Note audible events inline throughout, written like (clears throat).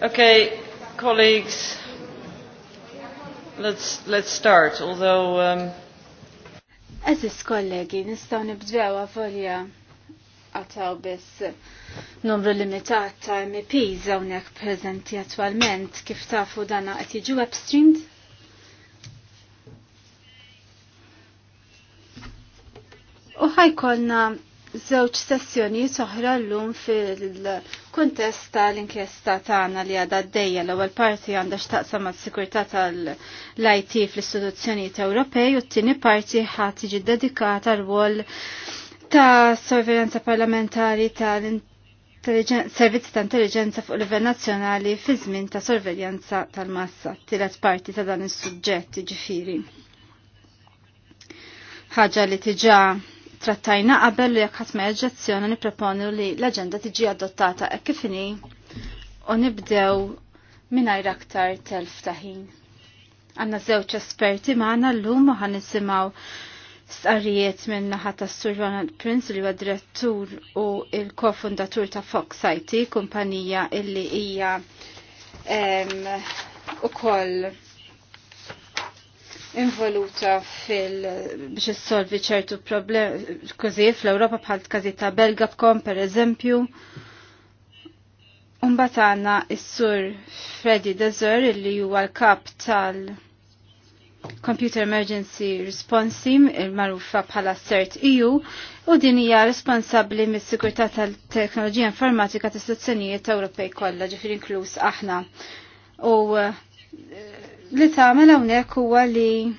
Okay, colleagues, let's, let's start, although... Um... Aziz kollegi, nistaw nibdew volja għataw biss numru limitat ta' MPs zawnek prezenti attualment kif tafu dana għat jiġu upstreamed. U ħajkolna zewċ sessjoni soħra l-lum fil kontesta l inkjesta tagħna li għadha d-dejja l-ewwel parti għandha x'taqsam mas-sigurtà tal-IT fl-istituzzjonijiet Ewropej u t-tieni parti ħadd tiġi dedikata rwol ta' sorveljanza parlamentari tal-servizzi ta' intelligenza fuq livell nazzjonali fi żmien ta' sorveljanza tal-massa, tielet parti ta' dan is-suġġett ġifieri. Ħaġa li tiġa trattajna qabel li jekk ma eġġezzjoni nipproponu li l-aġenda tiġi adottata hekk kif inhi u nibdew mingħajr aktar telf ta' ħin. zewċ żewġ esperti l llum u ħanisimgħu stqarrijiet minna naħa s Sur Ronald Prince li huwa direttur u il-kofundatur ta' Fox IT, kumpanija illi hija u koll involuta fil biex issolvi ċertu problemi kważi fl-Ewropa bħal każi ta' Belgapcom per eżempju. Umbat għanna is-sur Freddy Dezer illi huwa l-kap tal- Computer Emergency Response Team, il-marufa bħala CERT EU, u din hija responsabbli mis-sigurtà tal-teknoloġija informatika tas istazzjonijiet Ewropej kollha, ġifier inkluż aħna. U eh, li tagħmel hawnhekk huwa li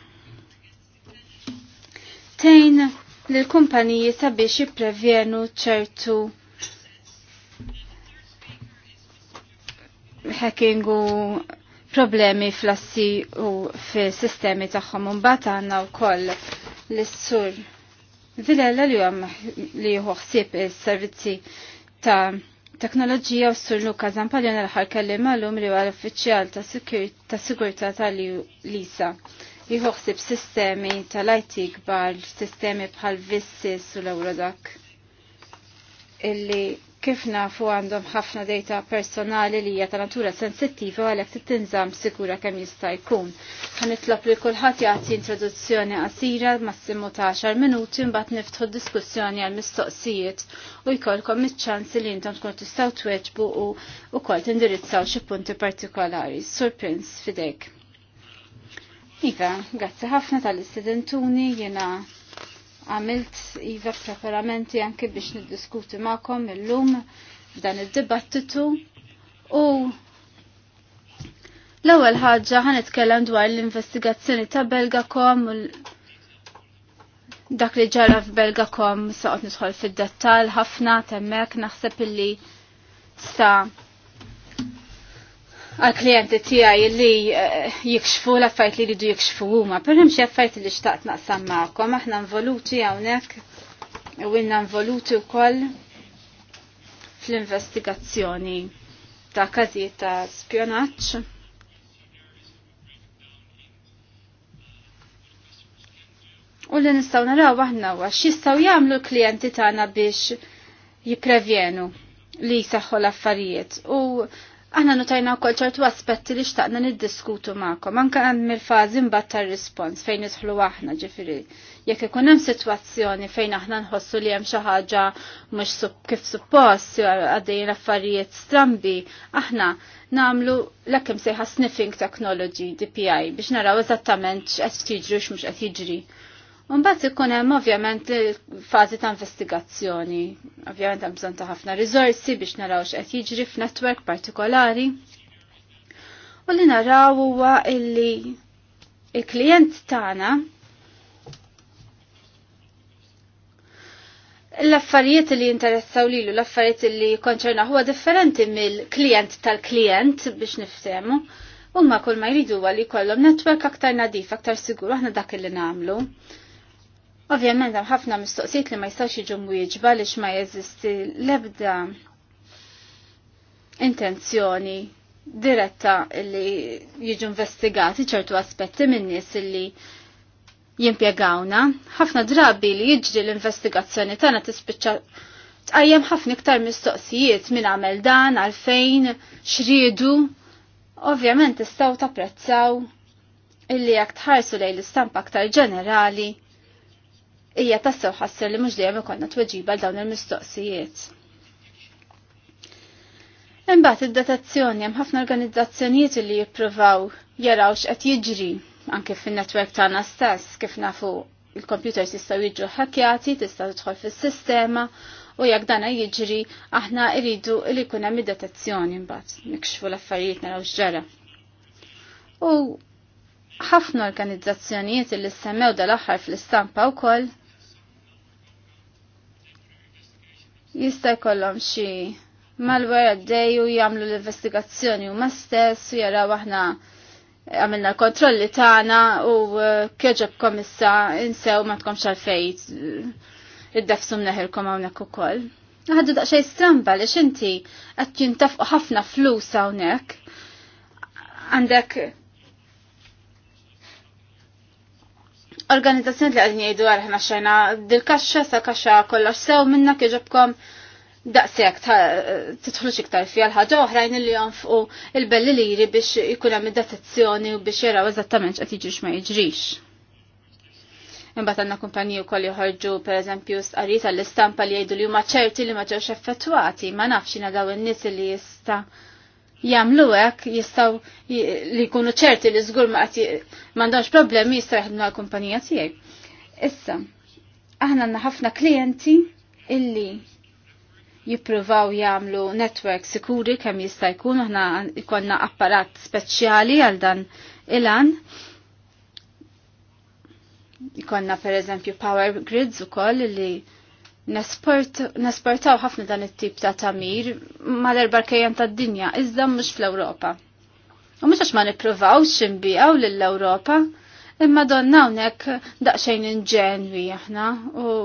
tejn lil kumpaniji sabiex jipprevjenu ċertu hacking u problemi flassi u fi sistemi tagħhom imbagħad għandna wkoll l-sur Vilella li huwa li ħsieb is-servizzi ta' Teknoloġija u s sur Luka paljon l-ħar kellim għallum li għal uffiċjal ta' sigurta tal-lisa jħuħsib sistemi tal-IT gbar, sistemi bħal Vissis u l-Eurodoc illi kif nafu għandhom ħafna data personali li hija ta' natura sensittiva għalhekk titinżamm sikura kemm jista' jkun. Ħanitlob li kulħadd jagħti introduzzjoni qasira massimu ta' 10 minuti mbagħad niftħu diskussjoni għal mistoqsijiet u jkollkom iċ-ċans li intom tkun tistgħu tweġbu u wkoll tindirizzaw xi punti partikolari. Sur Prince fidejk. Iva, grazzi ħafna tal-istudentuni jiena għamilt iva preparamenti anki biex niddiskuti ma'kom illum f'dan id-dibattitu u l-ewwel ħaġa ħanitkellem dwar l-investigazzjoni ta' Belgacom u dak li ġara f'Belgacom saqgħod nidħol fid-dettall ħafna temmek naħseb illi sa' għal klijenti tiegħi li eh, jikxfu l-affajt li jridu jikxfu huma, per hemm xi affajt li xtaqt naqsam magħkom, aħna nvoluti hawnhekk u inna nvoluti wkoll fl-investigazzjoni ta' każijiet ta' spionaċ. U li nistgħu naraw aħna huwa x'jistgħu jagħmlu l-klijenti tagħna biex jiprevjenu li jisaxħu l-affarijiet. U Aħna notajna wkoll ċertu aspetti li xtaqna niddiskutu magħkom, anke hemm il-fażi mbagħad tar-rispons fejn idħlu aħna ġifieri. Jekk ikun hemm sitwazzjoni fejn aħna nħossu li hemm xi ħaġa mhux kif suppost għaddejjin affarijiet strambi, aħna nagħmlu l-ekkim sejħa sniffing technology DPI biex naraw eżattament x'qed tiġri u x'mhux qed jiġri. Unbat ikun hemm ovvjament fażi ta' investigazzjoni. Ovvjament hemm bżonn ta' ħafna riżorsi biex naraw x'qed jiġri f'netwerk partikolari. U li naraw huwa illi il-klient tagħna L-affarijiet li jinteressaw lilu, l-affarijiet li konċerna huwa differenti mill-klient tal-klient biex niftemu. huma kull ma jridu li kollom netwerk aktar nadif, aktar sigur, aħna dak li namlu. Ovvjament hemm ħafna mistoqsijiet li ma jistax jiġu mwieġba lix ma jeżisti l-ebda intenzjoni diretta li jiġu investigati ċertu aspetti minnis nies li jimpiegawna. ħafna drabi li jiġri l-investigazzjoni tagħna tispiċċa tqajjem ħafna iktar mistoqsijiet minn għamel dan għalfejn xriedu. Ovvjament tistgħu tapprezzaw illi jekk tħarsu lejn l-istampa aktar ġenerali hija tassew ħasser li mhux dejjem ikollna tweġiba l dawn il-mistoqsijiet. Imbagħad id-datazzjoni hemm ħafna organizzazzjonijiet li jippruvaw jaraw x'qed jiġri anke fin-netwerk tagħna stess kif nafu il-computers jistgħu jiġu ħakjati, tista' tidħol fis-sistema u jekk dana jiġri aħna rridu li jkun hemm id-datazzjoni mbagħad nikxfu l-affarijiet naraw x'ġara. U ħafna organizzazzjonijiet li semmew dal-aħħar fl-istampa wkoll jista' jkollhom xi malware għaddej u jagħmlu l-investigazzjoni huma stess u jaraw aħna għamilna l-kontrolli tagħna u uh, kieġeb komissa insew ma tkomx għalfejn uh, id-defsum neħilkom hawnhekk ukoll. Ħaddu daqsxejn stramba li inti qed jintafqu ħafna flus hawnhekk għandek organizzazzjoni li għadin jgħidu għal ħna xajna dil-kaxxa sa kaxxa kollox sew minna kieġobkom daqsek titħlu iktar fija l-ħagġa oħrajn li jonfqu il-belli liri biex ikun hemm id-detezzjoni u biex jaraw eżattament qed jiġix ma jiġrix. Imbagħad għandna kumpaniji wkoll joħorġu pereżempju stqarri l istampa li jgħidu li huma ċerti li ma ġewx effettwati, ma nafx daw in-nies li jista' jamlu hekk jistaw li jkunu ċerti li żgur ma m'għandhomx problemi jistaw jaħdmu għall-kumpanija tiegħi. Issa, aħna għandna ħafna klijenti illi jippruvaw jagħmlu network sikuri kemm jista' jkun aħna jkollna apparat speċjali għal dan ilan. Jkonna Ikonna per eżempju power grids u koll li nesportaw ħafna dan it-tip ta' tamir l-erbarkajan ta' dinja iżda mhux fl-Ewropa. U mhux għax ma nippruvaw ximbijaw lill-Ewropa, imma donna hawnhekk daqsxejn inġenwi aħna u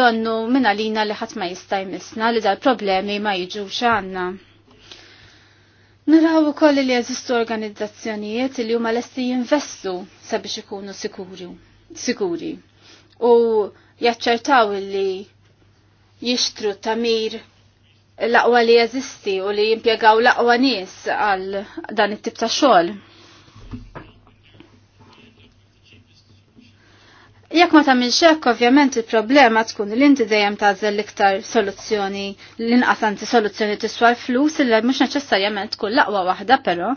donnu minn lina li ħadd ma jista' jmissna li dal-problemi ma jiġux għandna. Naraw ukoll li jeżistu organizzazzjonijiet li huma lesti jinvestu sabiex ikunu Sikuri. U jaċċertaw li jixtru tamir l-aqwa li jeżisti u li jimpjegaw l-aqwa nies għal dan it-tip ta' xogħol. Jekk ma tamil hekk ovvjament il-problema tkun li inti dejjem tażel l-iktar soluzzjoni l-inqas anti soluzzjoni tiswa l-flus illi mhux neċessarjament tkun l-aqwa waħda però.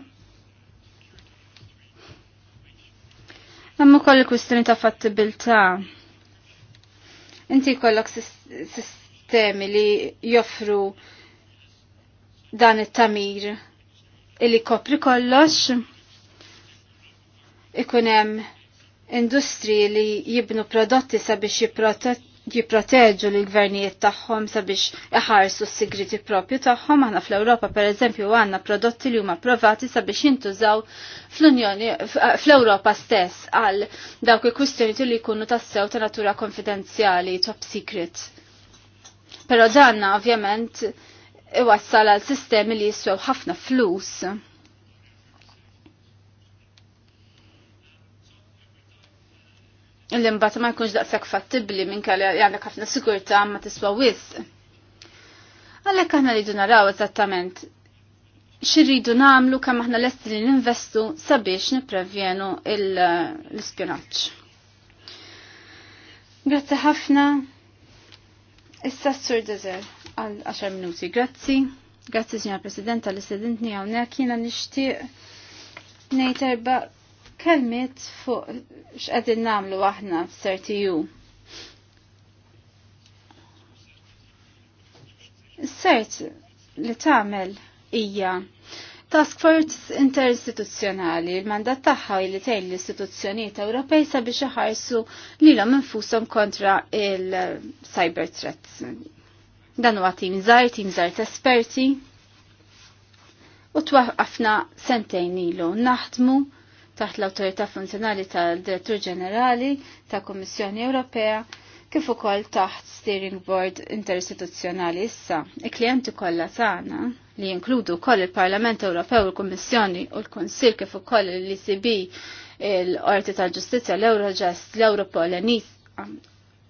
Hemm ukoll il-kwistjoni ta' fattibilità. Inti kollok sistemi li joffru dan it-tamir illi kopri kollox ikun hemm industri li jibnu prodotti sabiex jipproteġu l gvernijiet tagħhom sabiex iħarsu s-sigriti propju tagħhom. Aħna fl-Ewropa pereżempju għandna prodotti li huma provati sabiex jintużaw fl-Unjoni fl-Ewropa stess għal dawk il-kwistjoni li jkunu tassew ta' natura konfidenzjali top secret. Però danna ovvjament iwassal għal sistemi li jiswew ħafna flus. l-imbat ma jkunx daqshekk fattibli minn kalla jgħanna ħafna sigurtà ma tiswa wisq. Għalhekk aħna duna naraw eżattament xirridu nagħmlu kemm aħna lesti li ninvestu sabiex nipprevjenu l-ispjonaġġ. Grazzi ħafna. Issa s-sur dezer għal 10 minuti. Grazzi. Grazzi, signor Presidenta għal-istudentni għawnek. Jena nishtiq nejt erba' kelmit fuq x'qegħdin nagħmlu aħna f'CertU. Is-sert li tagħmel hija Task Force interistituzzjonali, il-mandat tagħha li tgħin l-istituzzjonijiet Ewropej sabiex iħarsu lilhom infushom kontra il-cyber threats. Dan huwa tim żgħar, tim żgħar esperti. U twaqqafna sentejn ilu naħdmu taħt l-autorità funzjonali tal-Direttur Ġenerali ta' kummissjoni Ewropea kif ukoll taħt Steering Board Interistituzzjonali issa. Il-klijenti kollha tagħna li jinkludu wkoll il-Parlament Ewropew, il-Kummissjoni u l-Kunsill kif ukoll l icb l-Qorti tal-Ġustizzja, l-Eurojust, l-Europol, l-Enis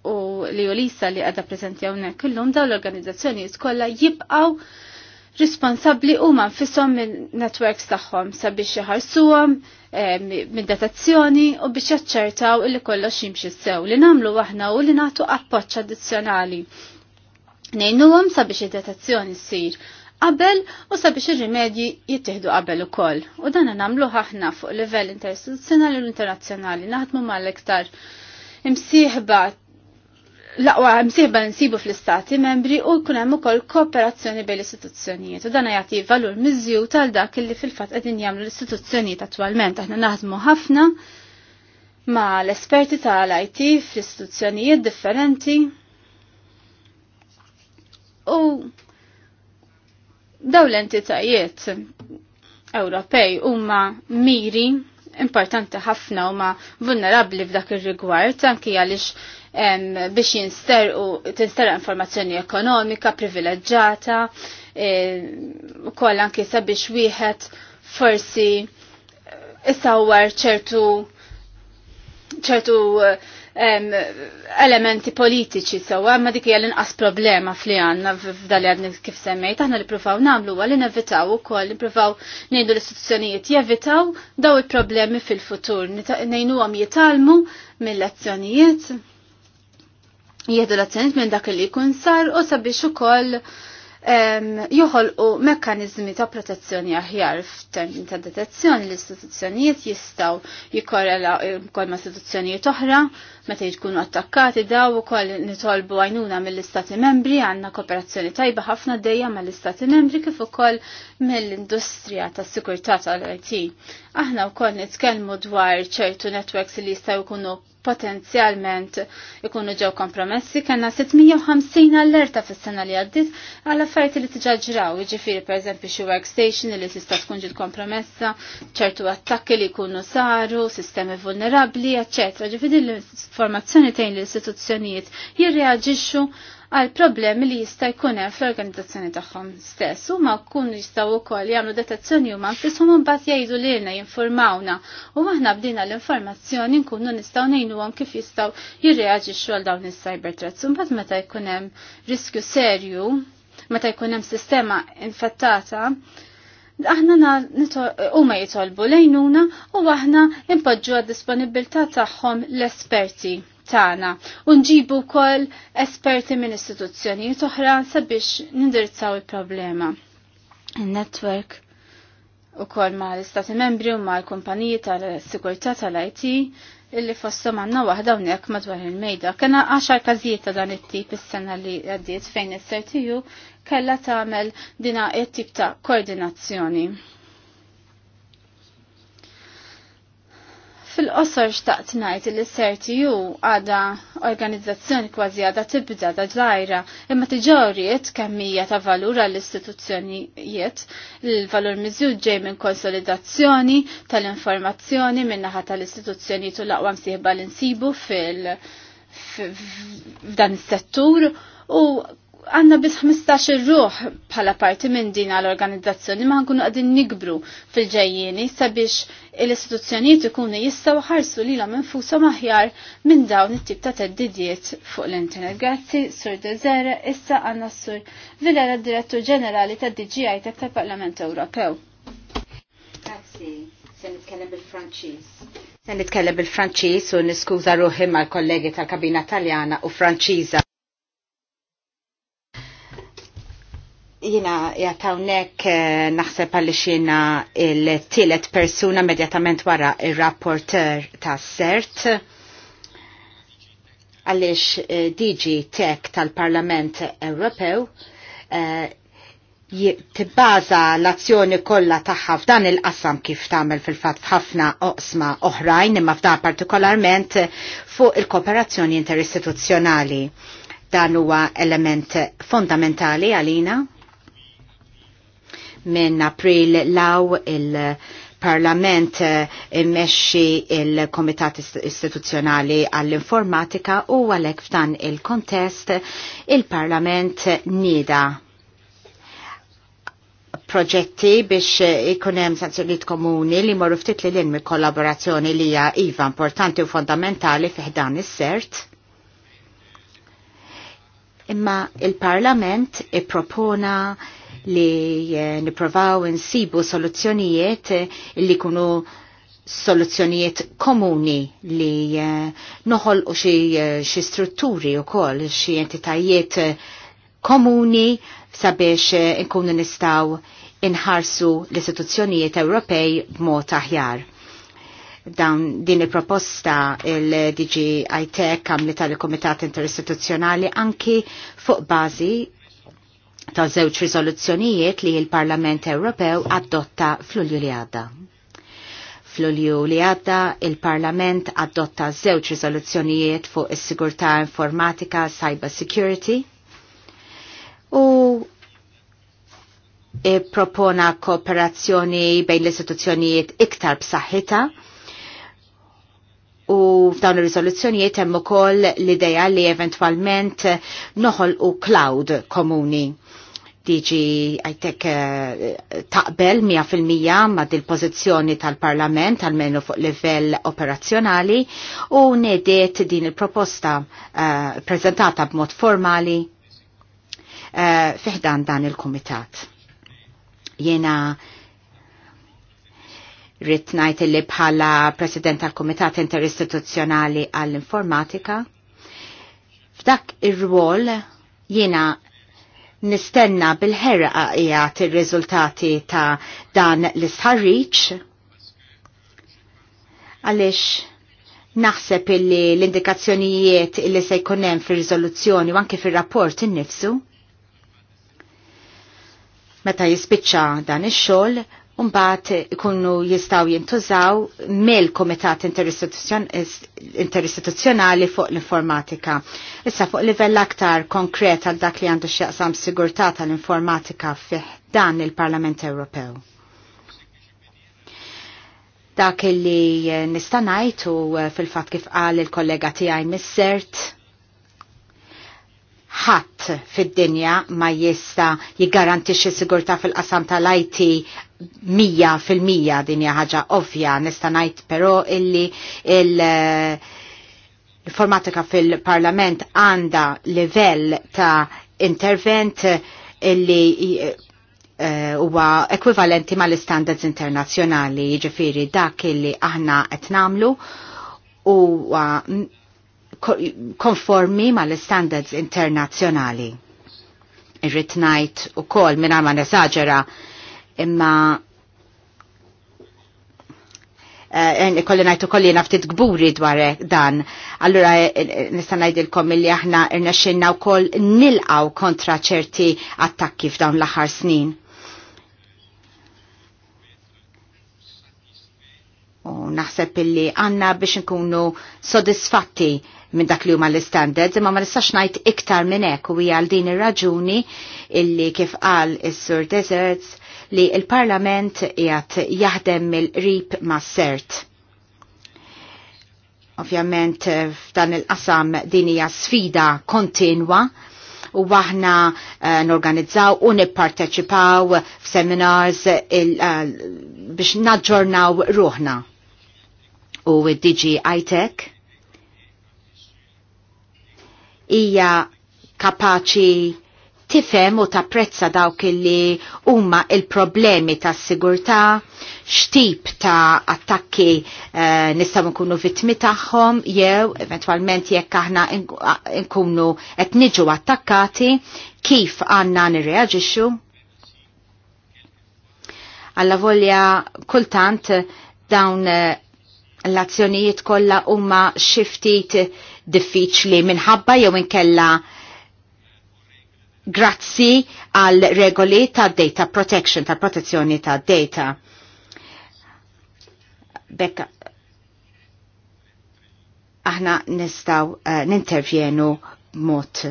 u li jolisa li għadha preżenti hawnhekk illum dawn l-organizzazzjonijiet kollha jibqgħu responsabbli huma nfishom minn networks tagħhom sabiex jħarsuhom eh, minn datazzjoni u biex jaċċertaw illi kollox jimxi sew li nagħmlu aħna u li nagħtu appoġġ addizzjonali. Nejnuhom sabiex id s-sir qabel u sabiex ir-rimedji jittieħdu qabel ukoll. U dan nagħmlu ħahna fuq level interistituzzjonali u internazzjonali naħdmu mal-iktar imsieħba laqwa msiħba nsibu fl-istati membri u jkun hemm ukoll kooperazzjoni bejn l-istituzzjonijiet u dan jagħti valur miżju tal dak li fil-fatt qegħdin jagħmlu l-istituzzjonijiet attwalment aħna naħdmu ħafna ma' l-esperti tal-IT fl-istituzzjonijiet differenti u daw l-entitajiet Ewropej huma miri importanti ħafna huma vulnerabbli f'dak ir-rigward anki għaliex biex jinsterqu tinsterqa informazzjoni ekonomika privileġġata e, koll anki sabiex wieħed forsi eh, isawwar ċertu ċertu eh, elementi politiċi sewa, ma dik hija l-inqas problema fli għandna f'dali għadni kif semmejt, aħna li pruvaw namlu għal nevitaw ukoll, nippruvaw ngħidu l-istituzzjonijiet jevitaw daw il-problemi fil-futur, ngħinuhom jitalmu mill lezzjonijiet Jiedu l-azzjoniet minn dak li jkun sar u sabiex ukoll joħolqu mekkaniżmi ta' protezzjoni aħjar f'termin ta' detezzjoni l-istituzzjonijiet jistgħu jikkorrela wkoll ma' istituzzjonijiet oħra meta jkunu attakkati daw ukoll nitolbu għajnuna mill-Istati Membri għandna kooperazzjoni tajba ħafna dejja mal-Istati Membri kif ukoll mill-industrija tas-sikurtà tal-IT. Aħna wkoll nitkellmu dwar ċertu networks li jistgħu jkunu potenzjalment ikunu ġew kompromessi, kena 650 allerta fis-sena li għaddit għal affarijiet li tiġa ġraw, jiġifieri pereżempju xi workstation li tista' tkun ġil kompromessa, ċertu attakki li jkunu saru, sistemi vulnerabbli, eċċetera. Ġifieri l-informazzjoni tejn l-istituzzjonijiet jirreaġixxu għal problemi li jista' jkun hemm fl-organizzazzjoni tagħhom stess. ma jkunu jistgħu wkoll jagħmlu detazzjoni huma nfishom mbagħad jgħidu lilna jinformawna u aħna bdina l-informazzjoni nkunu nistgħu ngħinuhom kif jistgħu jirreaġixxu għal dawn is-cyber threats. mbagħad meta jkun hemm riskju serju, meta jkun hemm sistema infettata, aħna huma jitolbu lejnuna u aħna impoġġu għad disponibilità tagħhom l-esperti Tana u nġibu wkoll esperti minn istituzzjonijiet oħra sabiex nindirizzaw il-problema. Il-network u kol ma l-istati membri u ma l-kumpaniji tal-sigurtà tal-IT illi fossom għanna wahda unnek madwar il-mejda. Kena 10 kazijiet ta' dan it-tip is-sena li għaddiet fejn is-sertiju kella tagħmel dina it-tip ta' koordinazzjoni. Fil-qosor xtaqt najt li sertiju għada organizzazzjoni kważi għada tibda da ġlajra imma tiġoriet kemmija ta' valur għall-istituzzjonijiet il-valur miżjud ġej minn konsolidazzjoni tal-informazzjoni naħat tal-istituzzjonijiet u laqwa msieħba l-insibu fil- f'dan is-settur u għanna bis 15 ruħ bħala parti minn din għal-organizzazzjoni ma nkunu għadin nikbru fil-ġejjieni sabiex l-istituzzjonijiet ikunu jistaw ħarsu li la minn infusa maħjar minn dawn it-tip ta' teddidiet fuq l-internet. Grazzi, Sur Dezera, issa għanna Sur Vilera, Direttur Ġenerali ta' DGI ta' tal-Parlament Ewropew. Grazzi, se nitkellem bil-Franċiż. Se nitkellem bil-Franċiż u niskuża ruħi mal-kollegi tal-kabina Taljana u Franċiża. Jina jatawnek eh, naħseb għalli xina il tillet persuna medjatament wara il-rapporter ta' sert għalix eh, DG Tech tal-Parlament Ewropew eh, tibbaza l-azzjoni kollha tagħha f'dan il-qassam kif tagħmel fil-fatt f'ħafna oqsma oħrajn imma f'dan partikolarment fuq il-kooperazzjoni interistituzzjonali. Dan huwa element fondamentali għalina minn April law il-Parlament eh, immexxi il-Komitat Istituzzjonali għall-Informatika u għalhekk f'dan il-kontest il-Parlament nieda proġetti biex ikun hemm sanzjonijiet komuni li morru ftit li l-inmi kollaborazzjoni li hija iva importanti u fondamentali fiħdan is-sert. Imma il-Parlament ippropona il li eh, niprovaw insibu soluzzjonijiet eh, li kunu soluzzjonijiet komuni li eh, noħol u xie strutturi u kol, xie entitajiet komuni sabiex nkunu nistaw inħarsu l-istituzzjonijiet Ewropej b'mod aħjar dan din il-proposta il-DG ITEC għamli tal-Komitat Interistituzjonali anki fuq bazi ta' żewġ riżoluzzjonijiet li l-Parlament Ewropew adotta fl-Ulju li għadda. Fl-Ulju li għadda il-Parlament adotta żewġ riżoluzzjonijiet fuq is-sigurtà informatika cyber security u e propona kooperazzjoni bejn l-istituzzjonijiet iktar b'saħħita u f'dawn ir-riżoluzzjonijiet hemm ukoll l-idea li eventwalment noħol u cloud komuni diġi għajtek uh, taqbel 100% ma' dil-pozizjoni tal-parlament, menu fuq livell operazzjonali, u nedet din il-proposta uh, prezentata b'mod formali uh, fiħdan dan il-komitat. Jena ritnajt li bħala president tal-Komitat Interistituzzjonali għall-Informatika. F'dak ir-rwol jiena nistenna bil-ħerqa qiegħed ir-riżultati ta' dan l-istħarriċ għaliex naħseb illi l-indikazzjonijiet illi se jkun hemm fir-riżoluzzjoni u anke fir-rapport innifsu meta jispiċċa dan ix-xogħol Umbat ikunu jistaw jintużaw mill komitat interistituzjonali fuq l-informatika. Issa fuq livell aktar konkret għal dak li għandu xieqsam sigurtà tal-informatika fih dan il-Parlament Ewropew. Dak li nistanajtu eh, fil-fat kif qal il-kollega tiegħi mis-sert ħadd fid-dinja ma jista jiggarantixxi sigurtà fil-qasam tal-IT mija fil-mija din hija ħaġa ovvja nista' ngħid però illi il- eh, l-informatika fil-parlament għanda livell ta' intervent illi eh, huwa uh, ekwivalenti ma' l-standards internazzjonali, ġifiri dak illi aħna qed namlu u uh, konformi mal-standards internazzjonali. Irrit ngħid ukoll minn ma nesaġera imma eh, eh, kolli najtu kolli naftit gburi dwar e- dan. Allura eh, nista' ngħidilkom illi aħna irnexxinna wkoll nilqaw kontra ċerti attakki f'dawn l-aħħar snin. U naħseb illi għanna biex nkunu sodisfatti minn dak li huma l-standards, imma ma nistax ngħid iktar minn hekk u hija għal din ir-raġuni illi kif qal is-Sur Deserts li l-Parlament qiegħed jaħdem mill-qrib ma' sert. Ovvjament f'dan il-qasam din hija sfida kontinwa u waħna eh, norganizzaw u nipparteċipaw f'seminars eh, biex naġġornaw ruħna. U d-DG ITEC hija kapaċi tifem u tapprezza dawk li huma il-problemi ta' sigurtà xtip ta' attakki eh, nistaw nkunu vittmi tagħhom jew eventwalment jekk aħna nkunu qed niġu attakkati kif għandna nirreaġixxu. Alla volja kultant dawn eh, l-azzjonijiet kollha huma xi ftit diffiċli minħabba jew inkella grazzi għal regoli ta' data protection, ta' protezzjoni ta' data. Bekka, aħna nistaw uh, nintervjenu mod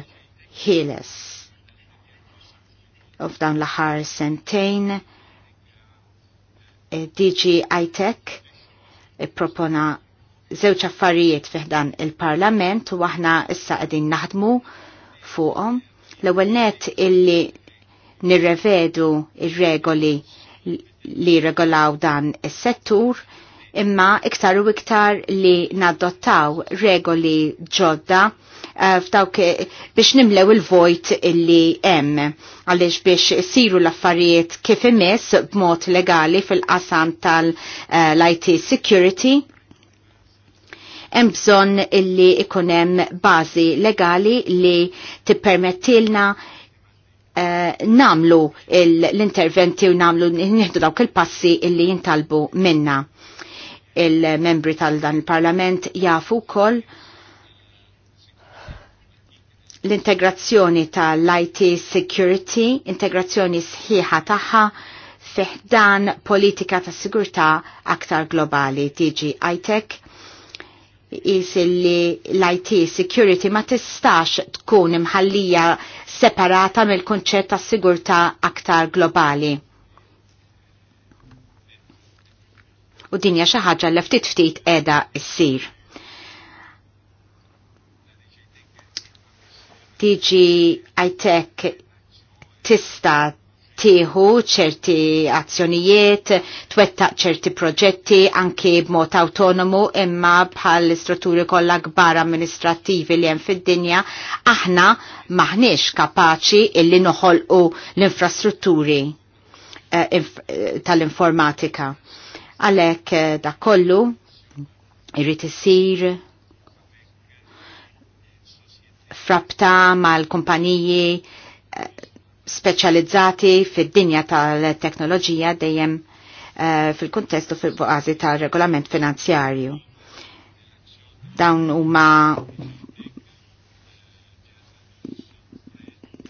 ħieles. U f'dan l-ħar sentejn, eh, DG ITEC eh, propona żewġ affarijiet fiħdan il-Parlament u aħna issa qegħdin naħdmu fuqhom. L-ewwel net illi nirrevedu il regoli li regolaw dan is-settur imma iktar u iktar li nadottaw regoli ġodda eh, f'dawk biex nimlew il-vojt illi hemm għaliex biex siru l-affarijiet kif imiss b'mod legali fil-qasam tal-IT eh, uh, security hemm bżonn illi ikun hemm bażi legali li tippermettilna uh, namlu l-interventi u namlu nieħdu dawk il-passi illi jintalbu minna. Il-membri tal-dan il-parlament jafu kol l-integrazzjoni tal-IT security, integrazzjoni sħiħa taħħa fiħdan politika ta' sigurtà aktar globali, tiġi ITEC, is li l-IT security ma tistax tkun imħallija separata mill konċett ta' sigurta aktar globali. U dinja xi ħaġa li ftit ftit qiegħda ssir. Tiġi ITech tista tieħu ċerti azzjonijiet, twettaq ċerti proġetti anke b'mod autonomu imma bħal istrutturi kollha kbar amministrattivi li hemm fid-dinja aħna maħniex kapaċi illi noħolqu l-infrastrutturi eh, eh, tal-informatika. Għalek eh, da kollu irrid isir frabta mal-kumpaniji speċjalizzati fid-dinja tal-teknoloġija dejjem uh, eh, fil-kontestu fil-bażi tal-regolament finanzjarju. Dawn huma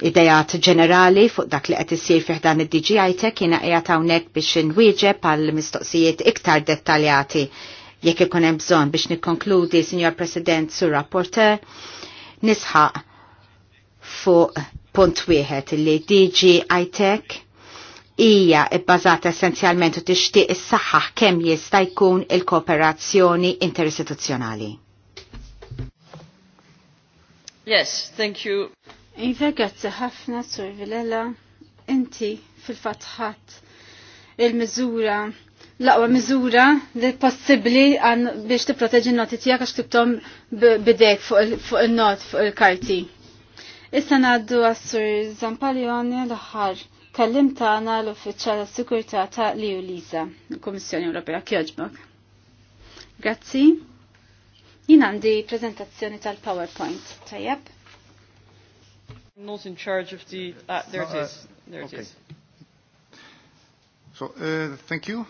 idejat ġenerali fuq dak li qed issir fih dan id-DGI Tech jiena qiegħed hawnhekk biex inwieġeb għal mistoqsijiet iktar dettaljati jekk ikun hemm bżonn biex nikkonkludi, Sinjor President, Sur Rapporteur, nisħaq fuq punt wieħed li DG ITEC hija bbażata essenzjalment u tixtieq is-saħħaħ kemm jista' jkun il-kooperazzjoni interistituzzjonali. Yes, thank you. Iva grazzi ħafna Sur Vilela, inti fil-fatħat il-miżura l-aqwa miżura li possibbli għan biex tipproteġi n-noti tiegħek għax tibtom bidejk fuq il-not fuq il-karti. il not fuq il karti Issa naddu għassur Zampaljoni l-ħar kallim tagħna l-Uffiċjal tas-Sigurtà ta' li Lisa, l-Kummissjoni Ewropea kjoġbok. Grazzi. Jien għandi prezentazzjoni tal-PowerPoint, tajjeb. Not in charge of the ah, there it uh, is. There it is. So, uh, thank you.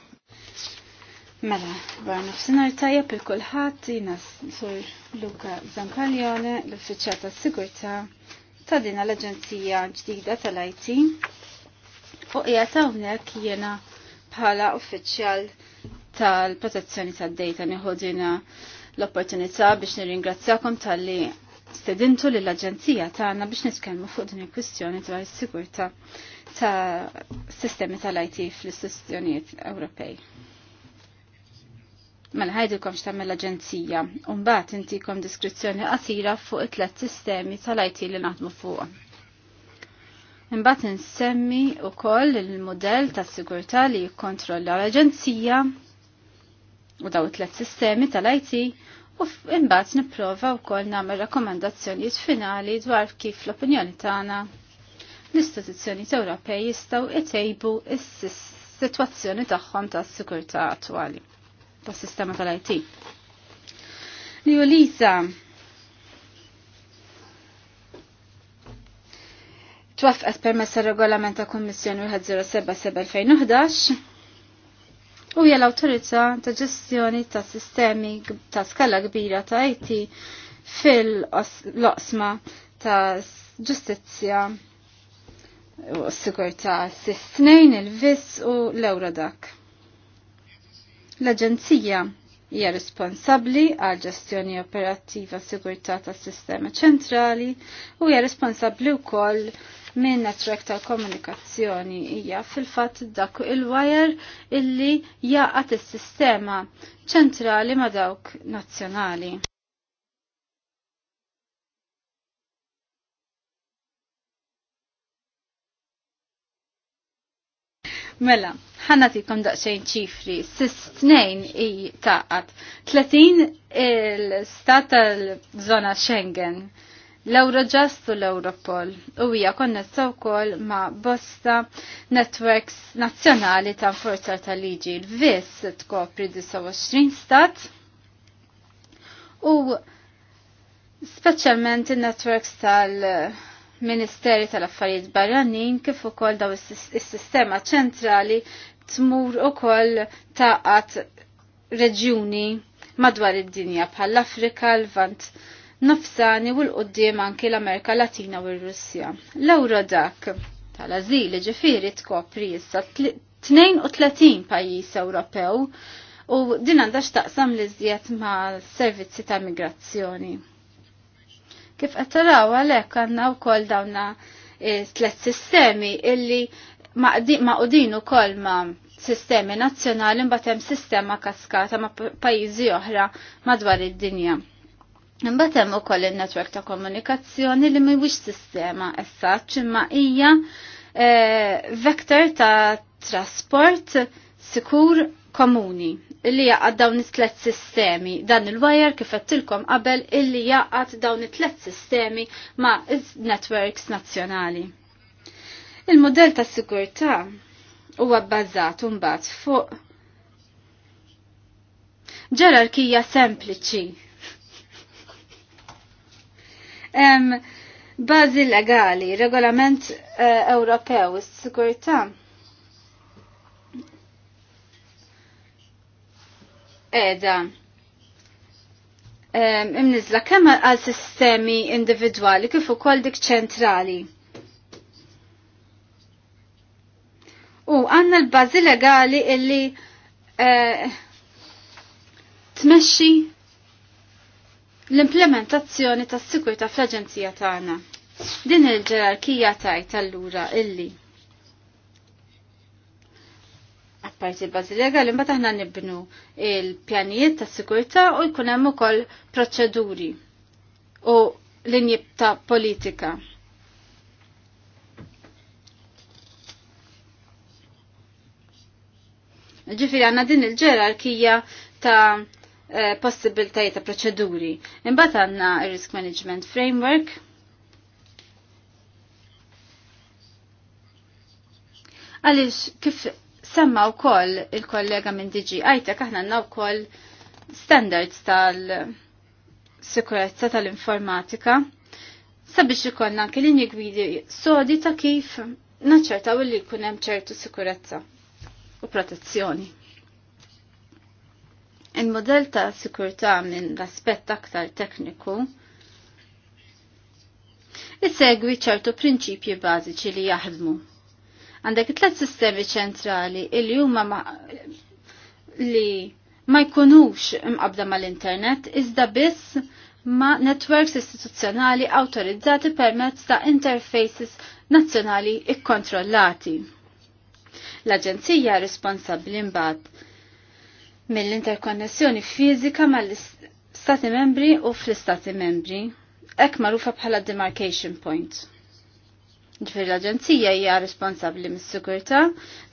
Mela, barna nafsinar tajjeb il-kulħadd jina sur Luka Zampaljone, l uffiċċja tas-Sigurtà ta' din l-Aġenzija ġdida tal-IT u qiegħed hawnhekk jiena bħala uffiċjal tal-protezzjoni tad-data nieħodina l-opportunità biex nirringrazzjakom tal-li stedintu l aġenzija tagħna biex nitkellmu fuq din il-kwistjoni dwar is-sigurtà ta' sistemi tal-IT fl-istituzzjonijiet Ewropej. Mela ħajdilkom x'tagħmel l-aġenzija. u mbagħad intikom diskrizzjoni qasira fuq it-tlet sistemi tal-IT li naħdmu fuq. Imbagħad insemmi wkoll il-mudell tas-sigurtà li jikkontrolla l-aġenzija u daw it-tlet sistemi tal-IT u imbagħad nipprova wkoll nagħmel rakkomandazzjonijiet finali dwar kif l-opinjoni tagħna l-istituzzjonijiet Ewropej jistgħu itejbu is-sitwazzjoni tagħhom tas-sigurtà attwali tas sistema tal-IT. Li Lisa, twaffqet permess regolament ta' Kummissjoni 1077-2011 u hija l-awtorità ta' ġestjoni ta' sistemi ta' skala kbira ta' IT fil-loqsma ta' ġustizzja u s-sigurtà s-snejn, il-vis u l-eurodak. L-Aġenzija hija responsabbli għal ġestjoni operattiva sigurtà tas-sistema ċentrali u hija responsabbli wkoll minn netwerk tal-komunikazzjoni hija fil-fatt dak il-wire illi jaqgħet is-sistema ċentrali ma' dawk nazzjonali. Mela, ħanna tikkom daqsejn ċifri, s-snejn i taqat, 30 il-stat tal-zona Schengen, l-Eurojust u l-Europol, u hija konnessa wkoll ma' bosta networks nazzjonali ta' forza tal-liġi, l-VIS tkopri 29 stat, u speċjalment il-networks tal-Europol Ministeri tal-Affarijiet Barranin kif ukoll daw is-sistema ċentrali tmur ukoll taqat reġjuni madwar id-dinja bħall afrika l-Vant nofsani u l-qoddim anki l-Amerika Latina u r-Russja. l dak tal-azili ġifiri tkopri issa 32 pajjiż Ewropew u din għandax taqsam li żjed ma' servizzi ta' migrazzjoni. Kif qed taraw għalhekk għandna wkoll dawna e, tliet sistemi illi maqdin ukoll ma' sistemi nazzjonali mbagħad hemm sistema kaskata ma' pajjiżi oħra madwar id-dinja. Imbagħad hemm ukoll in-netwerk ta' komunikazzjoni li mhuwiex sistema essaċ imma hija e, vektor ta' trasport sikur komuni illi jaqgħad dawn it-tlet sistemi. Dan il-wire kif qedtilkom qabel illi jaqgħad dawn it-tlet sistemi ma' networks nazzjonali. Il-modell ta' sigurtà huwa bbażat mbagħad fuq ġerarkija sempliċi. (laughs) Bażi legali, regolament eh, Ewropew, is-sigurtà edha imnizla kemm għal sistemi individwali kif ukoll dik ċentrali. U għanna l-bazi legali illi e, tmexxi l-implementazzjoni tas-sikurta fl-Aġenzija tagħna. Din il-ġerarkija tajt allura illi apparti bażi legali imbagħad aħna nibnu il-pjanijiet ta' sigurtà u jkun hemm ukoll proċeduri u linji ta' politika. Ġifiri għanna din il-ġerarkija ta' eh, possibiltajiet ta' proċeduri. Imbagħad għandna risk management framework għalix kif semma wkoll il-kollega minn DG Ajtek aħna għandna wkoll standards tal-sikurezza tal-informatika sabiex ikollna anke linji gwidi sodi ta' kif naċċertaw li jkun hemm ċertu sikurezza u protezzjoni. Il-modell ta' sikurtà minn l-aspett aktar tekniku Isegwi ċertu prinċipji bażiċi li jaħdmu. Għandek tlet sistemi ċentrali li huma li ma jkunux imqabda mal-internet iżda biss ma' networks istituzzjonali autorizzati permezz ta' interfaces nazzjonali ikkontrollati. L-Aġenzija responsabbli mbagħad mill-interkonnessjoni fiżika mal-Stati membri u fl-Stati membri, ek marufa bħala demarcation point. Ġifir l-Aġenzija hija responsabbli mis-sigurtà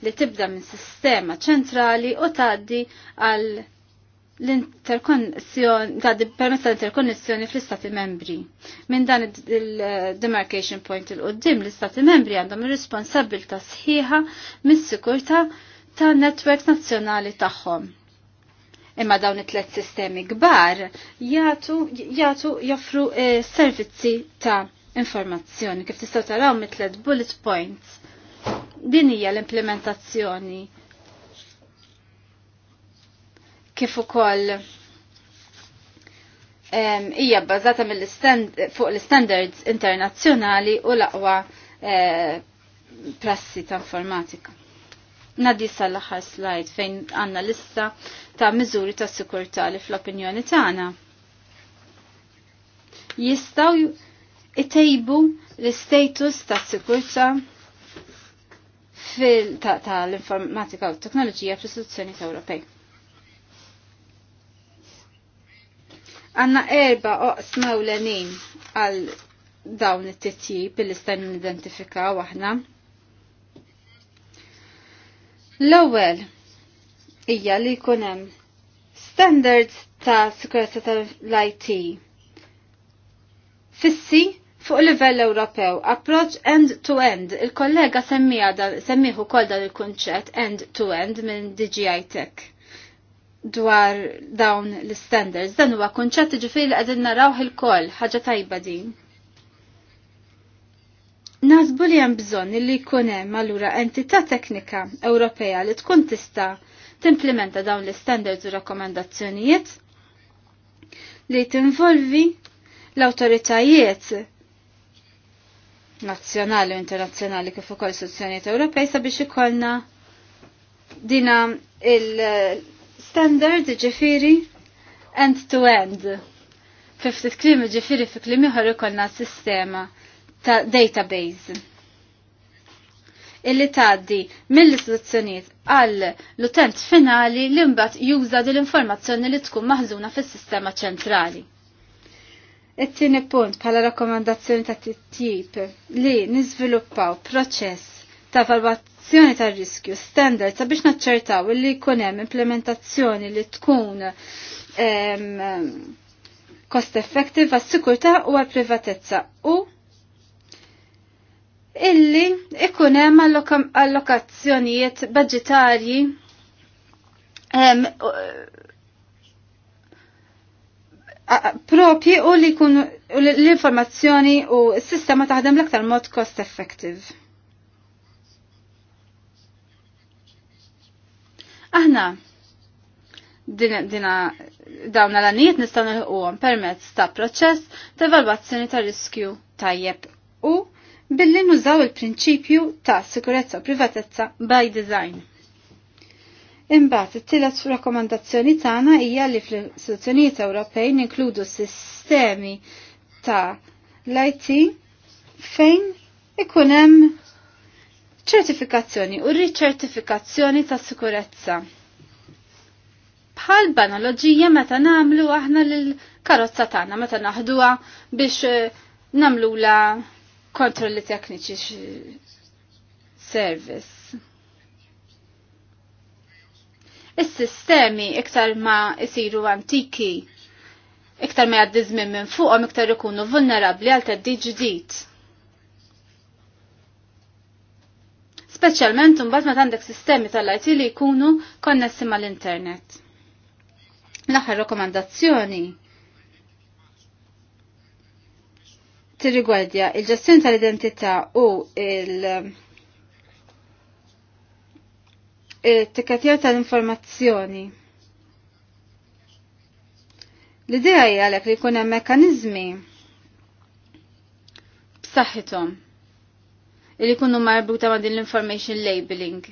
li tibda minn sistema ċentrali u tgħaddi għal l-interkonnessjoni taddi permessa tal interkonnessjoni fl-Istati membri. Minn dan il-demarcation point il-qoddim l-Istati membri għandhom ir-responsabilta sħiħa mis sikurta ta' netwerk nazzjonali tagħhom. Imma dawn it-tlet sistemi kbar jagħtu jaffru eh, servizzi ta' informazzjoni. Kif tistgħu taraw mitlet bullet points. Din hija l-implementazzjoni kif ukoll hija bbażata fuq l-standards internazzjonali u l-aqwa eh, prassi ta' informatika. Nadi sal-aħħar slide fejn għanna lista ta' miżuri ta' sikurtà li fl-opinjoni tagħna. Jistgħu itejbu l-status ta' sikurta ta' l-informatika u t teknoloġija fl-istituzzjoni ta' Ewropej. Għanna erba oqsma u l-enin għal dawn it-titjib li stan nidentifikaw aħna. L-ewwel hija li jkun hemm standards ta' sikurezza tal-IT. Fissi fuq livell Ewropew, approach end-to-end. Il-kollega semmiħu kol dan il-kunċett end-to-end minn DGI Tech dwar dawn l-standards. Dan huwa kunċett ġifiri li qegħdin narawh il-koll, ħaġa tajba din. Nasbu li hemm bżonn li jkun hemm allura entità teknika Ewropea li tkun tista' timplementa dawn l-standards u rakkomandazzjonijiet li tinvolvi l-awtoritajiet nazzjonali u internazzjonali kif ukoll sozzjonijiet Ewropej sabiex ikollna dina il-standard ġifiri end-to-end. Fiftit klim ġifiri fi klim ieħor ikollna sistema ta' database illi tgħaddi mill-istituzzjonijiet għal l-utent finali li mbagħad juża din l informazzjoni li tkun maħżuna fis-sistema ċentrali. It-tieni punt bħala rakkomandazzjoni ta' tip li niżviluppaw proċess ta' valvazzjoni ta' riskju standard sabiex naċċertaw li jkun hemm implementazzjoni li tkun cost effective għas sikurta u għal privatezza u illi ikun hemm allokazzjonijiet budgetarji propi u li kun l-informazzjoni u s-sistema taħdem l-aktar mod cost effective. Aħna, dina, dawna l-għaniet nistaw għom permezz ta' proċess ta' evalwazzjoni ta' riskju tajjeb u billi nużaw il-prinċipju ta' sikurezza u privatezza by design. Imbagħad it-tielet rakkomandazzjoni tagħna hija li fl-istituzzjonijiet Ewropej ninkludu sistemi ta' l-IT fejn ikun hemm ċertifikazzjoni u riċertifikazzjoni ta' sikurezza. Bħal banaloġija meta nagħmlu aħna l-karozza tagħna meta naħduha biex eh, nagħmlula kontrolli tekniċi service Is-sistemi iktar ma isiru antiki, iktar ma jaddizmin żmien minn fuqhom iktar ikunu vulnerabbli għal teddi ġdid. Speċjalment imbagħad ma għandek sistemi tal-IT li jkunu konnessi mal-internet. L-aħħar rekomandazzjoni tirrigwardja il-ġestjoni tal-identità u il- it-tikkatjar tal-informazzjoni. L-idea hija għalhekk li jkun hemm mekkaniżmi b'saħħithom li jkunu marbuta ma' din l-information labeling.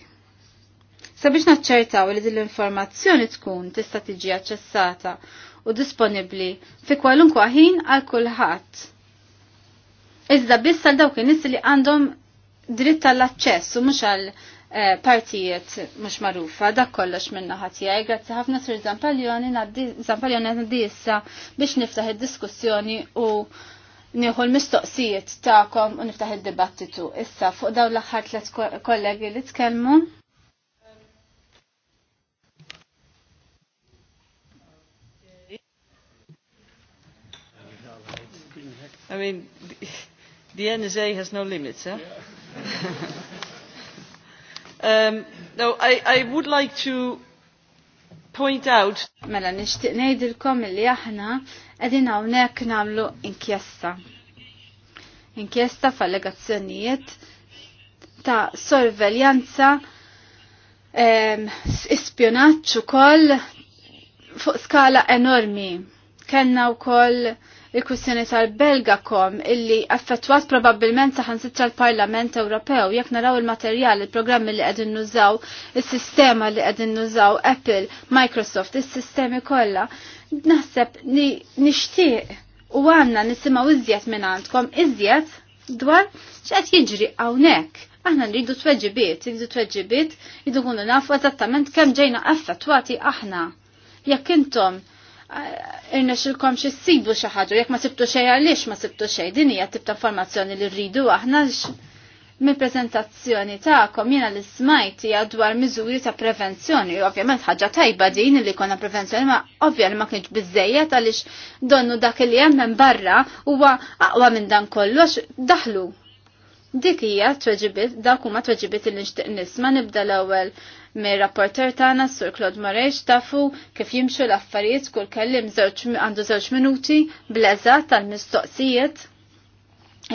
Sabiex naċċertaw li din l-informazzjoni tkun tista' tiġi aċċessata u disponibbli fi kwalunkwa ħin għal kulħadd. Iżda biss għal dawk in-nies li għandhom dritt tal-aċċess u mhux għal Eh, partijiet mux marufa, dak kollox minna ħatijaj, grazzi ħafna sur Zampaljoni, Zampaljoni għaddi issa biex niftaħ il-diskussjoni u nieħu l-mistoqsijiet ta'kom u niftaħ il-dibattitu. Issa fuq daw l-axħar tlet kollegi li tkellmu. I mean, the NSA has no limits, eh? Yeah. (laughs) Um, no, I, I would like to point out. Mela, nishtiq nejdilkom li aħna edina unek namlu inkjesta. Inkjesta f'allegazzjonijiet ta' sorveljanza um, ispjonaċċu koll fuq skala enormi. Kenna u kol il-kwistjoni tal-Belgakom illi affettwat probabbilment saħan sitra l-Parlament Ewropew jekk naraw il-materjal, il-programmi li qegħdin nużaw, is-sistema li qegħdin nużaw Apple, Microsoft, is-sistemi kollha. Naħseb ni nixtieq u għanna nisimgħu iżjed minn għandkom iżjed dwar x'qed jiġri hawnhekk. Aħna nridu tweġibiet, nridu tweġibiet, jridu kunu nafu eżattament kemm ġejna affettwati aħna. Jekk intom irna xilkom xie s-sibu xaħġu, jek ma sibtu xej għalix ma sibtu xej, din hija tip ta' informazzjoni li rridu aħna mill prezentazzjoni kom jena li smajt hija dwar miżuri ta' prevenzjoni, ovvjament ħaġa tajba din li konna prevenzjoni ma ovvjament ma kienx biżejjed għaliex donnu dak li hemm minn barra huwa aqwa minn dan kollox daħlu. Dik hija tweġibiet dak huma tweġibiet li nixtieq nisma' nibda l-ewwel mir rapporter tagħna Sur Claude Morex tafu kif jimxu l-affarijiet kull kellim għandu żewġ minuti bl-eżatt tal-mistoqsijiet.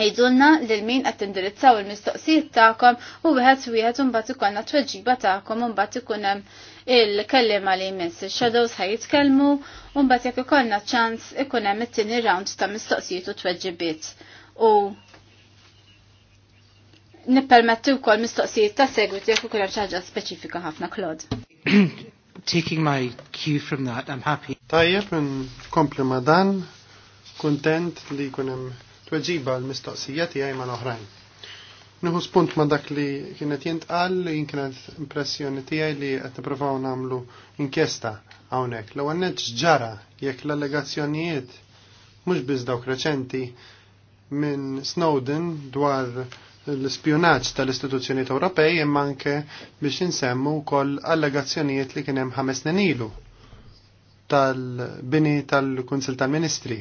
Ejdulna lil min qed indirizzaw il-mistoqsijiet tagħkom u wieħed wieħed imbagħad ikollna tweġiba tagħkom u mbagħad ikun hemm il-kellima li jmiss il-shadows ħajitkellmu u mbagħad jekk ikollna ċans ikun hemm it-tieni round ta' mistoqsijiet u tweġibiet. U nippermetti wkoll mistoqsijiet ta' segwit jekk ukoll hemm ħaġa speċifika ħafna Klod. (clears throat) Taking my cue from that, I'm happy. Tajjeb, nkompli ma' dan, kuntent li jkun hemm tweġiba l-mistoqsija tiegħi mal oħrajn. Nieħu spunt ma' dak li kienet jintqal li kienet impressjoni tiegħi li qed nippruvaw nagħmlu inkjesta hawnhekk. L-ewwel nett ġara jekk l-allegazzjonijiet mhux biss dawk reċenti minn Snowden dwar l-spionaġġ tal-istituzzjonijiet Ewropej imma anke biex insemmu wkoll allegazzjonijiet li kien hemm ħames ilu tal-bini tal-Kunsil tal-Ministri.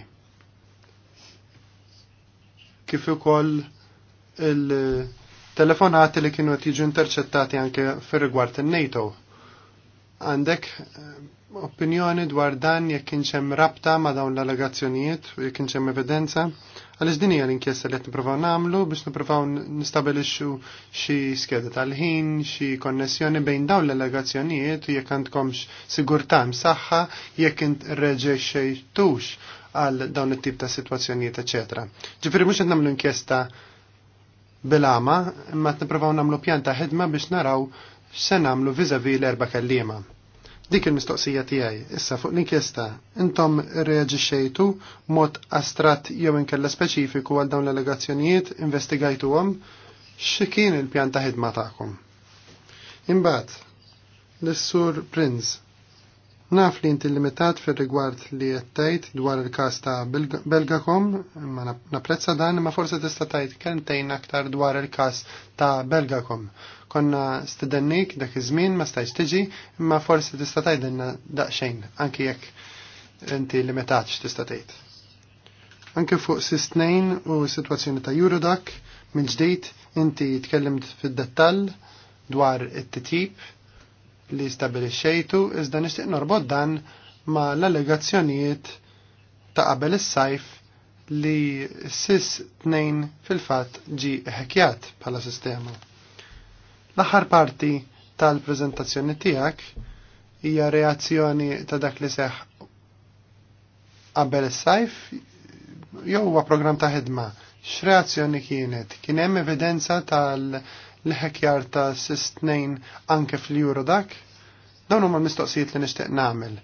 Kif ukoll il-telefonati li kienu qed jiġu interċettati anke fir-rigward in-NATO għandek eh, opinjoni dwar dan jekk kienx hemm rabta ma' dawn l-allegazzjonijiet u jekk kienx hemm evidenza. Għaliex din hija l-inkjesta li qed nippruvaw nagħmlu biex nippruvaw nistabilixxu xi skeda tal-ħin, xi konnessjoni bejn dawn l-allegazzjonijiet u jekk għandkomx sigurtà msaħħa jekk int reġexxejtux għal dawn it-tip ta' sitwazzjonijiet, eċetra. Ġifieri mhux qed nagħmlu inkjesta bil-għama, imma qed niprofaw nagħmlu pjanta ħidma biex naraw x'se nagħmlu viżavi l-erba kellima. Dik il-mistoqsija tiegħi. Issa fuq l-inkjesta, intom reaġixxejtu mod astratt jew inkella speċifiku għal dawn l-allegazzjonijiet, investigajtuhom, xi kien il-pjan ta' ħidma tagħkom. Imbagħad, l-Sur Prinz Naf li inti limitat fil rigward li jettajt dwar il-kas ta' Belgacom, ma naprezza dan, ma forse tista' tajt kentejn aktar dwar il-kas ta' Belgacom. Konna stidennik dak iż-żmien ma stajx tiġi, imma forse tista' tajdilna daqsxejn, anki jekk inti limitat x'tista' tgħid. Anke fuq sis u s-sitwazzjoni ta' Eurodac, mill-ġdejt inti tkellimt fid-dettall dwar it titip li stabilixxejtu iżda nixtieq norbod dan ma l-allegazzjonijiet ta' qabel is-sajf li sis tnejn fil-fatt ġi ħekjat bħala sistema. L-aħħar parti tal-preżentazzjoni tiegħek hija reazzjoni ta' dak li seħ qabel is-sajf jew huwa programm ta' ħidma. X'reazzjoni kienet? Kien hemm evidenza tal- l-ħekjar ta' s-snejn anke fl dak Dawn huma mistoqsijiet li nixtieq nagħmel.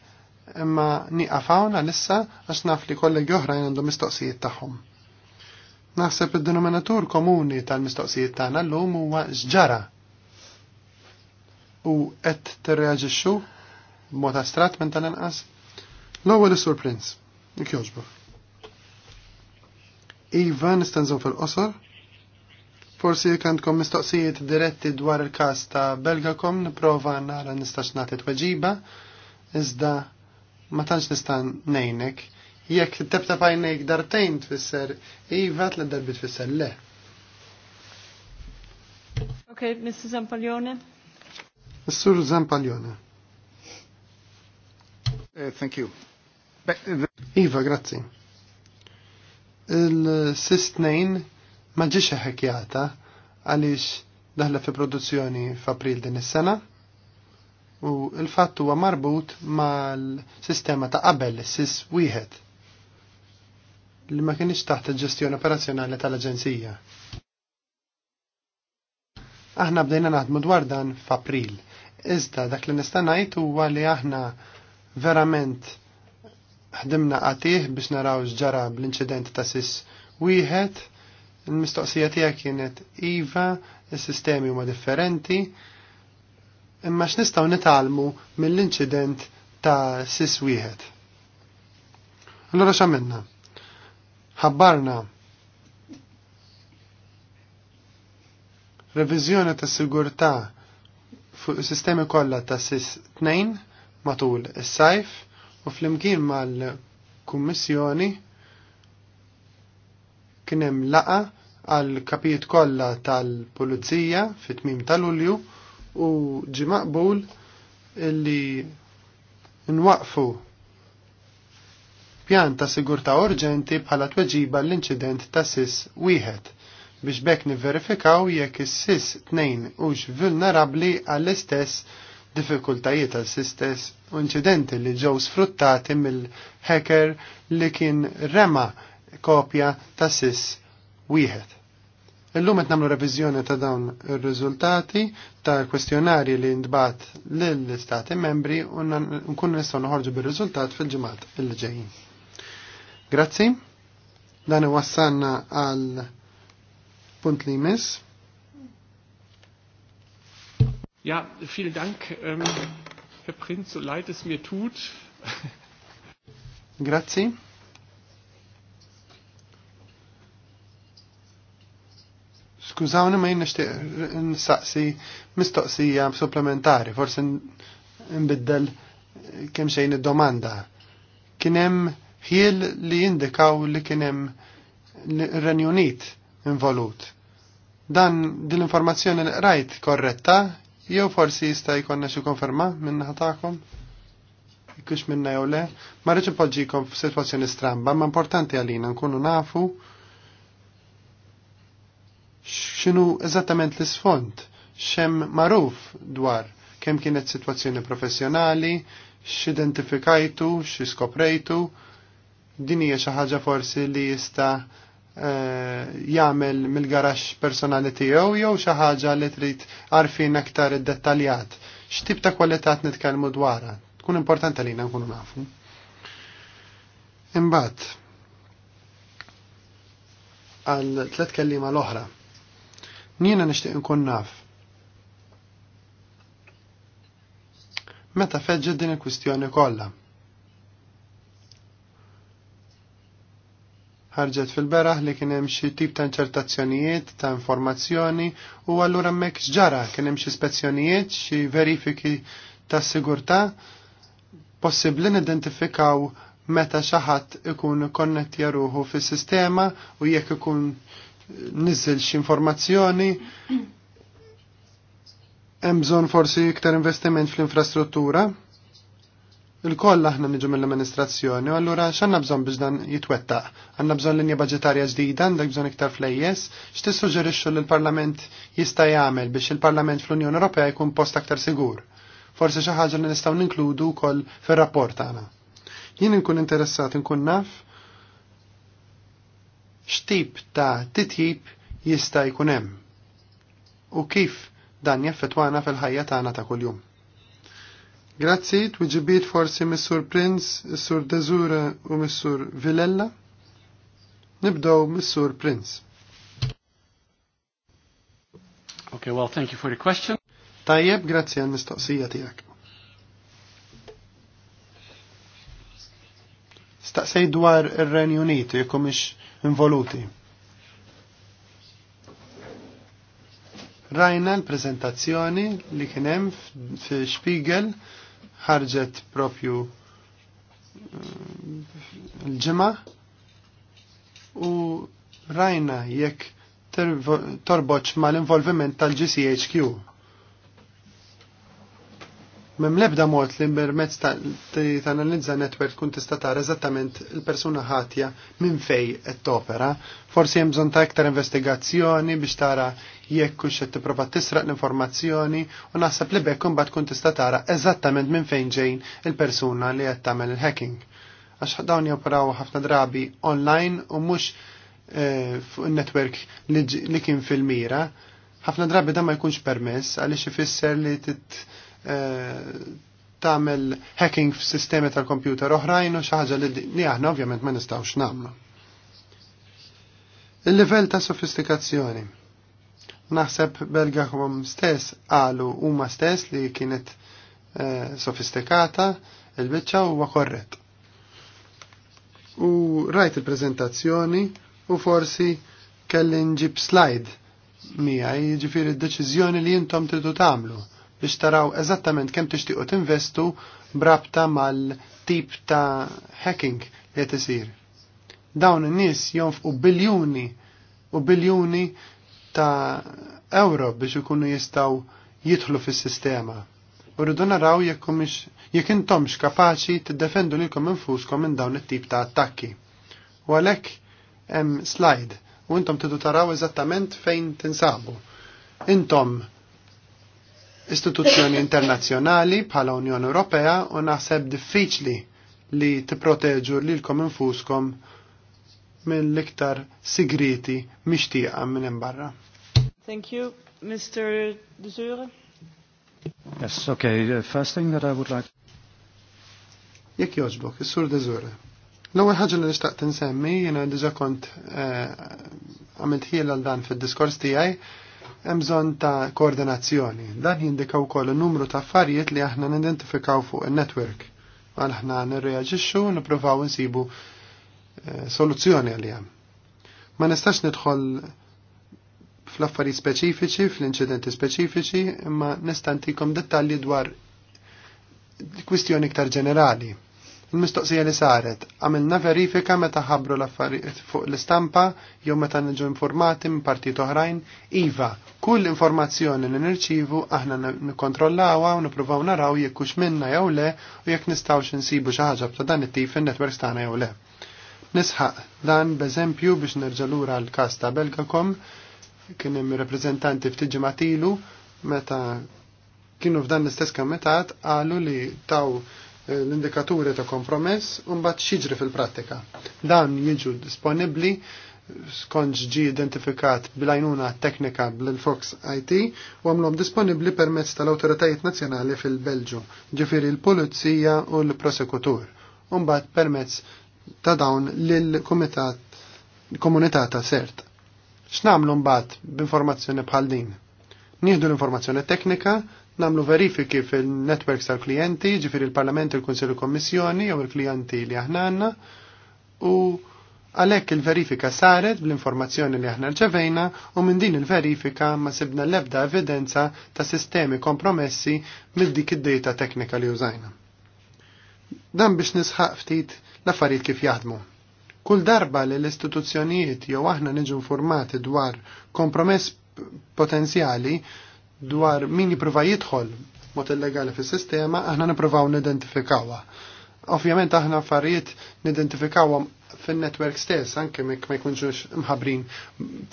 Imma nieqaf hawn għalissa għax naf li kollegi oħrajn għandhom mistoqsijiet tagħhom. Naħseb id-denominatur komuni tal-mistoqsijiet tagħna llum huwa ġġara. U qed tirreaġixxu b'mod astrat minn tal-inqas. L-ewwel is-Sur Prince, jogħġbu. Iva nistenżu fil-qosor Forsi kantkom mistoqsijiet diretti dwar il-kas ta' Belgakom niprofa nara nistax nagħti tweġiba, iżda ma tantx nistan nejnek. Jekk tibta fajnejk dartejn tfisser iva tliet darbi tfisser le. Ok, Mr. Zampaglione. Mr. Zampaglione. Uh, thank you. Iva, grazzi. Il-sistnejn ma ġiex ħekjata għaliex daħla fi produzzjoni f'April din is-sena u l-fatt huwa marbut mal-sistema ta' qabel sis wieħed li ma kienx taħt il-ġestjoni operazzjonali tal-Aġenzija. Aħna bdejna naħdmu dwar dan f'April. Iżda dak li nista' ngħid huwa li aħna verament ħdimna qatih biex naraw x'ġara bl-inċident ta' sis wieħed Il-mistoqsija tiegħek kienet iva, is-sistemi huma differenti, imma x'nistgħu nitalmu mill-inċident ta' sis wieħed. Allora x'għamilna? Ħabbarna reviżjoni ta' sigurtà fuq sistemi kollha ta' sis tnejn matul is-sajf u flimkien mal-Kummissjoni kien hemm laqa għal kapijiet kollha tal-Pulizija fit-tmim tal-Ulju u ġi maqbul illi nwaqfu pjan ta' sigurta urġenti bħala tweġiba l-inċident ta' sis wieħed biex bekk nivverifikaw jekk is-sis tnejn hux vulnerabbli għall-istess diffikultajiet għal sistess u inċidenti li ġew sfruttati mill-hacker li kien rema kopja ta' sis wieħed. Illum qed nagħmlu reviżjoni ta' dawn ir-riżultati tal-kwestjonarji li ntbat lill-istati membri u nkunu nistgħu noħorġu bir-riżultat fil-ġimgħat il ġejjin. Grazzi. Dan iwassalna għal punt li jmiss. Ja, vielen Dank, ähm, Herr Prinz, so leid es mir tut. Grazie. Skużawni ma jinn nixtieq nsaqsi mistoqsija supplementari, forsi nbiddel kemm xejn id-domanda. Kien hemm ħiel li jindikaw li kien hemm renjonit involut. Dan din l-informazzjoni li korretta jew forsi jista' jkonna xi konferma minn ħatakom? Kux minna jew le, ma rridx inpoġġikom situazzjoni stramba, ma importanti għalina nkunu nafu x'inhu eżattament l-isfond, xem magħruf dwar kemm kienet sitwazzjoni professjonali, x'identifikajtu, skoprejtu, din hija xi ħaġa forsi li jista' eh, jagħmel mill-garax personali tiegħu jew xi ħaġa li trid għarfin aktar id-dettaljat. X'tip ta' kwalità nitkellmu dwarha? Tkun importanti lina nkunu nafu. Imbagħad għal tliet kelliema l-oħra Jiena nixtieq nkun naf. Meta feġġa din il-kwistjoni kollha? ħarġet fil-beraħ li kien hemm xi tip ta' inċertazzjonijiet ta' informazzjoni u allura hemmhekk x'ġara kien hemm xi spezzjonijiet, xi verifiki ta' sigurtà possibbli nidentifikaw meta xi ħadd ikun ikkonnettja ruħu fis-sistema u jekk ikun niżel x'informazzjoni hemm bżonn forsi iktar investiment fl-infrastruttura. Il-koll aħna niġu mill-amministrazzjoni, allura x'għandna bżonn biex dan jitwettaq? Għandna bżonn linja budgetarja ġdida, għandek bżonn iktar flejjes, x'tissuġġerixxu li l-Parlament jista' jagħmel biex il-Parlament fl-Unjoni Ewropea jkun post aktar sigur. Forsi xi ħaġa li nistgħu ninkludu wkoll fir-rapport tagħna. Jien inkun interessat inkun naf x'tip ta' titjib jista' jkun hemm u kif dan jaffetwana fil-ħajja tagħna ta' kuljum. Grazzi, twiġibiet forsi Missur Prince, Missur Dezura u Missur Villella? Nibdow Missur Prince. Okay, well, thank you for the question. Tajjeb, grazzi għal mistoqsija tiegħek. Staqsej dwar ir-Renju Unit, jekk involuti. Rajna l-prezentazzjoni li kienem fi Spiegel ħarġet propju eh, l-ġemma u rajna jekk torboċ mal-involviment tal-GCHQ Mem lebda mod li permezz tanalizza netwerk tkun tista' tara eżattament il-persuna ħatja minn fej qed topera. Forsi hemm bżonn ta' iktar investigazzjoni biex tara jekk hux qed tipprova tisraq l-informazzjoni u naħseb li bekk imbagħad tkun tista' tara eżattament minn fejn ġejn il-persuna li qed tagħmel il-hacking. Għax dawn joperaw ħafna drabi online u mhux eh, fuq il-netwerk li kien fil-mira. ħafna drabi da ma jkunx permess għaliex ifisser li tit Eh, tagħmel hacking f'sistemi tal-kompjuter oħrajn u xi ħaġa li aħna ovvjament ma nistgħux nagħmlu. Il-livell ta' sofistikazzjoni. Naħseb Belgahom stess qalu huma stess li kienet eh, sofistikata il-biċċa huwa korret. U rajt il-prezentazzjoni u forsi kelli nġib slide miegħi jiġifieri d-deċiżjoni li intom tridu tagħmlu biex taraw eżattament kemm tixtiequ tinvestu brabta mal-tip ta' hacking li qed isir. Dawn in-nies jonfqu biljuni u biljuni ta' euro biex ikunu jistgħu jidħlu fis-sistema. U rridu naraw jekk jekk intomx kapaċi tiddefendu lilkom infuskom minn dawn it-tip ta' attakki. U għalhekk hemm slide u intom tidu taraw eżattament fejn tinsabu. Intom istituzzjoni internazzjonali bħala Unjoni Ewropea u naħseb diffiċli li tipproteġu lilkom infuskom mill-iktar sigriti mixtieqa minn barra. Thank you, Mr. Dezure. Yes, okay. The first thing that I would like Jekk joġbok, is-sur Dezure. L-ewwel ħaġa li nixtaq tinsemmi jiena diġà kont eh, għamilt ħiel għal dan fid-diskors tiegħi hemm bżonn ta' koordinazzjoni. Dan jindika wkoll numru ta' affarijiet li aħna nidentifikaw fuq in-netwerk. Għal aħna nirreagġiċu u nippruvaw insibu eh, soluzzjoni għalija. Ma nistax nidħol fl-affarijiet speċifiċi, fl-inċidenti speċifiċi, imma nistantikom dettalji dwar kwistjoni iktar ġenerali Il-mistoqsija li saret, għamilna verifika meta ħabru l-affarijiet fuq l-istampa jew meta niġu informati minn partit oħrajn, iva, kull informazzjoni li nirċivu aħna nikkontrollawha u nippruvaw naraw jekk hux minna jew le u jekk nistgħux insibu xi ħaġa b'ta' dan it-tif in-netwerks tagħna jew le. Nisħaq dan b'eżempju biex nerġa' lura l-każ ta' Belgakom kien hemm rappreżentanti ftiġi matilu meta kienu f'dan l-istess kamitat qalu li taw l-indikaturi ta' kompromess u mbagħad xiġri fil-prattika. Dan jiġu disponibbli skont ġi identifikat bil-għajnuna teknika bl-Fox IT u għamlom disponibli permezz tal-autoritajiet nazjonali fil-Belġu, ġifiri l-Polizija u l-Prosekutur, unbat permezz ta' dawn l-Komunità ta' Sert. X'namlu mbagħad b'informazzjoni bħal din? Nieħdu l-informazzjoni teknika, namlu verifiki fil-networks tal-klijenti, ġifir il-Parlament, il-Konsil Kommissjoni jew il-klijenti li aħna u għalhekk il-verifika saret bl-informazzjoni li aħna rċevejna u minn din il-verifika ma sibna l-ebda evidenza ta' sistemi kompromessi mid dik id-data teknika li użajna. Dan biex nisħaq ftit l-affarijiet kif jaħdmu. Kull darba li l-istituzzjonijiet jew aħna niġu informati dwar kompromess potenzjali, dwar min jipruva jidħol mod illegali fis-sistema, aħna nippruvaw nidentifikawa. Ovvjament aħna affarijiet nidentifikawa fin-netwerk stess, anke mek ma jkunx mħabrin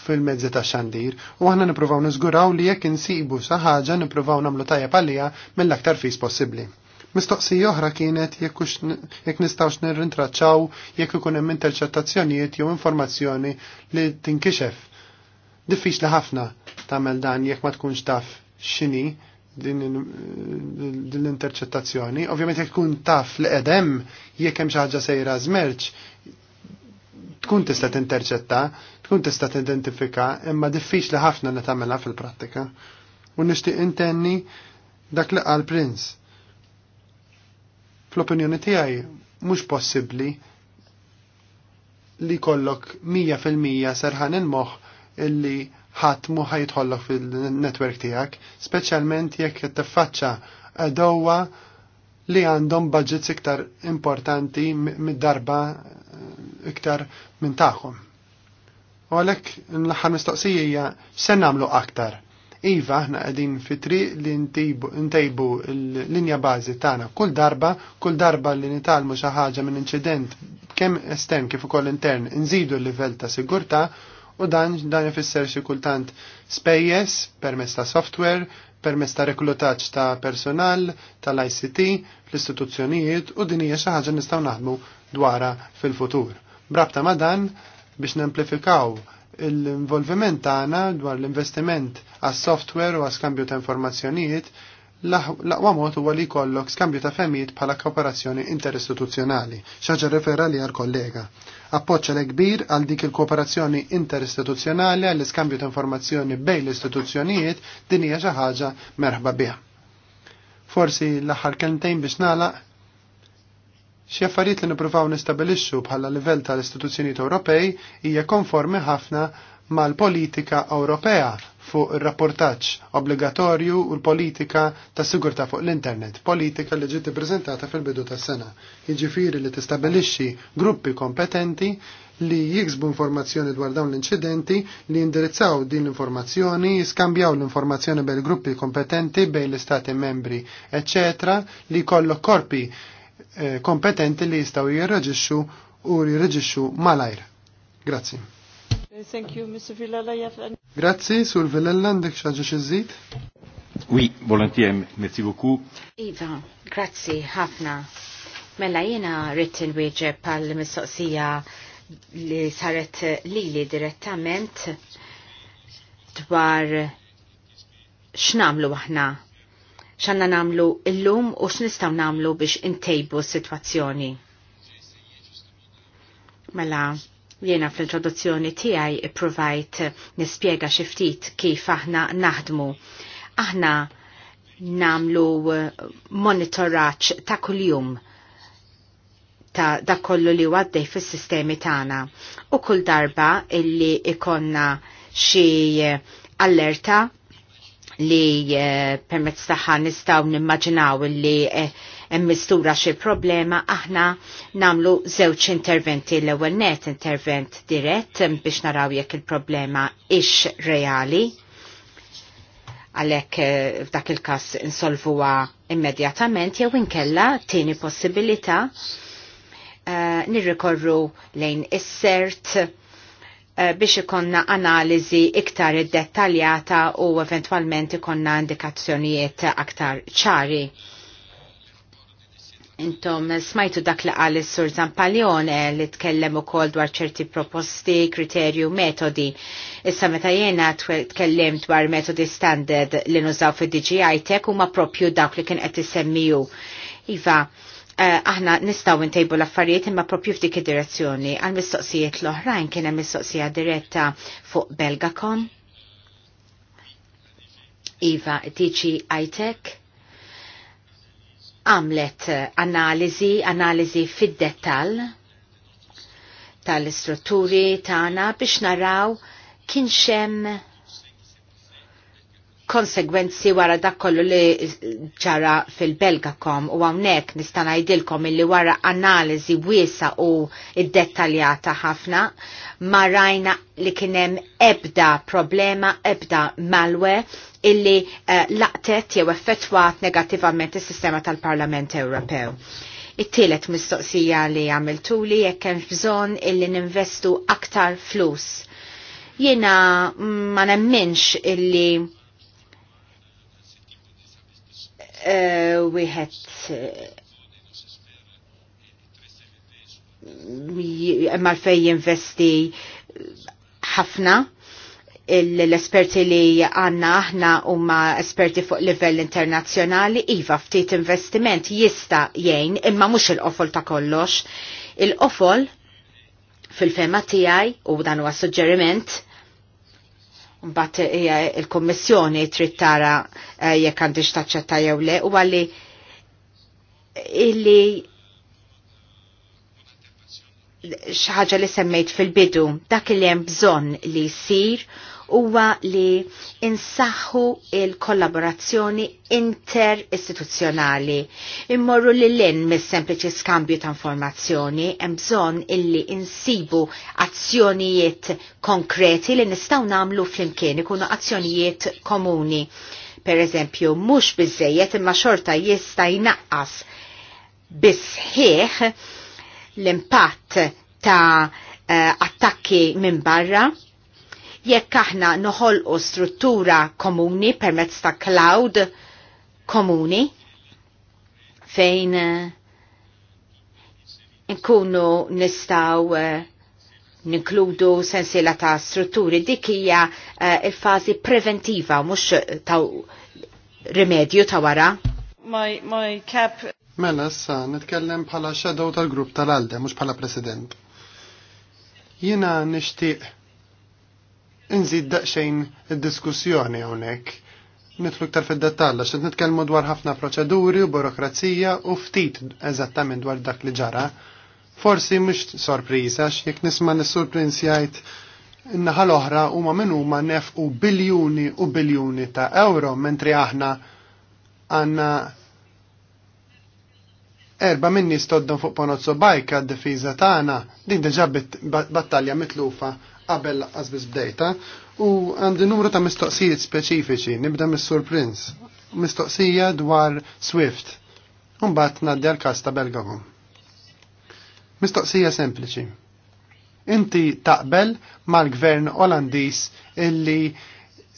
fil-mezzi ta' xandir, u aħna nippruvaw niżguraw li jekk insibu sa ħaġa nippruvaw nagħmlu tajjeb għalija mill-aktar fis possibbli. Mistoqsija oħra kienet jekk nistgħux nirrintraċċaw jekk ikun hemm interċettazzjonijiet jew informazzjoni li tinkixef. Diffiċli ħafna tagħmel dan jekk ma tkunx taf x'inhi din l-interċettazzjoni. Ovvjament jekk tkun taf li qedem jekk hemm xi ħaġa sejra żmerġ, tkun tista' tinterċetta, tkun tista' tidentifika, imma diffiċli ħafna li tagħmelha fil-prattika. U nixtieq intenni dak li qal Prince. Fl-opinjoni tiegħi mhux possibbli li kollok 100% serħan il-moħ illi ħadd mu ħajtħollok fil-netwerk tiegħek, speċjalment jekk tiffaċċa dowa li għandhom budgets iktar importanti mid-darba eh, iktar minn tagħhom. U għalhekk l-aħħar mistoqsija sen se nagħmlu aktar. Iva, aħna qegħdin fi triq li ntejbu l-linja bażi tagħna kull darba, kull darba li nitalmu xi ħaġa minn inċident kem estern kif ukoll intern nżidu l-livell ta' sigurtà u dan dan ifisser xi kultant spejjeż permezz ta' software, permezz ta' reklutaġġ ta' personal, tal-ICT, fl-istituzzjonijiet u din hija xi ħaġa nistgħu naħdmu dwarha fil-futur. Brabta ma' dan biex nemplifikaw l-involviment tagħna dwar l-investiment għas software u għas kambju ta' informazzjonijiet l-aqwa mod huwa li jkollok skambju ta' femijiet bħala kooperazzjoni interistituzzjonali, xaġa referali għal kollega. Appoċċa l kbir għal dik il-kooperazzjoni interistituzzjonali għall iskambju ta' informazzjoni bejn l-istituzzjonijiet din hija xi ħaġa merħba biha. Forsi l-aħħar kelmtejn biex nagħlaq xi affarijiet li nippruvaw nistabilixxu bħala livell tal-istituzzjonijiet Ewropej hija konformi ħafna mal-politika Ewropea fuq ir-rapportaġġ obbligatorju u l-politika ta' sigurtà fuq l-internet, politika li ġiet ippreżentata fil-bidu tas-sena. Jiġifieri li tistabilixxi gruppi kompetenti li jiksbu informazzjoni dwar dawn l-inċidenti, li indirizzaw din l-informazzjoni, jiskambjaw l-informazzjoni bel gruppi kompetenti bejn l-istati membri, eccetera, li kollu korpi eh, kompetenti li jistaw jirreġixxu u jirreġixxu malajr. Grazzi. Thank you, Mr. Villalaya. Grazzi, Sur Villella, għandek xaġa xizzit? Oui, volontieri, merci beaucoup. Iva, grazzi, ħafna. Mela jena rritin weġe pal mistoqsija li saret lili direttament dwar x'namlu aħna x'għandna namlu illum u x'nistgħu namlu biex intejbu s-sitwazzjoni. Mela Jena fl-introduzzjoni tiegħi ipprovajt nispjega xi ftit kif aħna naħdmu. Aħna namlu eh, monitoraċ ta' kuljum ta' dak kollu li għaddej fis-sistemi tagħna. U kull darba illi ikonna xi allerta li eh, permezz tagħha nistgħu nimmaġinaw li eh, hemm mistura xi problema aħna namlu żewġ interventi l-ewwel net intervent dirett biex naraw jekk il-problema ix reali għalhekk eh, f'dak il-każ insolvuha immedjatament jew inkella tieni possibilità uh, nirrikorru lejn is-sert eh, biex ikonna analizi iktar id-dettaljata u eventualment ikonna indikazzjonijiet aktar ċari. Intom smajtu dak li għal sur Zampaljone li tkellem u kol dwar ċerti proposti, kriterju, metodi. Issa meta jena tkellem dwar metodi standard li nużaw fi DGI tek u ma propju dak li kien qed semmiju. Iva, eh, aħna nistaw intejbu l-affarijiet imma propju f'dik id-direzzjoni. Għal mistoqsijiet l-oħrajn kien hemm mistoqsija diretta fuq Belgacom. Iva, DGI Tech għamlet analizi, analizi fid-detal tal-istrutturi tagħna biex naraw kien xem konsegwenzi wara dak kollu li ġara fil-Belgakom u għawnek nista' ngħidilkom illi wara analiżi wiesa u iddettaljata ħafna ma rajna li kien hemm ebda problema, ebda malwe illi uh, laqtet jew effettwat negattivament is-sistema tal-Parlament Ewropew. It-tielet mistoqsija li għamiltuli jekk hemm bżonn illi ninvestu aktar flus. Jiena ma nemminx illi Eh, wieħed eh, mal fej jinvesti ħafna l-esperti li għanna aħna huma esperti fuq livell internazzjonali iva ftit investiment jista jgħin imma mhux il-qofol ta' kollox. Il-qofol fil-fema tiegħi u dan huwa suġġeriment Mbatt eh, il-Kummissjoni trid tara eh, jekk għandix taċċetta jew le u għalli illi xaħġa li semmejt fil-bidu, dak li hemm bżonn li jsir huwa li insaħħu il-kollaborazzjoni interistituzzjonali. Immorru li l-in mis-sempliċi skambju ta' informazzjoni, hemm bżonn illi insibu azzjonijiet konkreti li nistgħu nagħmlu flimkien ikunu azzjonijiet komuni. Per eżempju, mhux biżejjed imma xorta jista' jnaqqas bisħieħ l-impatt ta' eh, attakki minn barra, jekk aħna noħolqu struttura komuni permezz ta' cloud komuni fejn eh, nkunu nistaw eh, ninkludu sensiela ta' strutturi dik hija il-fażi preventiva mhux ta' rimedju ta' wara. My, my cap Mela issa nitkellem bħala shadow tal-grupp tal-Alde, mhux bħala president. Jiena nixtieq inżid daqsxejn id-diskussjoni hawnhekk. Nitlu ktar fid-dettall għax nitkellmu dwar ħafna proċeduri u burokrazija u ftit eżattament dwar dak li ġara. Forsi mhux sorpriża għax jekk nisma' nis-sur Prince jgħid in-naħa l-oħra huma minn huma nefqu biljuni u biljuni ta' euro mentri aħna għandna erba minni stoddon fuq Ponozzo Bajka d-difiża tagħna din diġà battalja mitlufa qabel għazbis bdejta u għandi numru ta' mistoqsijiet speċifiċi nibda mis-Sur Prince mistoqsija dwar Swift u mbagħad ngħaddi għal każ ta' Belgahom. Mistoqsija sempliċi. Inti taqbel mal-gvern Olandiż illi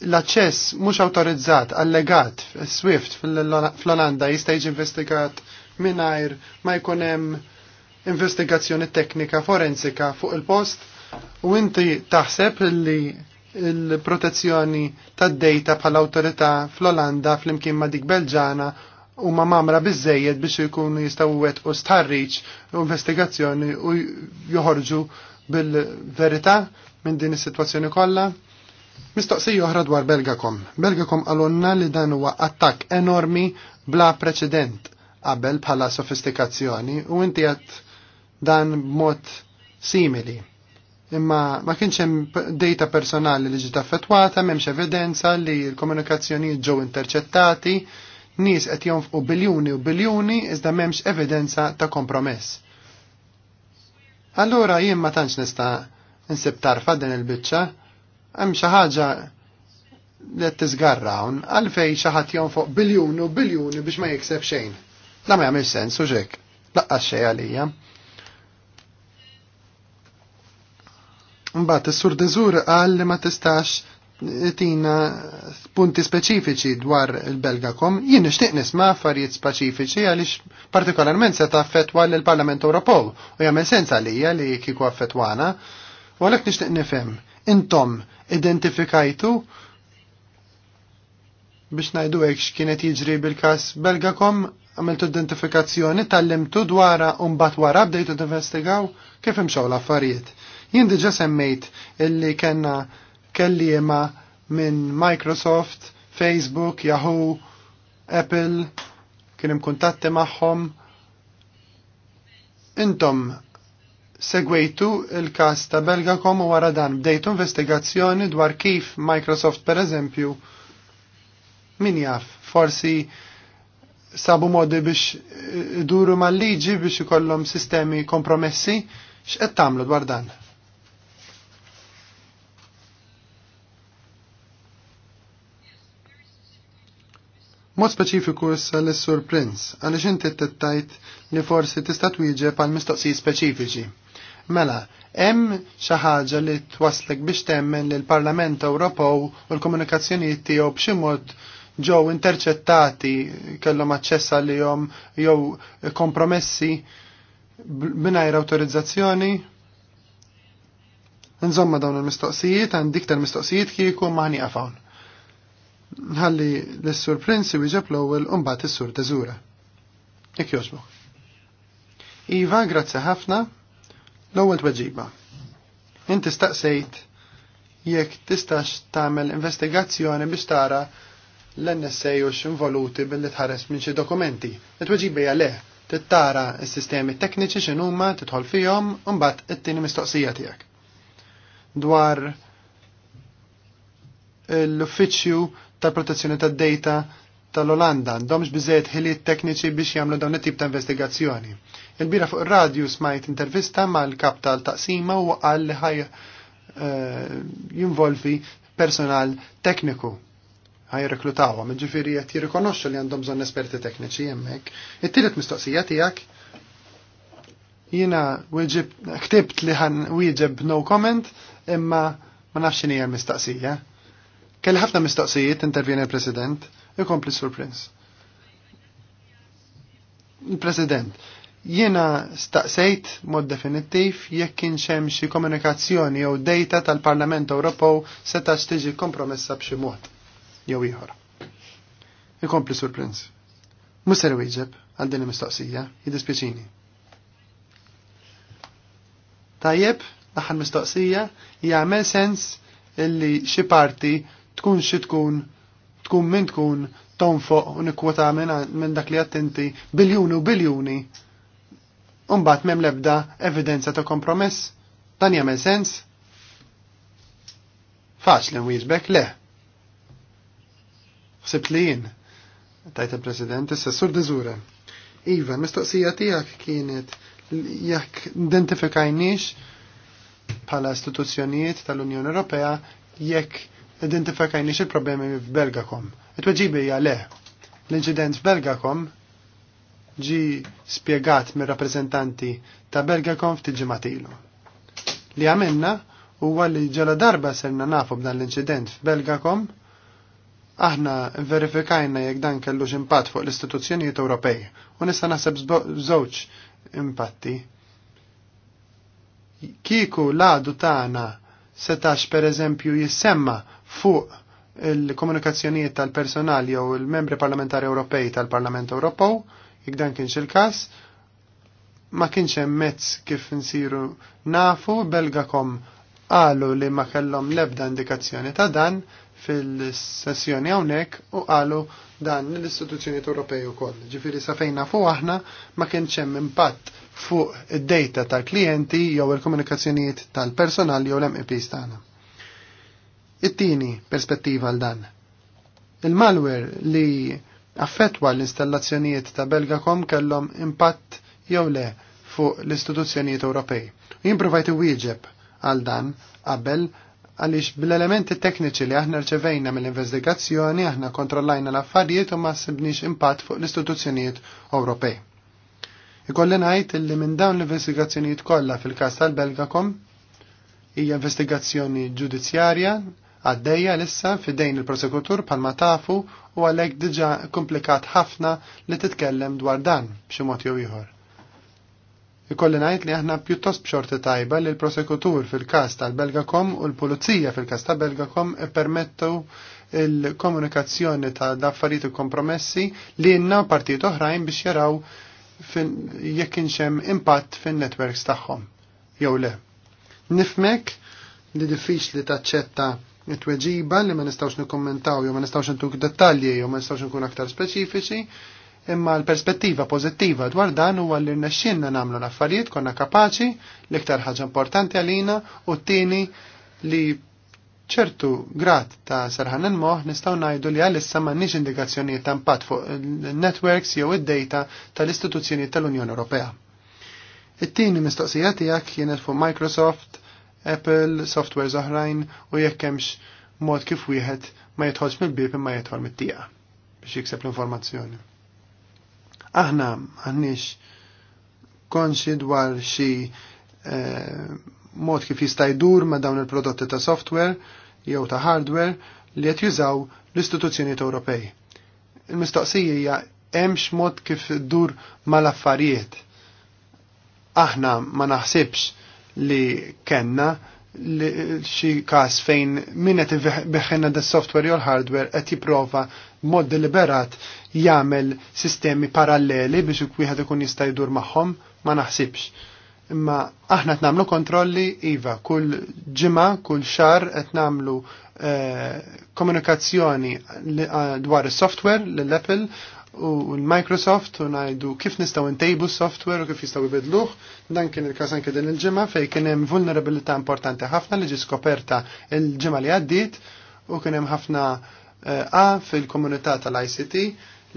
l-aċċess mhux awtorizzat allegat Swift fl-Olanda jista' jiġi investigat Minajr ma jkun hemm investigazzjoni teknika forensika fuq il-post u inti taħseb li il-protezzjoni tad-dejta bħal-awtorità fl-Olanda fl-imkien ma' dik Belġana u ma mamra bizzejed biex jkunu jistaw wet u starriċ u investigazzjoni u joħorġu bil-verita minn din is-sitwazzjoni kollha. Mistoqsija oħra dwar Belgakom. Belgakom għalunna li dan huwa attakk enormi bla preċedent qabel bħala sofistikazzjoni u inti għat dan b'mod simili. Imma ma kienx hemm data personali li ġiet affettwata, m'hemmx evidenza li l-komunikazzjonijiet ġew interċettati, nies qed jonfqu biljuni u biljuni iżda m'hemmx evidenza ta' kompromess. Allura jien ma tantx nista' nsib tarfa din il-biċċa, hemm xi ħaġa li qed tiżgarrawn għalfejn xi ħadd jonfoq biljuni u biljuni biex ma jikseb xejn. Na ma jagħmel sens u ġek, laqqas xejn għalija. Mbagħad is-sur Deżur qal li ma tistax tina punti speċifiċi dwar il-Belgakom, jien nixtieq nisma' affarijiet speċifiċi għaliex partikolarment se taffettwa l parlament Ewropew u jagħmel sens għalija li kieku affettwana. U għalhekk nixtieq nifhem, intom identifikajtu biex najdu għek x'kienet jiġri bil-każ Belgakom għamiltu identifikazzjoni tal-limtu dwara u mbagħad wara bdejtu investigaw kif imxaw l-affarijiet. Jien diġa' semmejt illi kellna kelliema minn Microsoft, Facebook, Yahoo, Apple, kien hemm kuntatti magħhom. Intom segwejtu il-każ ta' Belgakom u wara dan bdejtu investigazzjoni dwar kif Microsoft pereżempju eżempju Min jaf, forsi sabu modi biex eh, duru mal-liġi biex ikollhom sistemi kompromessi, x'qed tagħmlu dwar dan? Mod speċifiku issa l-Sur Prince, għaliex inti tittajt li forsi tista' twieġeb għal mistoqsijiet speċifiċi. Mela, hemm xi ħaġa li twaslek biex temmen li l-Parlament Ewropew u l-komunikazzjonijiet tiegħu b'xi mod ġew interċettati kellhom aċċess għalihom jew kompromessi mingħajr awtorizzazzjoni. Nżomma dawn il-mistoqsijiet, għandik tal-mistoqsijiet kieku maħni għafawn. Nħalli l-sur Prinzi wieġeb l-ewwel u mbagħad is-sur Teżura. Jekk jogħġbu. Iva, grazzi ħafna. L-ewwel tweġiba. Inti staqsejt jekk tistax tagħmel investigazzjoni biex tara l-NSA u x-involuti billi tħares minn xi dokumenti. It-tweġibija le, tittara s-sistemi tekniċi x'inhuma titħol fihom u mbagħad it-tieni mistoqsija tiegħek. Dwar l-uffiċċju tal-protezzjoni tad-data tal-Olanda għandhomx biżejjed ħiliet tekniċi biex jagħmlu dawn it-tip ta' investigazzjoni. Il-bira fuq ir-radju smajt intervista mal-kap tal-taqsima u qal li ħaj eh, jinvolvi personal tekniku ħajreklutawhom, jiġifieri qed jirrikonoxxu li għandhom bżonn esperti tekniċi hemmhekk. it tilet mistoqsija tiegħek jiena ktibt li għan wieġeb no comment imma ma nafx hija mistoqsija. Kelli ħafna mistoqsijiet intervjeni l-President, ikompli Sur Prince. Il-President, jiena staqsejt mod definittiv jekk kien xem xi komunikazzjoni jew data tal-Parlament Ewropew setax tiġi kompromessa b'xi mod jew ieħor. Ikompli Sur Prince. Mhux ser wieġeb għal din il-mistoqsija, jidispjaċini. Tajjeb, l-aħħar mistoqsija jagħmel sens illi xi parti tkun xi tkun tkun min tkun tonfoq u nikkwota minn dak li attenti biljuni u biljuni Umbat mem lebda evidenza ta' kompromess? Dan jagħmel sens? Faċli nwieġbek le. Xsibt li jien, tajt il-President, issa sur diżura. Iva, mistoqsija tiegħek kienet jekk identifikajniex bħala istituzzjonijiet tal-Unjoni Ewropea jekk identifikajniex il-problemi f'Belgakom. It-tweġibi hija le. L-inċident f'Belgakom ġi spiegat mir rappresentanti ta' Belgakom ftit ġimatilu. Li għamilna huwa li ġala darba serna nafu b'dan l-inċident f'Belgakom Aħna verifikajna jekk dan kellu impatt fuq l-istituzzjonijiet Ewropej u nista' naħseb żewġ impatti. Kiku l-għadu tagħna setax pereżempju jissemma fuq il-komunikazzjonijiet tal-personal jew il-membri parlamentari Ewropej tal-Parlament Ewropew, jekk dan kienx il-każ, ma kienx hemm mezz kif insiru nafu belgakom qalu li ma kellhom l-ebda indikazzjoni ta' dan fil-sessjoni hawnhekk u qalu dan l-istituzzjonijiet Ewropej u Ġifieri Ġifiri safejna fuq aħna ma kienx hemm impatt fuq id-data tal-klijenti jew il-komunikazzjonijiet tal-personal jew l-MEPs tagħna. It-tieni perspettiva għal dan. Il-malware li affettwa l-installazzjonijiet ta' Belgacom kellhom impatt jew le fuq l-istituzzjonijiet Ewropej. Jimprovajti wieġeb għal dan qabel għaliex bil-elementi tekniċi li aħna rċevejna mill-investigazzjoni aħna kontrollajna l-affarijiet u ma sibniex impatt fuq l-istituzzjonijiet Ewropej. Ikolli ngħid li minn dawn l-investigazzjonijiet kollha fil-każ tal-Belgakom hija investigazzjoni ġudizzjarja għaddejja lissa fidejn il-prosekutur pal tafu u għalhekk diġà komplikat ħafna li titkellem dwar dan b'xi mod jew ieħor Ikolli ngħid li aħna pjuttost b'xorti tajba li l-prosekutur fil-każ tal-Belgakom u l-Pulizija fil-każ tal-Belgakom permettu il-komunikazzjoni ta' daffariet u kompromessi li jenna partijiet oħrajn biex jaraw jekk inxem impatt fin-networks tagħhom jew le. Nifmek li diffiċli taċċetta it-tweġiba li ma nistawx nikkommentaw jew ma nistawx intuk dettalji jew ma nistawx nkun aktar speċifiċi, imma l-perspettiva pożittiva dwar dan huwa li nesċinna nagħmlu l-affarijiet konna kapaċi l-iktar ħaġa importanti għalina u t-tieni li ċertu grad ta' serħan il-moħ nistaw najdu li għallissa m'għandniex indikazzjonijiet ta' impatt fuq il-networks jew id-data tal-istituzzjonijiet tal-Unjoni Ewropea. It-tieni mistoqsija tiegħek kienet fuq Microsoft, Apple, softwares oħrajn u jekk hemmx mod kif wieħed ma jidħolx mill-bib imma jidħol mit-tieqa biex jikseb l-informazzjoni. Aħna għannix konxi dwar xi eh, mod kif jista' jdur ma' dawn il-prodotti ta' software jew ta' hardware li qed jużaw l-istituzzjonijiet Ewropej. Il-mistoqsija hija hemmx mod kif dur mal-affarijiet. Aħna ma naħsibx li kenna xi każ fejn min qed beħħenna da software jew hardware qed jipprova mod deliberat jagħmel sistemi paralleli biex wieħed ikun jista' jdur magħhom ma naħsibx. Imma aħna qed nagħmlu kontrolli iva, kull ġimgħa, kull xar qed nagħmlu eh, komunikazzjoni eh, dwar is-software lill-Apple u l-Microsoft u najdu kif nistaw intejbu software u kif jistaw ibidluħ. Dan kien il-kas anke din il-ġimgħa fej kien hemm vulnerabilità importanti ħafna li ġi skoperta il-ġimgħa li għaddiet u kien hemm ħafna eh, A fil-komunità tal-ICT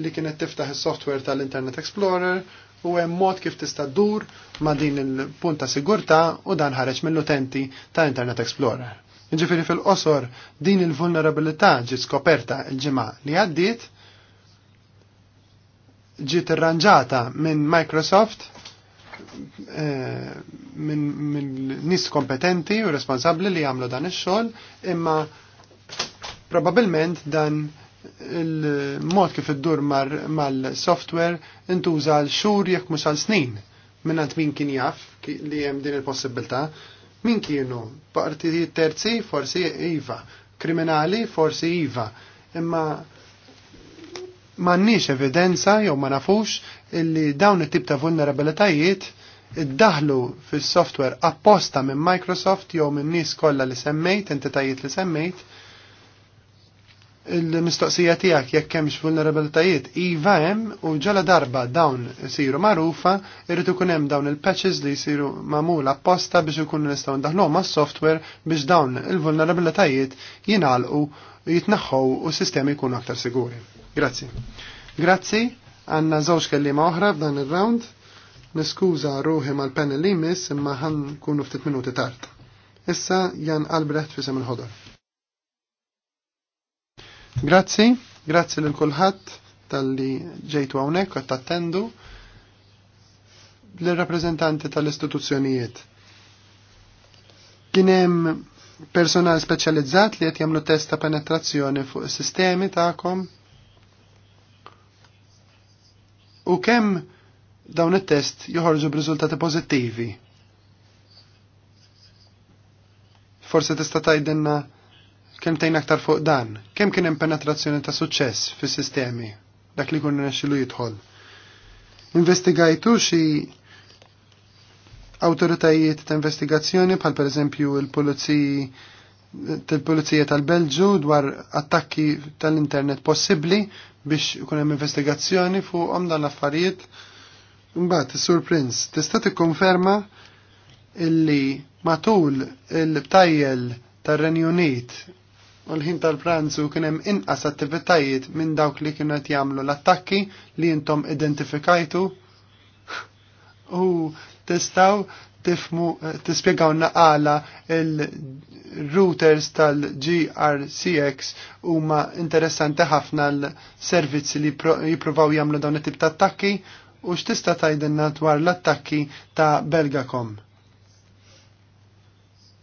li kienet tiftaħ is-software tal-Internet Explorer u hemm mod kif tista' dur ma' din il-punta sigurtà u dan ħareġ mill-utenti ta' Internet Explorer. Ġifiri fil-qosor din il-vulnerabilità ġi skoperta il-ġimgħa li għaddiet ġiet irranġata minn Microsoft eh, minn min nis kompetenti u responsabli li jagħmlu dan ix-xogħol, imma probabilment dan il-mod kif iddur mal-software intuża l xhur jekk mhux għal snin minnant min kien jaf li hemm din il-possibilità. Min kienu? Partiti terzi forsi iva, kriminali forsi iva, imma mannix evidenza jew ma nafux illi dawn it-tip ta' vulnerabilitajiet iddaħlu fis-software apposta minn Microsoft jew minn nies kollha li semmejt, entitajiet li semmejt. Il-mistoqsija tiegħek jekk hemmx vulnerabilitajiet iva hemm u ġala darba dawn isiru magħrufa, irid ikun hemm dawn il-patches li jsiru magħmul apposta biex ikunu nistgħu ndaħluhom mas-software biex dawn il-vulnerabilitajiet jingħalqu jitnaħħu u s-sistemi jkunu aktar siguri. Grazzi. Grazzi, għanna zawx kellima oħra f'dan il-round. Niskuża ruħi mal-panel li jmiss imma ħan kunu ftit minuti tard. Issa Jan Albrecht fisem il-ħodor. Grazzi, grazie lil kulħadd tal-li ġejtu hawnhekk qed tattendu l-rappreżentanti tal-istituzzjonijiet. Kien hemm personal speċjalizzat li qed jagħmlu test ta' penetrazzjoni fuq is-sistemi tagħkom u kemm dawn it-test joħorġu b'riżultati pożittivi. Forse tista' tgħidilna kemm tgħin aktar fuq dan, kemm kien hemm penetrazzjoni ta' suċċess fis-sistemi dak li kun nexxilu jidħol. Investigajtu xi awtoritajiet ta' investigazzjoni bħal pereżempju l-pulizija tal-Pulizija tal-Belġu dwar attakki tal-internet possibbli biex ikun hemm investigazzjoni fuqhom dan l-affarijiet. Mbagħad is-Sur Prince, tista' tikkonferma illi matul il-btajjel tar-Renju Unit u l-ħin tal-pranzu kien hemm inqas attivitajiet minn dawk li kienu qed jagħmlu l-attakki li intom identifikajtu (laughs) u tistgħu tifmu eh, tispjegawna naqala il-routers tal-GRCX huma interessanti ħafna l-servizzi li jippruvaw jagħmlu dawn it-tip ta' attakki u x'tista' tgħidilna dwar l-attakki ta' Belgacom.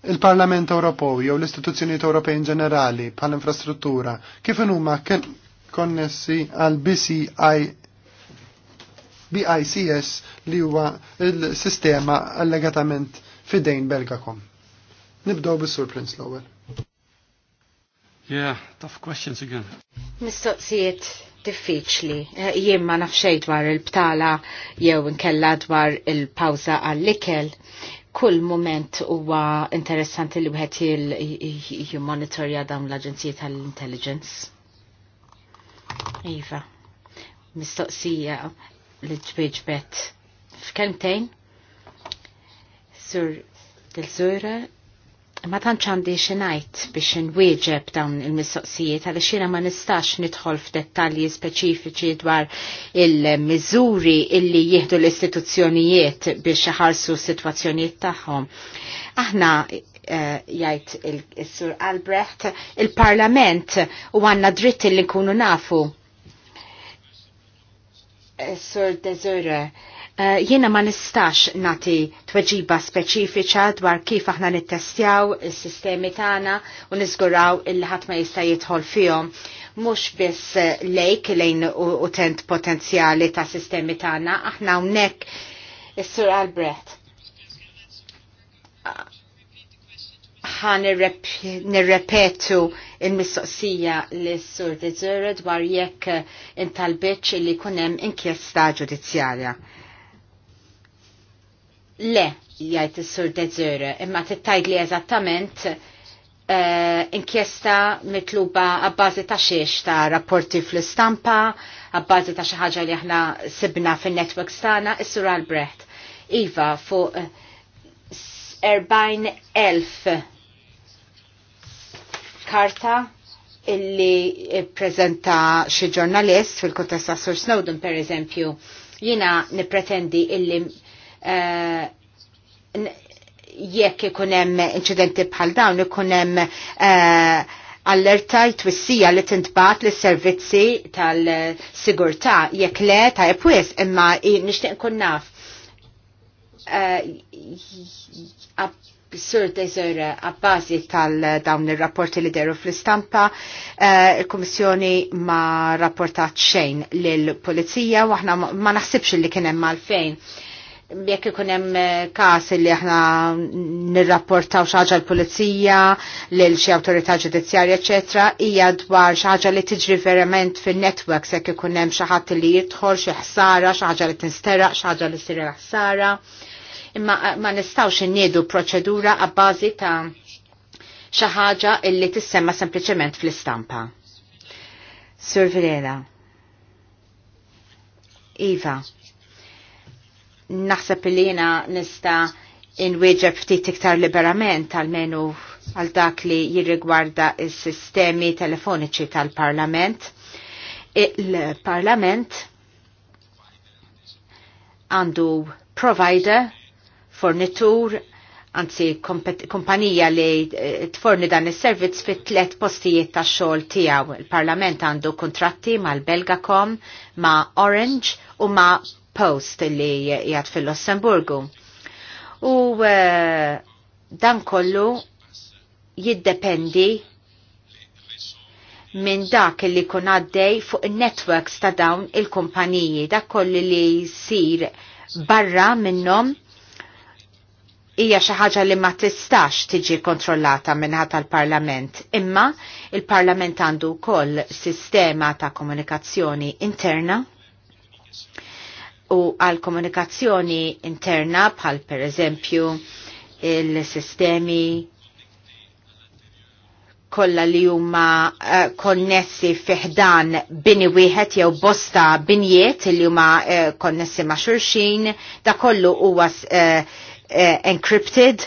Il-Parlament Ewropew jew l-istituzzjonijiet Ewropej in ġenerali bħall-infrastruttura kif huma konnessi għal BCI BICS li huwa il-sistema allegatament fidejn Belgakom. Nibdow bis-Sur Prince l-ewwel. Yeah, tough questions again. Mistoqsijiet diffiċli. Eh, jien ma nafxej dwar il-btala jew nkella dwar il-pawza għall-ikel. Kull moment huwa interessanti li wieħed jimmonitorja dawn l aġenzija tal-Intelligence. Iva. Mistoqsija li twieġbet f'kemtejn sur dil-żura ma tantx għandi xi ngħid biex inwieġeb dawn il-mistoqsijiet għaliex jiena ma nistax nidħol f'dettalji speċifiċi dwar il-miżuri illi jieħdu l-istituzzjonijiet biex iħarsu s-sitwazzjonijiet tagħhom. Aħna eh, jgħid jajt il-Sur Albrecht, il-Parlament u għanna dritt li nkunu nafu Sur Desire, eh, jiena ma nistax nati tweġiba speċifiċa dwar kif aħna nittestjaw il-sistemi tagħna u niżguraw il-ħadd ma jista' jidħol fihom. Mhux biss eh, lejk lejn utent potenzjali ta' sistemi tagħna, aħna hawnhekk is-Sur Albrecht. Ħa nirrepetu il-mistoqsija li s-sur Dizzer dwar jekk intalbitx li kunem inkjesta ġudizzjarja. Le, jgħajt s-sur Dizzer, imma t-tajd li eżattament eh, inkjesta mitluba għabbażi ta' xiex ta' rapporti fl-istampa, għabbażi ta' xaħġa li aħna sibna fin-network stana, s-sur Albrecht. Iva, fuq 40.000 karta illi prezenta xi ġurnalist fil-kontest ta' Sir Snowden per eżempju. Jina nipretendi illi eh, jekk ikun hemm inċidenti bħal dawn ikun hemm eh, allerta jtwissija li tintbat li servizzi tal-sigurta jekk le ta' jepwis imma nishtiq nkun naf eh, Sur Desire, eh, Abbasi tal-dawn eh, il-rapporti li deru fl-istampa, eh, il-Komissjoni ma rapportat xejn l-Polizija u aħna ma naħsibx li kienem mal-fejn. Jekk ikun hemm każ li aħna nirrapportaw xi ħaġa l-pulizija, lil xi awtorità ġudizzjarja, eċetra, hija dwar xi ħaġa li tiġri verament fin-networks jekk ikun hemm xi ħadd li jidħol xi ħsara, xi ħaġa li tinsteraq, xi ħaġa li ssir ħsara. ħsara imma eh, ma nistawx inniedu proċedura għabbażi ta' xi ħaġa illi tissemma sempliċement fl-istampa. Sur Virela. Iva. Naħseb li jiena nista' inwieġeb ftit iktar liberament għalmenu għal dak li jirrigwarda il sistemi telefoniċi tal-Parlament. Il-Parlament għandu provider fornitur anzi kumpanija li eh, tforni dan is-servizz fit tlet postijiet ta' xogħol tiegħu. Il-Parlament għandu kontratti mal-Belgacom, ma' Orange u ma' Post li jgħat fil-Lussemburgu. U uh, dan kollu jiddependi minn dak li kun għaddej fuq networks ta' dawn il-kumpaniji, dak kollu li jsir barra minnom hija xi ħaġa li ma tistax tiġi kontrollata minnħat tal-Parlament, imma il-Parlament għandu wkoll sistema ta' komunikazzjoni interna u għal komunikazzjoni interna bħal per eżempju il-sistemi kolla li huma uh, konnessi fiħdan bini wieħed jew bosta binjiet li huma uh, konnessi ma' xurxin, da kollu huwa uh, Eh, encrypted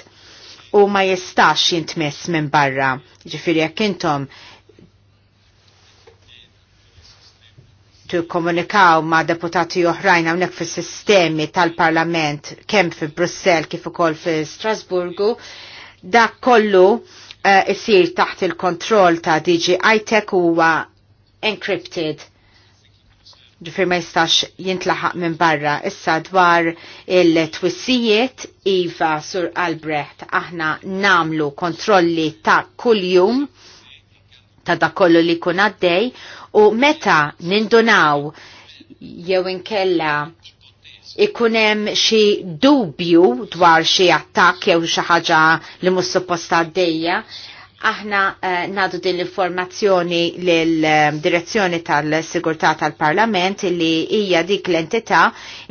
u ma jistax jintmess minn barra. Ġifiri jekk intom Tu komunikaw ma' deputati oħrajn hawnhekk fis-sistemi tal-Parlament kemm fi Brussell kif ukoll fi Strasburgu, dak kollu eh, isir taħt il-kontroll ta' DG ITEC huwa encrypted ġifir ma jistax jintlaħaq minn barra. Issa dwar il-twissijiet, Iva Sur Albrecht, aħna namlu kontrolli ta' kuljum ta' da' kollu li kun għaddej u meta nindunaw jew inkella ikunem xi dubju dwar xi attakk jew xi ħaġa li mhux supposta għaddejja, Aħna uh, nadu din l-informazzjoni l-direzzjoni tal-sigurtà tal-Parlament illi hija dik l-entità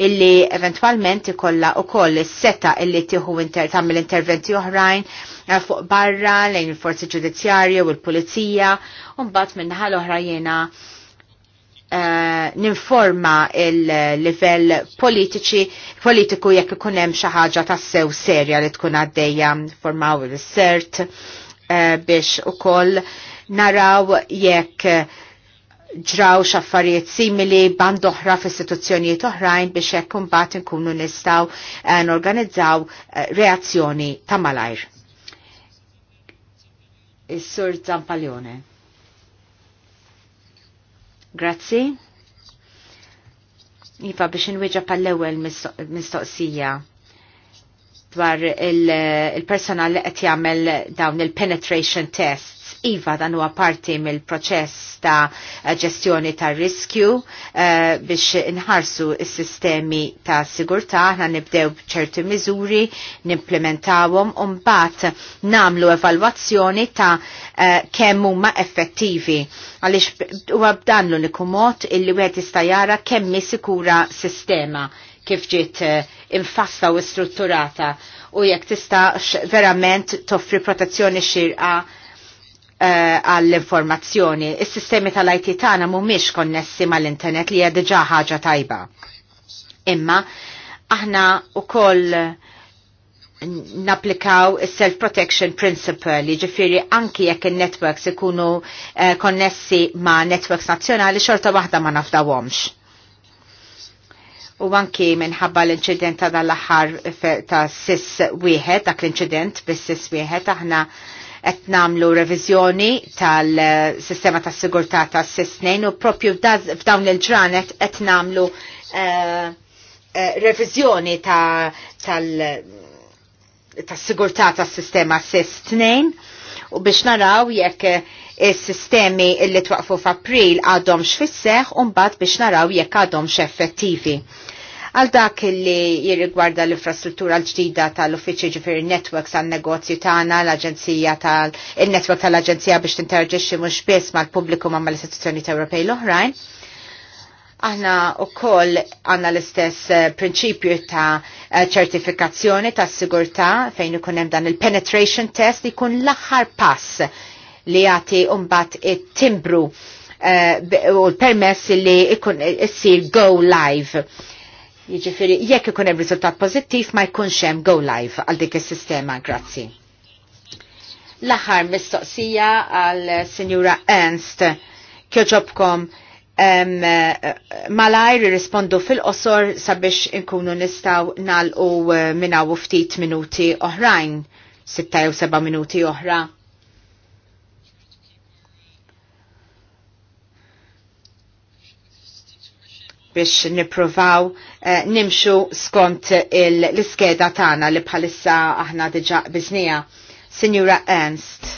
illi eventualment ikolla u koll seta illi tieħu inter tagħmel interventi oħrajn eh, fuq barra lejn il-forzi ġudizzjarju u l-pulizija u mbagħad minnaħa l-oħra Uh, ninforma il-level politiċi, politiku jekk ikun hemm xi ħaġa tassew serja li tkun għaddejja formaw il-sert Eh, biex ukoll naraw jekk ġraw xaffariet simili band oħra f-istituzzjonijiet oħrajn biex hekk imbagħad nistaw nistgħu eh, norganizzaw eh, reazzjoni ta' malajr. Is-Sur Zampaljone. Grazzi. Iva biex inweġa pal ewwel mistoqsija dwar il-personal il li qed jagħmel dawn il-penetration tests. Iva dan huwa parti mill-proċess ta' ġestjoni ta' riskju eh, biex inħarsu s-sistemi ta' sigurtà aħna nibdew b'ċerti miżuri, nimplementawhom u mbagħad nagħmlu evalwazzjoni ta' eh, kemm huma effettivi. Għaliex huwa b'dan l-uniku mod illi wieħed jista' jara kemm sikura sistema kif ġiet eh, infassa u strutturata u jekk tista' verament toffri protezzjoni xirqa eh, għall-informazzjoni. Is-sistemi tal-IT tagħna mhumiex konnessi mal-internet li hija diġà ħaġa tajba. Imma aħna wkoll naplikaw il-self protection principle, ġifiri anki jekk il-networks ikunu uh, konnessi ma' networks nazzjonali xorta waħda ma' nafdawomx u anki minħabba l-inċident ta' dal-aħħar ta' sis wieħed, dak l-inċident bis sis wieħed, aħna qed nagħmlu reviżjoni tal-sistema tas sigurtà tas sis nejn u propju f'dawn il-ġranet qed nagħmlu eh, eh, reviżjoni ta, tal-sigurtà ta tas-sistema sis nejn u biex naraw jekk il-sistemi illi twaqfu f'April għadhom x'fisseħ u mbagħad biex naraw jekk għadhom x'effettivi. effettivi għal dak li jirrigwarda l-infrastruttura l-ġdida tal uffiċi ġifieri networks għal negozju tagħna l-Aġenzija tal network tal-Aġenzija biex tinterġixxi mhux biss mal-pubbliku ma' mal-istituzzjoni Ewropej l-oħrajn. Aħna u koll għanna l-istess eh, prinċipju ta' eh, ċertifikazzjoni ta' sigurta fejn ikun hemm dan il-penetration test li jkun l-aħħar pass li jagħti mbagħad it-timbru eh, u l-permess li ikun issir go live. Jiġifieri jekk ikun hemm riżultat pożittiv ma jkunx hemm go live għal dik is-sistema, grazzi. L-aħħar mistoqsija għal Sinjura Ernst kjoġobkom um, malajr rispondu fil-qosor sabiex inkunu nistaw nal u eh, minna u ftit minuti oħrajn, sitta jew seba minuti oħra. biex niprovaw eh, nimxu skont l-iskeda tagħna li bħalissa aħna diġa biznija. Signora Ernst.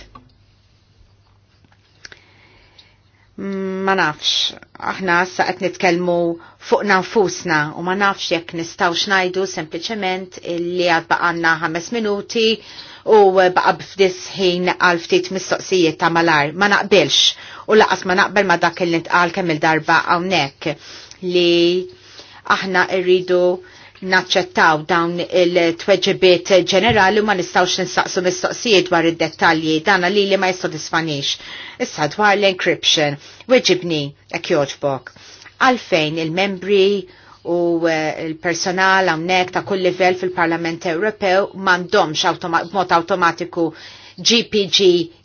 Ma nafx, aħna sa qed nitkellmu fuq nanfusna u ma nafx jekk nistaw xnajdu sempliċement li għad baqanna ħames minuti u baqa b'fdis ħin għal ftit mistoqsijiet ta' malar. Ma naqbilx u laqas ma naqbel ma dak il-nitqal kemm il-darba hawnhekk li aħna rridu naċċettaw dawn il-tweġibiet ġenerali u ma nistawx nistaqsu mistoqsijiet dwar id-dettalji dana li li ma jistodisfanix. Issa dwar l-encryption, weġibni ek joġbok. Għalfejn il-membri u eh, il-personal għamnek ta' kull livell fil-Parlament Ewropew mandomx mod automatiku GPG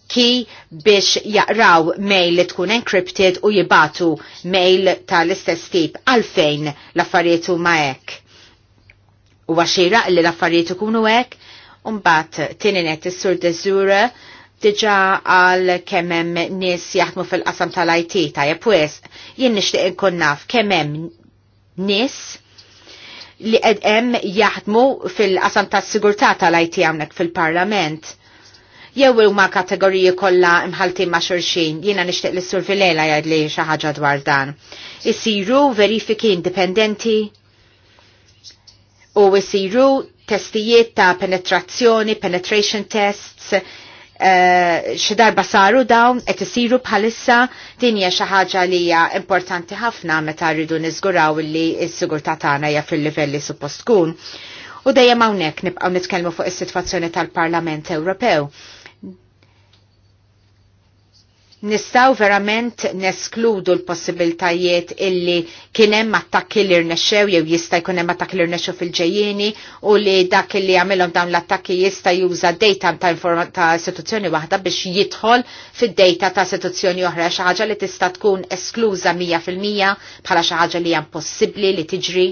ki biex jaqraw mail li tkun encrypted u jibatu mail tal-istess tip għalfejn l-affarijiet huma hekk. U għaxira li l-affarijiet ikunu hekk, mbagħad tieni is-sur deżura diġa għal kemem nis jaħdmu fil-qasam tal-IT ta' jepwes, jien nixtieq inkun naf kemem nis li qed hemm jaħdmu fil-qasam tas-sigurtà tal-IT hawnhekk fil-Parlament jew huma kategoriji kollha imħaltin ma' xulxin, jiena nixtieq li s filela jgħidli xi ħaġa dwar dan. Isiru verifiki indipendenti u isiru testijiet ta' penetrazzjoni, penetration tests, eh, xi darba saru dawn qed isiru bħalissa din hija xi ħaġa li hija importanti ħafna meta rridu niżguraw li s-sigurtà tagħna hija fil-livell li suppost tkun. U dejjem hawnhekk nibqgħu nitkellmu fuq is-sitwazzjoni tal-Parlament Ewropew nistaw verament neskludu l-possibiltajiet illi kienem attakki li rnexxew jew jista' jkun hemm attakki li rnexxew fil-ġejjieni u li dak li għamilhom dawn l-attakki jista' juża data ta' ta' istituzzjoni waħda biex jidħol fid-data ta' istituzzjoni oħra xi ħaġa li tista' tkun eskluża mija fil-mija bħala xi ħaġa li hija impossibbli li tiġri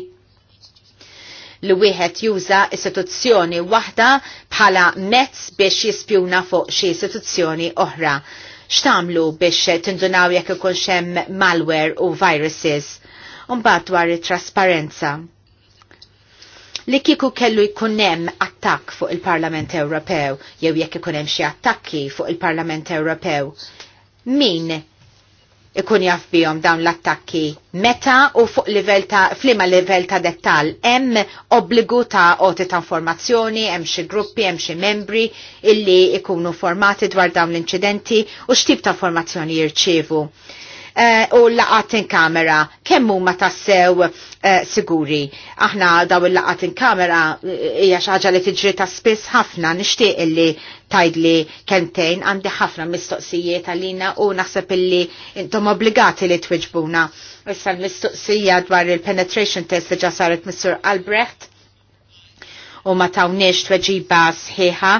li wieħed juża istituzzjoni waħda bħala mezz biex jispjuna fuq xi istituzzjoni oħra xtamlu biex tindunaw jekk ikun hemm malware u viruses? Mbagħad dwar it-trasparenza. Li kiku kellu jkun hemm attakk fuq il-Parlament Ewropew jew jekk ikun hemm xi attakki fuq il-Parlament Ewropew, min ikun jaf bijom dawn l-attakki. Meta u fuq livell ta' flima livell ta' dettal, hemm obbligu ta' oti ta' informazzjoni, hemm xi gruppi, hemm xi membri illi ikunu formati dwar dawn l-inċidenti u x'tip ta' informazzjoni jirċievu. Eh, u laqat in kamera kemm huma tassew eh, siguri. Aħna daw il-laqat in kamera eh, hija xi ħaġa li tiġri ta' spiss ħafna nixtieq illi tajdli kentejn għandi ħafna mistoqsijiet għalina u naħseb illi intom obbligati li twiġbuna. Issa l-mistoqsija dwar il-penetration test li ġasaret Mr. Albrecht u ma tawniex tweġiba sħiħa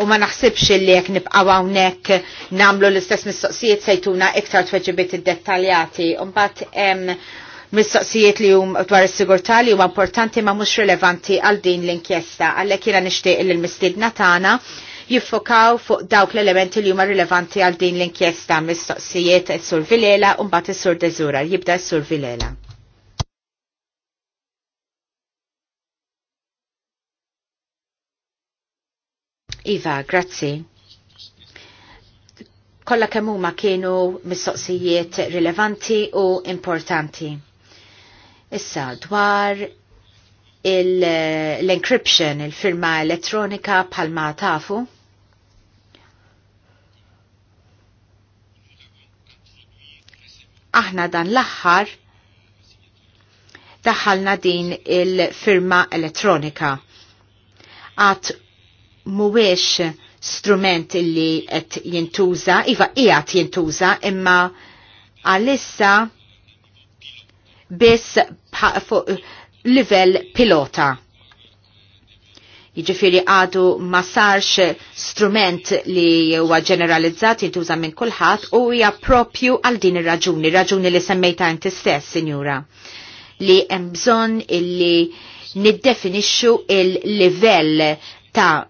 u ma naħsibx li jek nibqaw hawnhekk namlu l-istess mistoqsijiet sejtuna iktar tweġibiet id-dettaljati. Umbat hemm mistoqsijiet li hum dwar is-sigurtà li huma importanti ma mhux rilevanti għal din l-inkjesta għalhekk jiena nixtieq li l-mistiedna tagħna jiffokaw fuq dawk l-elementi li huma rilevanti għal din l-inkjesta mistoqsijiet is-sur Vilela u mbagħad is-sur Deżura jibda s-sur Vilela. Iva, grazzi kolla kemmuma kienu mistoqsijiet rilevanti u importanti. Issa dwar l-encryption, il il-firma elettronika palma tafu. Aħna dan l-aħħar daħħalna din il-firma elettronika. Għat mhuwiex strument illi qed jintuża, iva qiegħed jintuża, imma għalissa biss fuq livell pilota. Jiġifieri għadu ma sarx strument li huwa ġeneralizzat jintuża minn kulħadd u hija propju għal din ir-raġuni, raġuni li semmejta inti stess, sinjura, li hemm bżonn illi niddefinixxu il-livell ta'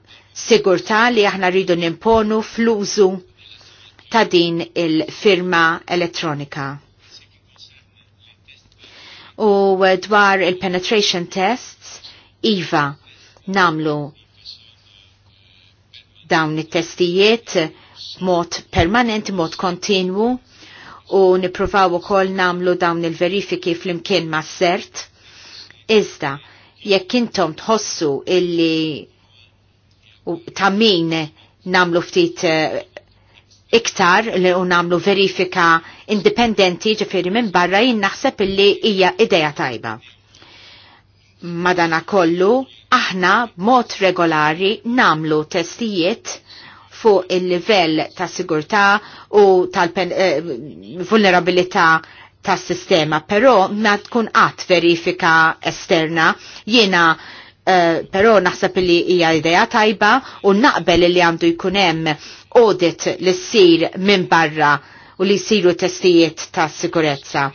sigurtà li aħna rridu nimponu fl-użu ta' din il-firma elettronika. U dwar il-penetration tests, IVA namlu dawn it-testijiet mod permanent, mod kontinwu u niprofaw ukoll namlu dawn il-verifiki fl-imkien ma' sert. Iżda, jekk intom tħossu illi u ta' min namlu ftit eh, iktar li u namlu verifika indipendenti ġifiri minn barra jien naħseb illi hija ideja tajba. Madana kollu, aħna mod regolari namlu testijiet fuq il-livell ta' sigurtà u tal-vulnerabilità eh, tas sistema, però ma tkun qatt verifika esterna jiena Eh, pero naħseb li hija idea tajba u naqbel li għandu jkun hemm audit li ssir minn barra u li jsiru testijiet ta' sikurezza.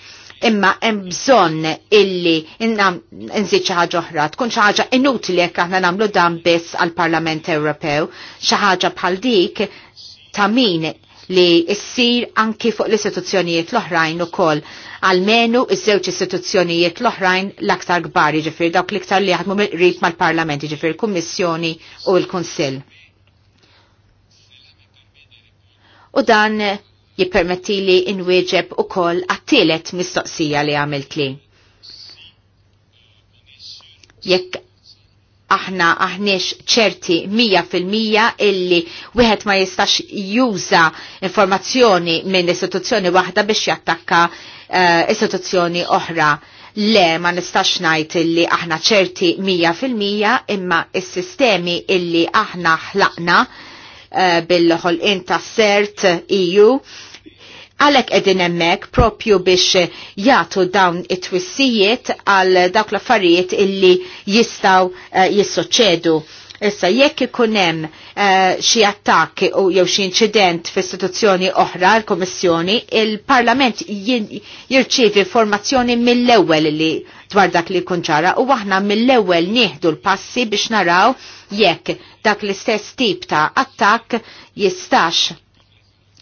Imma hemm bżonn illi nżid xi ħaġa oħra, tkun xi ħaġa inutli jekk aħna nagħmlu dan biss għall-Parlament Ewropew, xi ħaġa bħal dik ta' min li ssir anki fuq l-istituzzjonijiet l-oħrajn ukoll għalmenu iż-żewġ istituzzjonijiet l-oħrajn l-aktar kbar ġifir dawk l-iktar li jaħdmu mill-qrib mal-Parlament ġifir kummissjoni u l-Kunsill. U dan jippermetti li inwieġeb u koll għattilet mistoqsija li għamilt li. Jekk aħna aħniex ċerti 100% illi wieħed ma jistax juża informazzjoni minn istituzzjoni waħda biex jattakka uh, istituzzjoni oħra. Le, ma nistax najt illi aħna ċerti 100% imma is-sistemi illi aħna ħlaqna uh, eh, bil ħolqien tas CERT EU għalek edin emmek propju biex jgħatu dawn it-twissijiet għal dawk l-affarijiet illi jistaw eh, jissoċedu. Issa, jekk ikunem eh, xi attakk u jew xi inċident f'istituzzjoni oħra l komissjoni il-Parlament jirċievi formazzjoni mill-ewwel li dwar dak li jkun ġara u aħna mill-ewwel nieħdu l-passi biex naraw jekk dak l-istess tip ta' attakk jistax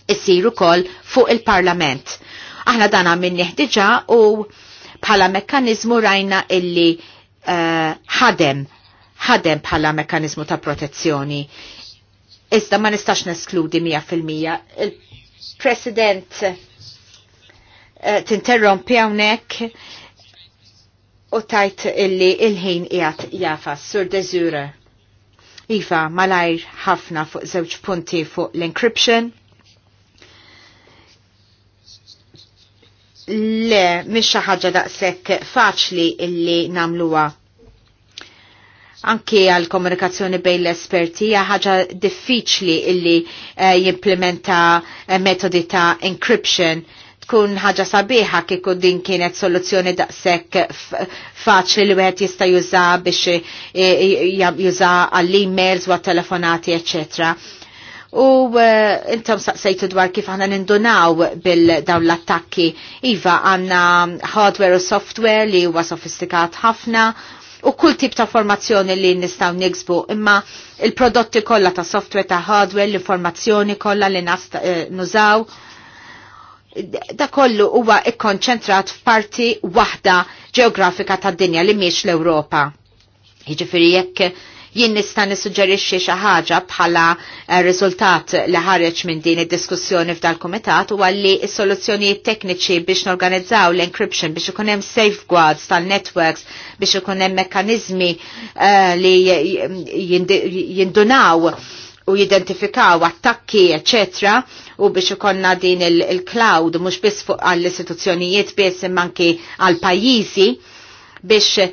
isir ukoll fuq il-Parlament. Aħna dan għamilni ħdiġa u bħala mekkanizmu rajna illi eh, ħadem, uh, ħadem bħala mekkanizmu ta' protezzjoni. Iżda ma nistax neskludi 100%. Il-President uh, tinterrompi hawnhekk u tajt illi il-ħin qiegħed jafas sur deżura. Iva, malajr ħafna fuq żewġ punti fuq l-encryption Le, mish ħaġa daqshekk faċli illi nagħmluha. Anki għal komunikazzjoni bejn l-esperti hija ħaġa diffiċli illi eh, jimplementa eh, metodi ta' encryption tkun ħaġa sabiħa kieku din kienet soluzzjoni daqshekk faċli li wieħed jista' juża biex eh, juża għall-emails wa telefonati, eċċetera. U eh, intom saqsejtu dwar kif aħna nindunaw bil-dawn l-attakki. Iva għanna hardware u software li huwa sofistikat ħafna u kull tip ta' formazzjoni li nistaw niksbu imma il-prodotti kollha ta' software ta' hardware, l-informazzjoni kollha li nast eh, nużaw. Da kollu huwa ikkonċentrat f'parti waħda ġeografika tad dinja li mhix l-Ewropa. Jiġifieri jekk Jien nista' nissuġġerixxi xi ħaġa bħala eh, riżultat li ħareġ minn din id-diskussjoni f'dal-kumitat huwa li s-soluzzjonijiet tekniċi biex norganizzaw l-encryption biex ikun hemm safeguards tal-networks biex ikun hemm mekkaniżmi eh, li jindunaw u jidentifikaw attakki, eccetera, u biex ikonna din il-cloud, mhux mux biss fuq għall-istituzzjonijiet biss manki għall-pajizi, biex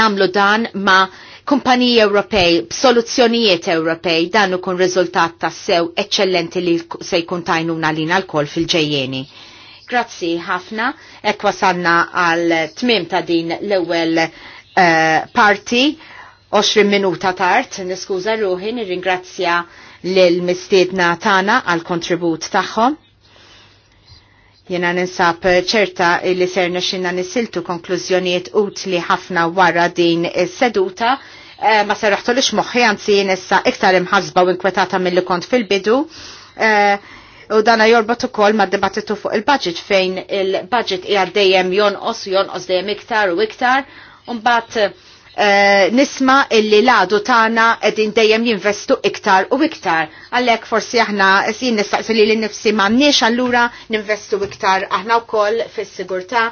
namlu dan ma kumpaniji Ewropej, soluzzjonijiet Ewropej, dan ukun riżultat ta' sew eccellenti li se jkun tajnuna lina l-kol fil-ġejjeni. Grazzi ħafna, ekwa sanna għal tmim ta' din l-ewel uh, parti, 20 minuta tard, niskuża ruħi, nirringrazzja l-mistiedna tana għal kontribut tagħhom. Jena ninsab eh, ċerta li serna xinna nisiltu konklużjonijiet utli ħafna wara din seduta. Eh, ma serraħtu lix moħħi għanzi nissa iktar imħazba u inkwetata mill-li kont fil-bidu. Eh, u dana jorbot ukoll ma' dibattitu fuq il-budget fejn il-budget hija dejjem jonqos jonqos dejjem iktar u iktar. Mbagħad Eh, nisma illi ladu tana edin dejjem jinvestu iktar u iktar. Għallek forsi aħna sin nistaqsu li l-nifsi mannix allura ninvestu iktar aħna u koll fil-sigurta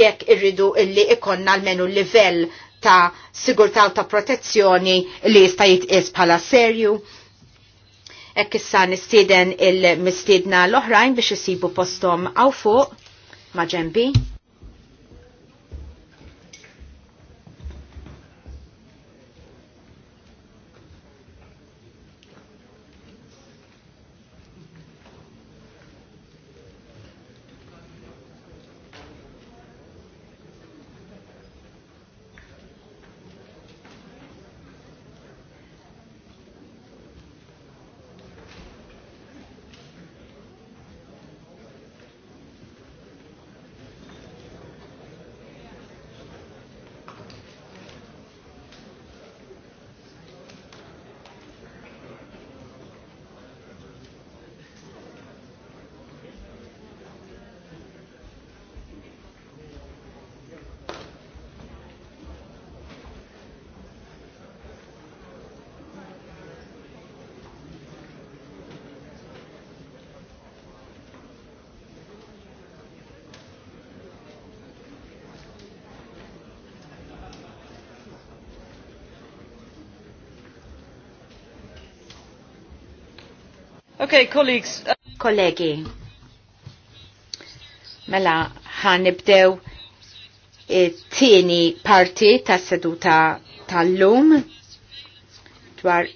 jekk irridu illi ikonna l-menu livell ta' sigurta u ta' protezzjoni li jista' jitqis bħala serju. Ekk issa nistieden il-mistiedna l-oħrajn biex isibu postom għaw fuq ma' ġembi. Okay, colleagues. Uh, Kollegi. Mela, ħanibdew it-tieni parti tas seduta tal-lum dwar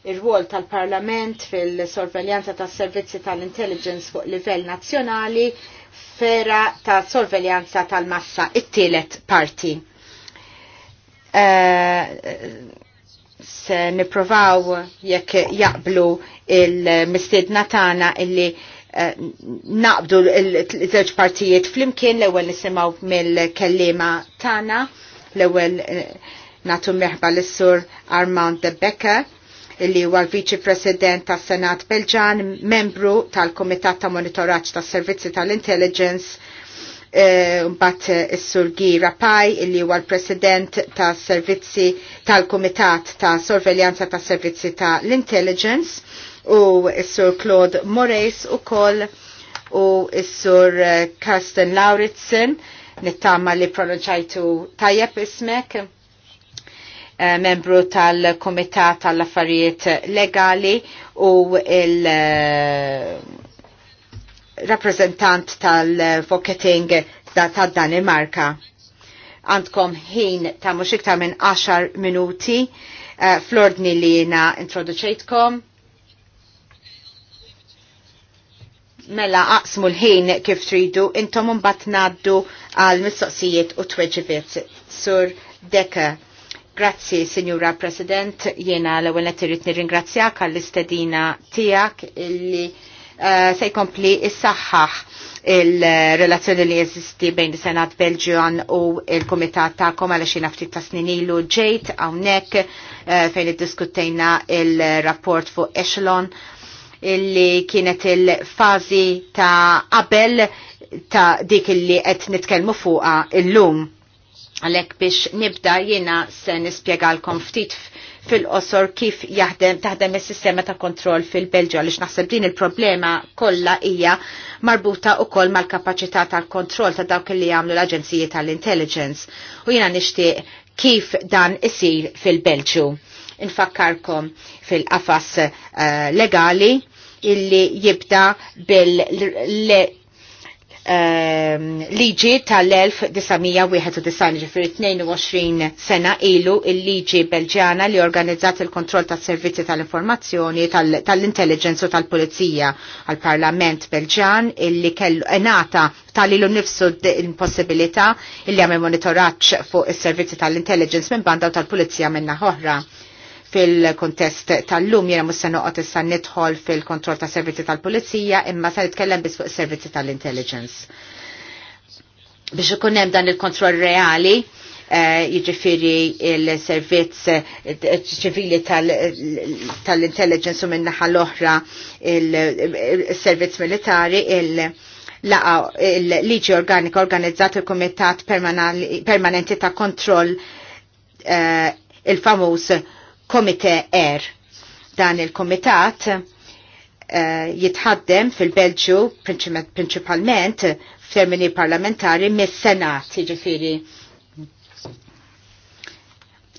ir-rwol tal-Parlament fil-sorveljanza tas servizzi tal-intelligence fuq livell nazzjonali fera ta' sorveljanza tal-massa it-tielet parti. Uh, se niprovaw jekk jaqblu il-mistedna tagħna illi eh, naqbdu l-żewġ partijiet flimkien l-ewwel nisimgħu mill-kellima tagħna, l-ewwel eh, nagħtu meħba lis-sur Armand de Becker illi huwa l-Viċi President tas-Senat Belġan, membru tal-Kumitat ta' Monitoraġġ tas-Servizzi tal-Intelligence Eh, mbagħad s eh, is-Sur Gira Paj, illi huwa l-President ta' Servizzi tal-Kumitat ta' Sorveljanza ta' Servizzi ta' l-Intelligence u s-Sur Claude Moraes ukoll u s-Sur eh, Karsten Lauritsen nittama li pronunċajtu tajjeb ismek membru tal-Komitat tal-Affarijiet Legali u il- rappresentant tal focketing da ta' Danimarka. Għandkom ħin ta' mux iktar minn 10 minuti uh, flordni li jena introduċejtkom. Mela aqsmu l-ħin kif tridu, intom mbagħad ngħaddu għal mistoqsijiet u tweġibiet. Sur Deka, Grazzi, Signora President, Jiena l-ewwel qed nirringrazzjak għall-istedina tiegħek illi Eh, se jkompli s il-relazzjoni li jeżisti bejn il-Senat Belġjon u il-Komitat Koma li xina ftit ta' snin ilu ġejt hawnhekk eh, fejn iddiskutejna il-rapport fuq Echelon illi kienet il-fazi ta' qabel ta' dik illi qed nitkellmu fuqha illum. Għalek biex nibda jiena se nispjegalkom ftit fil-qosor kif jaħdem taħdem is-sistema ta' kontroll fil-Belġu għaliex naħseb din il-problema kollha hija marbuta wkoll mal-kapaċità tal-kontroll ta' dawk li jagħmlu l-aġenziji tal-intelligence u jiena nixtieq kif dan isir fil-Belġu. Infakkarkom fil-qafas uh, legali illi jibda bil Ehm, liġi tal-1991 ġifir 22 sena ilu il-liġi Belġjana li organizzat il-kontroll tas servizzi tal-informazzjoni tal-intelligence u tal-polizija għal-parlament Belġjan illi kellu enata tal-ilu nifsu il-possibilita illi għamil monitoraċ fuq il-servizzi tal-intelligence minn banda u tal-polizija minna oħra fil-kontest tal-lum jena musa noqgħod issa nidħol fil-kontroll ta' servizzi tal-pulizija imma se nitkellem biss fuq servizzi tal-intelligence. Biex ikun hemm dan il-kontroll reali, eh, jiġifieri il-servizz eh, ċivili tal-intelligence u min-naħa l-oħra il-servizz militari il-laqa il-liġi organika organizzat il-Komitat Permanenti ta' Kontroll eh, il-famuż Komite Air. Dan il-komitat uh, jitħaddem fil-Belġu principalment f'termini parlamentari mis-Senat, ġifiri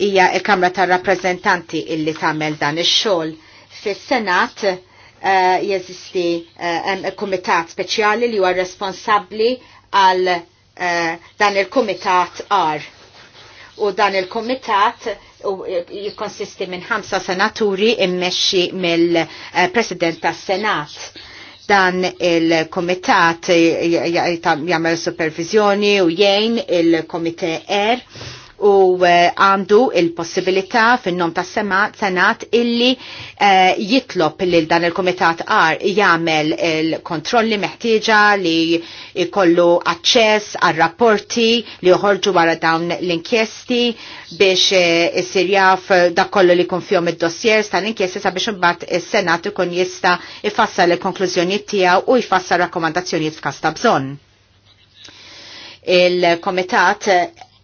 hija il-Kamra tar Rappresentanti illi tagħmel dan ix-xogħol. Fis-Senat uh, jeżisti uh, eh, kumitat speċjali li huwa responsabbli għal uh, dan il-kumitat R. U dan il-kumitat jikonsisti jikkonsisti minn ħamsa senaturi immexxi mill-President tas-Senat dan il-komitat jagħmel supervizjoni u jgħin il-komite R u eh, għandu il-possibilità fin-nom ta' senat illi uh, jitlob li dan il-komitat għar jagħmel il-kontrolli meħtieġa li jkollu aċċess għar rapporti li joħorġu wara dawn l-inkjesti biex eh, isir jaf dak kollu li kun fihom id-dossiers tal-inkjesti sabiex imbagħad is-senat ikun jista' ifassal il-konklużjonijiet tiegħu u jfassal rakkomandazzjonijiet f'każ ta' bżonn il-komitat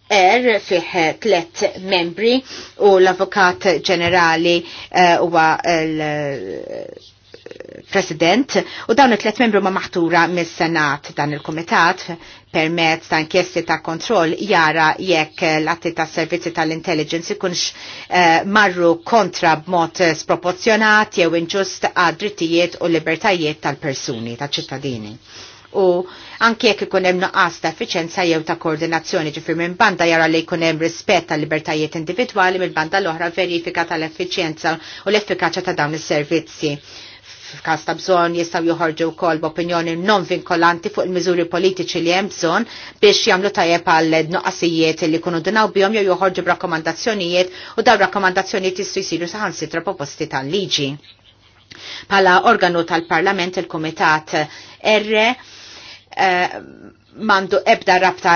er fih tlet membri u l-Avukat Ġenerali eh, huwa l- eh, President u dawn it-tlet membru ma maħtura mis-Senat dan il-Kumitat permezz ta' inkjesti ta' kontroll jara jekk l-atti ta' servizzi tal-intelligence ikunx eh, marru kontra b'mod sproporzjonat jew inġust għad drittijiet u libertajiet tal-persuni, tal-ċittadini u anke jekk ikun hemm nuqqas ta' effiċenza jew ta' koordinazzjoni ġifir minn banda jara li jkun hemm rispett tal libertajiet individwali mill banda l-oħra verifika tal-effiċjenza u l-effikaċja ta' dawn is-servizzi. F'każ ta' bżonn jistgħu joħorġu wkoll b'opinjoni non vinkolanti fuq il-miżuri politiċi li hemm bżonn biex jagħmlu tajjeb għal nuqqasijiet li jkunu dunaw bihom jew joħorġu b'rakkomandazzjonijiet u dawn rakkomandazzjonijiet jistgħu jsiru saħansitra proposti tal-liġi. Pala organu tal-Parlament il-Komitat R Eh, mandu ebda rabta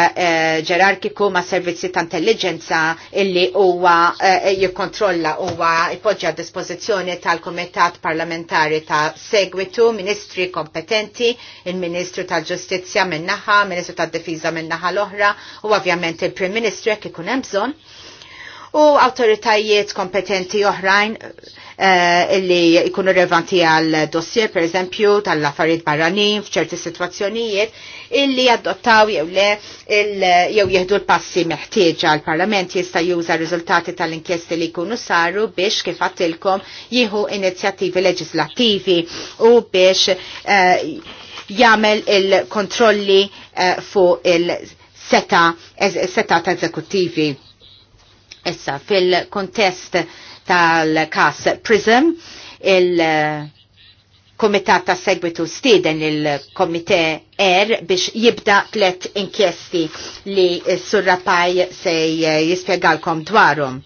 ġerarkiku eh, ma' servizzi ta' intelligenza illi huwa eh, jikkontrolla huwa ipoġġa a dispożizzjoni tal-Kumitat Parlamentari ta' Segwitu, Ministri kompetenti, il-Ministru tal-Ġustizzja minnaħa, Ministru tad-Difiża minnaħa l-oħra u ovvjament il-Prim Ministru jekk ikun hemm bżonn u autoritajiet kompetenti oħrajn eh, illi jkunu relevanti għal dossier, per eżempju, tal-affarijiet barranin f'ċerti situazzjonijiet, illi adottaw jew le jew jieħdu l-passi meħtieġa għal parlament jista' juża r-riżultati tal-inkjesti li jkunu saru biex kif jieħu inizjattivi leġislattivi u biex eh, jagħmel il-kontrolli eh, fuq il-seta ta' eżekuttivi Issa, fil-kontest tal-kas PRISM, il-Komitat ta' Segwitu stiden il-Komite R biex jibda tlet inkjesti li s-surrapaj se jispiegalkom dwarum.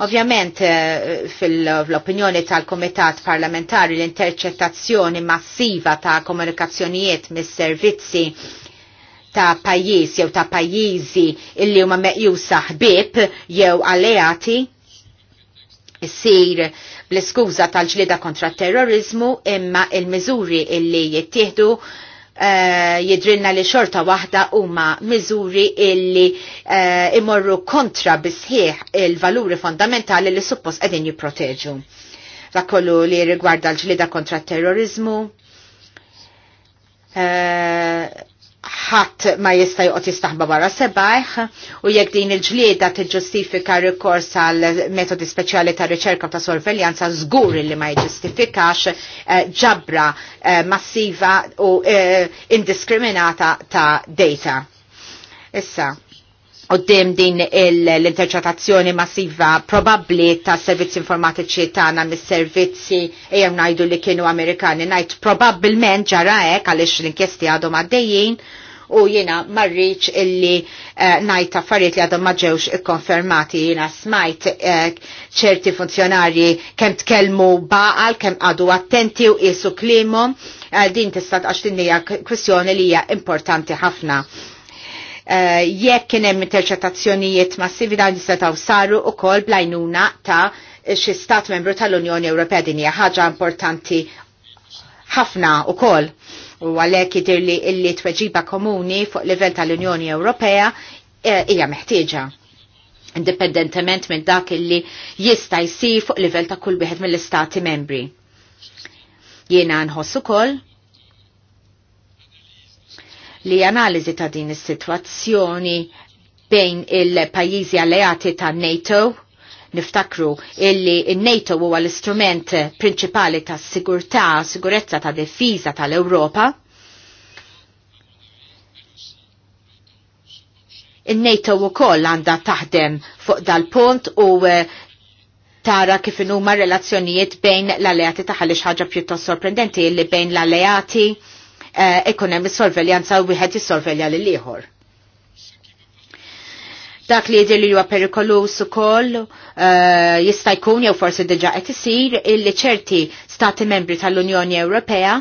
Ovvjament eh, fil-opinjoni tal-Komitat Parlamentari l-interċettazzjoni massiva ta' komunikazzjonijiet mis-servizzi ta' pajjiż jew ta' pajjiżi illi huma meqjusa ħbieb jew alleati sir bl-iskuża tal-ġlida kontra terrorizmu imma il-miżuri illi jittieħdu Uh, jidrilna li xorta wahda huma miżuri illi uh, imorru kontra bisħieħ il-valuri fondamentali li suppost qegħdin jipproteġu. Dakollu li rigwarda l-ġlida kontra terrorizmu, uh, ħadd ma jista' joqgħod jistaħba barra sebaħ u jekk din il-ġlieda tiġġustifika rikors għal metodi speċjali ta' riċerka ta' sorveljanza żgur li ma jġustifikax eh, ġabra eh, massiva u eh, indiskriminata ta' data. Issa, Uddim din l-interċetazzjoni massiva probabli ta' servizzi informatiċi tagħna mis-servizzi ejem ngħidu li kienu Amerikani ngħid probabbilment ġara hekk għaliex l-inkjesti għadhom għaddejjin u jiena marriċ illi uh, ngħid affarijiet li għadhom ma ġewx ikkonfermati jiena smajt eh, ċerti funzjonari funzjonarji kemm tkellmu baqal kemm għadu attenti u qisu kliemhom uh, din tista' għax tinija kwestjoni li hija importanti ħafna Eh, jekk kien hemm interċetazzjonijiet massivi dawn jistgħu saru wkoll blajnuna ta' xi stat membru tal-Unjoni Ewropea din hija ħaġa importanti ħafna wkoll. U għalhekk li illi tweġiba komuni fuq livell tal-Unjoni Ewropea eh, hija meħtieġa indipendentement minn dak illi jista' jsir fuq livell ta' kull wieħed mill-istati membri. Jiena nħoss ukoll li analiżi ta' din is-sitwazzjoni bejn il-pajjiżi alleati ta' NATO niftakru illi il-NATO huwa l-istrument prinċipali tas sigurtà, sigurezza ta' defiża tal-Ewropa. Il-NATO wkoll għandha taħdem fuq dal-punt u eh, tara kif huma relazzjonijiet bejn l-alleati taħħal li xi ħaġa pjuttost sorprendenti illi bejn l-alleati Eh, ikun hemm is-sorveljanza u wieħed jissorvelja lil ieħor. Dak li jidir li huwa perikolus ukoll eh, jista' jkun jew forsi diġà qed isir illi ċerti stati membri tal-Unjoni Ewropea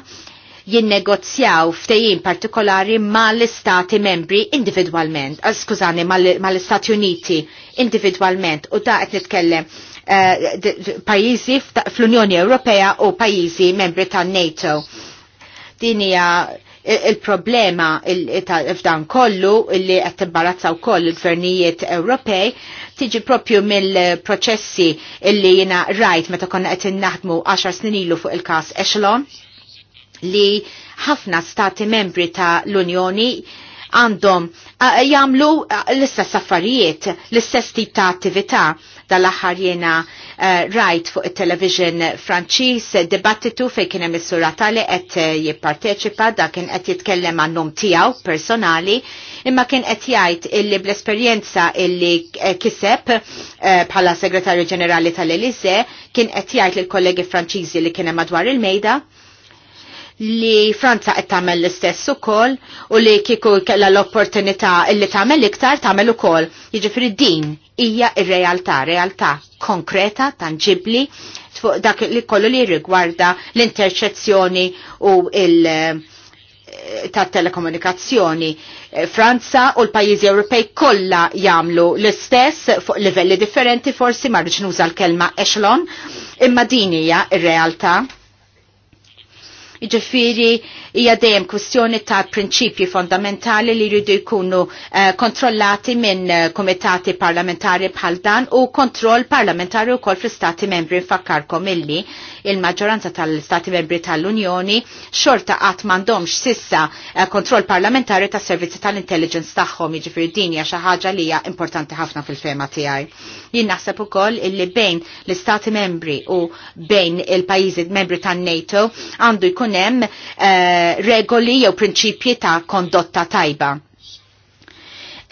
jinnegozjaw ftejjin partikolari mal-istati membri individualment, eh, skużani, mal-Istati Uniti individualment, u da qed nitkellem uh, pajjiżi fl-Unjoni Ewropea u pajjiżi membri tan NATO. Dinija il-problema il f'dan kollu li qed timbarazzaw koll il-gvernijiet Ewropej tiġi propju mill-proċessi li jiena rajt meta konna qed naħdmu 10 snin ilu fuq il-każ Echelon li ħafna stati membri ta' l-Unjoni għandhom jagħmlu l-istess affarijiet, l-istess tip ta' attività dal-aħħar jena uh, eh, rajt fuq il-television Franċiż dibattitu fej kien hemm is-sura tali qed eh, jipparteċipa da kien qed jitkellem għan-nom tiegħu personali imma kien qed jgħid illi bl-esperjenza illi eh, kiseb bħala uh, segretarju ġenerali tal-Elize kien qed jgħid lill-kollegi Franċiżi li kien hemm madwar il-mejda li Franza qed tagħmel l-istess ukoll u li kieku kellha l-opportunità li tagħmel iktar tagħmel ukoll. Jiġifieri din hija ir-realtà, realtà konkreta, tangibli, fuq dak li kollu li rigwarda l-interċezzjoni u il- eh, ta' telekomunikazzjoni. Eh, Franza u l-pajjiżi Ewropej kollha jagħmlu l-istess fuq livelli differenti forsi ma nuża l-kelma echelon, imma din hija r-realtà Ġifiri hija dejjem kwistjoni ta' prinċipji fondamentali li jridu jkunu eh, kontrollati minn eh, komitati parlamentari bħal dan u kontroll parlamentari wkoll fl-istati membri fakkarkom illi il-maġġoranza tal-Stati membri tal-Unjoni xorta qatt m'għandhomx sissa eh, kontroll parlamentari tas servizzi tal-intelligence tagħhom jiġifieri din hija xi ħaġa li hija importanti ħafna fil-fema tiegħi. Jien naħseb ukoll illi bejn l-Istati membri u bejn il-pajjiżi membri tan-NATO għandu jkun hemm eh, regoli jew prinċipji ta' kondotta tajba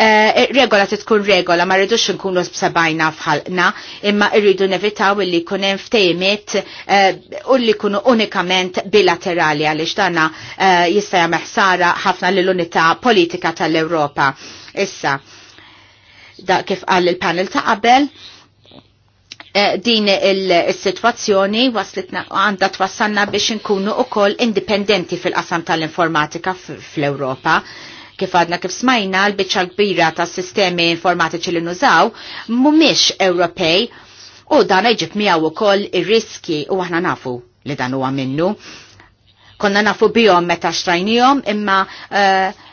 Eh, regola se tkun regola, ma rridux nkunu sabajna fħalqna, imma rridu nevitaw li kunem ftejmet eh, u li kunu unikament bilaterali għalix dana eh, jista' meħsara ħafna l-unità politika tal-Europa. Issa, da kif għal il-panel ta' qabel, din il-situazzjoni waslitna għanda twassanna biex nkunu u indipendenti fil-qasam tal-informatika fl-Europa. fl europa Kif għadna kif smajna l-bicċa kbira ta' sistemi informatiċi li nużaw mumiex Ewropej u dan miaw u koll ir-riski u aħna nafu li dan huwa minnu. Konna nafu bijom meta xtrajnijom imma uh,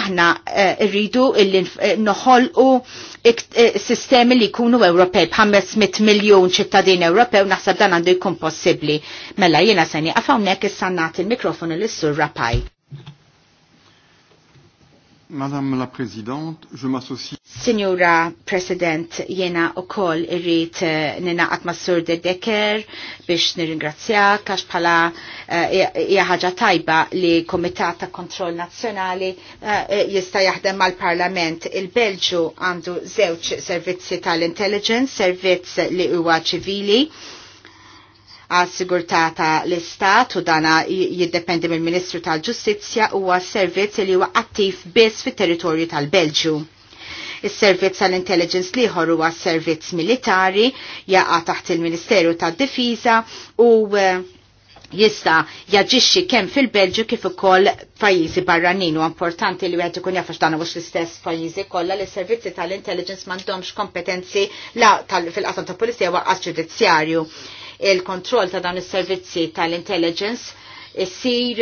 aħna eh, rridu illi eh, noħolqu sistemi li jkunu Ewropej b'500 miljun ċittadin u naħseb dan għandu jkun possibbli. Mela jiena se nieqaf hawnhekk issa nagħti l-mikrofonu lis-Sur Rapaj. Madame la President, je m'associe. Signora President, jena u koll irrit eh, nina atmasur Sur de Decker biex nirringrazzja kax pala eh, jaħħaġa tajba li Komitata ta' Kontroll Nazzjonali eh, jista' jaħdem mal-Parlament. Il-Belġu għandu żewġ servizzi tal-intelligence, servizz li huwa ċivili, għas sigurtata l-Istat u dana jiddependi mill-Ministru tal-Ġustizzja u għas servizz li huwa attiv biss fit-territorju tal-Belġu. Is-servizz tal-intelligence liħor huwa servizz militari jaqa' taħt il-Ministeru tad-Difiża u eh, jista jaġixxi kemm fil-Belġu kif ukoll pajjiżi barranin u importanti li wieħed ikun għax dan mhux l-istess pajjiżi kollha li s-servizzi tal-intelligence m'għandhomx kompetenzi fil-qasam ta' pulizija waqqas ġudizzjarju il-kontroll ta' dawn is-servizzi tal-intelligence issir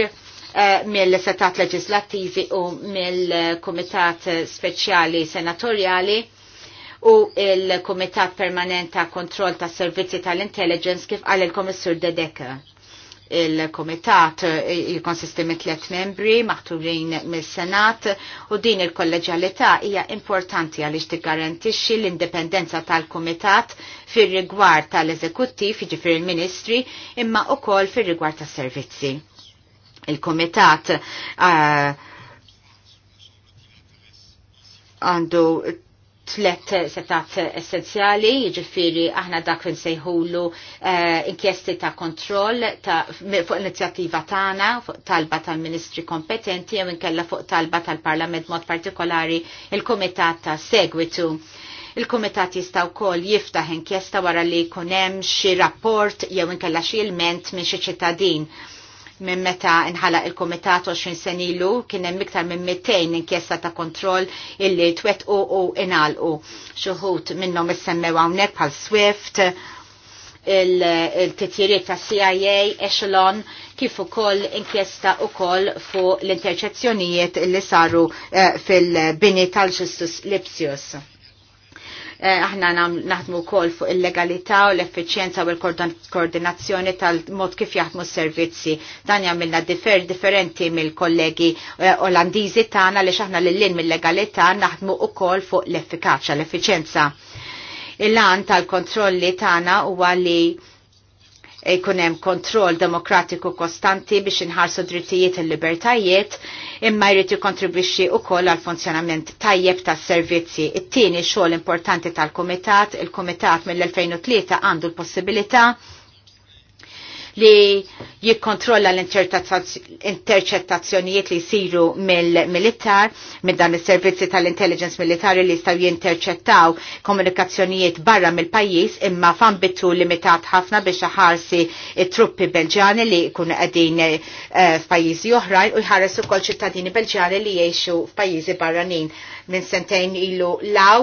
eh, mill-setat leġislattivi u mill-komitat speċjali senatorjali u il-komitat permanent kontroll ta' servizzi tal-intelligence kif għal il-komissur Dedeka il-komitat jikonsisti mit tliet membri maħturin mis-senat u din il-kolleġjalità hija importanti għaliex tiggarantixxi l-indipendenza tal-komitat fir-rigward tal-eżekuttiv, jiġifieri il-ministri, imma wkoll fir-rigward tas-servizzi. Il-komitat uh, għandu uh, tlet setat essenzjali, jiġifieri aħna dak li nsejħulu eh, inkjesti ta' kontroll fuq inizjattiva tagħna, fuq talba tal-Ministri kompetenti jew inkella fuq talba tal-Parlament mod partikolari il-Kumitat ta' segwitu. Il-Kumitat jista' wkoll jiftaħ inkjesta wara li jkun hemm xi rapport jew inkella xi ilment minn xi ċittadin minn meta nħala il-komitat 20 senilu kien hemm iktar minn 200 inkjesta ta' kontroll illi twet u inalqu. Xuħut minnhom issemmew hawnhekk bħal Swift, il-titjiriet ta' CIA, Echelon, kif ukoll inkjesta ukoll fuq l-interċezzjonijiet li saru eh, fil-bini tal-ġustus Lipsius Eh, aħna naħdmu kol fuq il-legalità u l-effiċjenza u l-koordinazzjoni tal-mod kif jaħdmu s-servizzi. Dan jagħmilna differ differenti mill-kollegi eh, Olandiżi tagħna li aħna lil mill-legalità naħdmu wkoll fuq l-effikaċja, l-effiċjenza. Il-lan tal-kontrolli tagħna huwa li jkun hemm kontroll demokratiku kostanti biex inħarsu drittijiet il-libertajiet imma jrid jikkontribwixxi wkoll għal funzjonament tajjeb tas-servizzi. It-tieni xogħol importanti tal-Kumitat, il-Kumitat mill-2003 għandu l-possibilità li jikkontrolla l-interċettazzjonijiet li jsiru mill-militar, minn dan is-servizzi tal-intelligence militari li jistgħu jinterċettaw komunikazzjonijiet barra mill-pajjiż imma f'ambitu limitat ħafna biex ħarsi it-truppi Belġjani li jkunu għedin eh, f'pajjiżi oħrajn u jħares ukoll ċittadini Belġjani li jgħixu f'pajjiżi barranin minn sentejn ilu law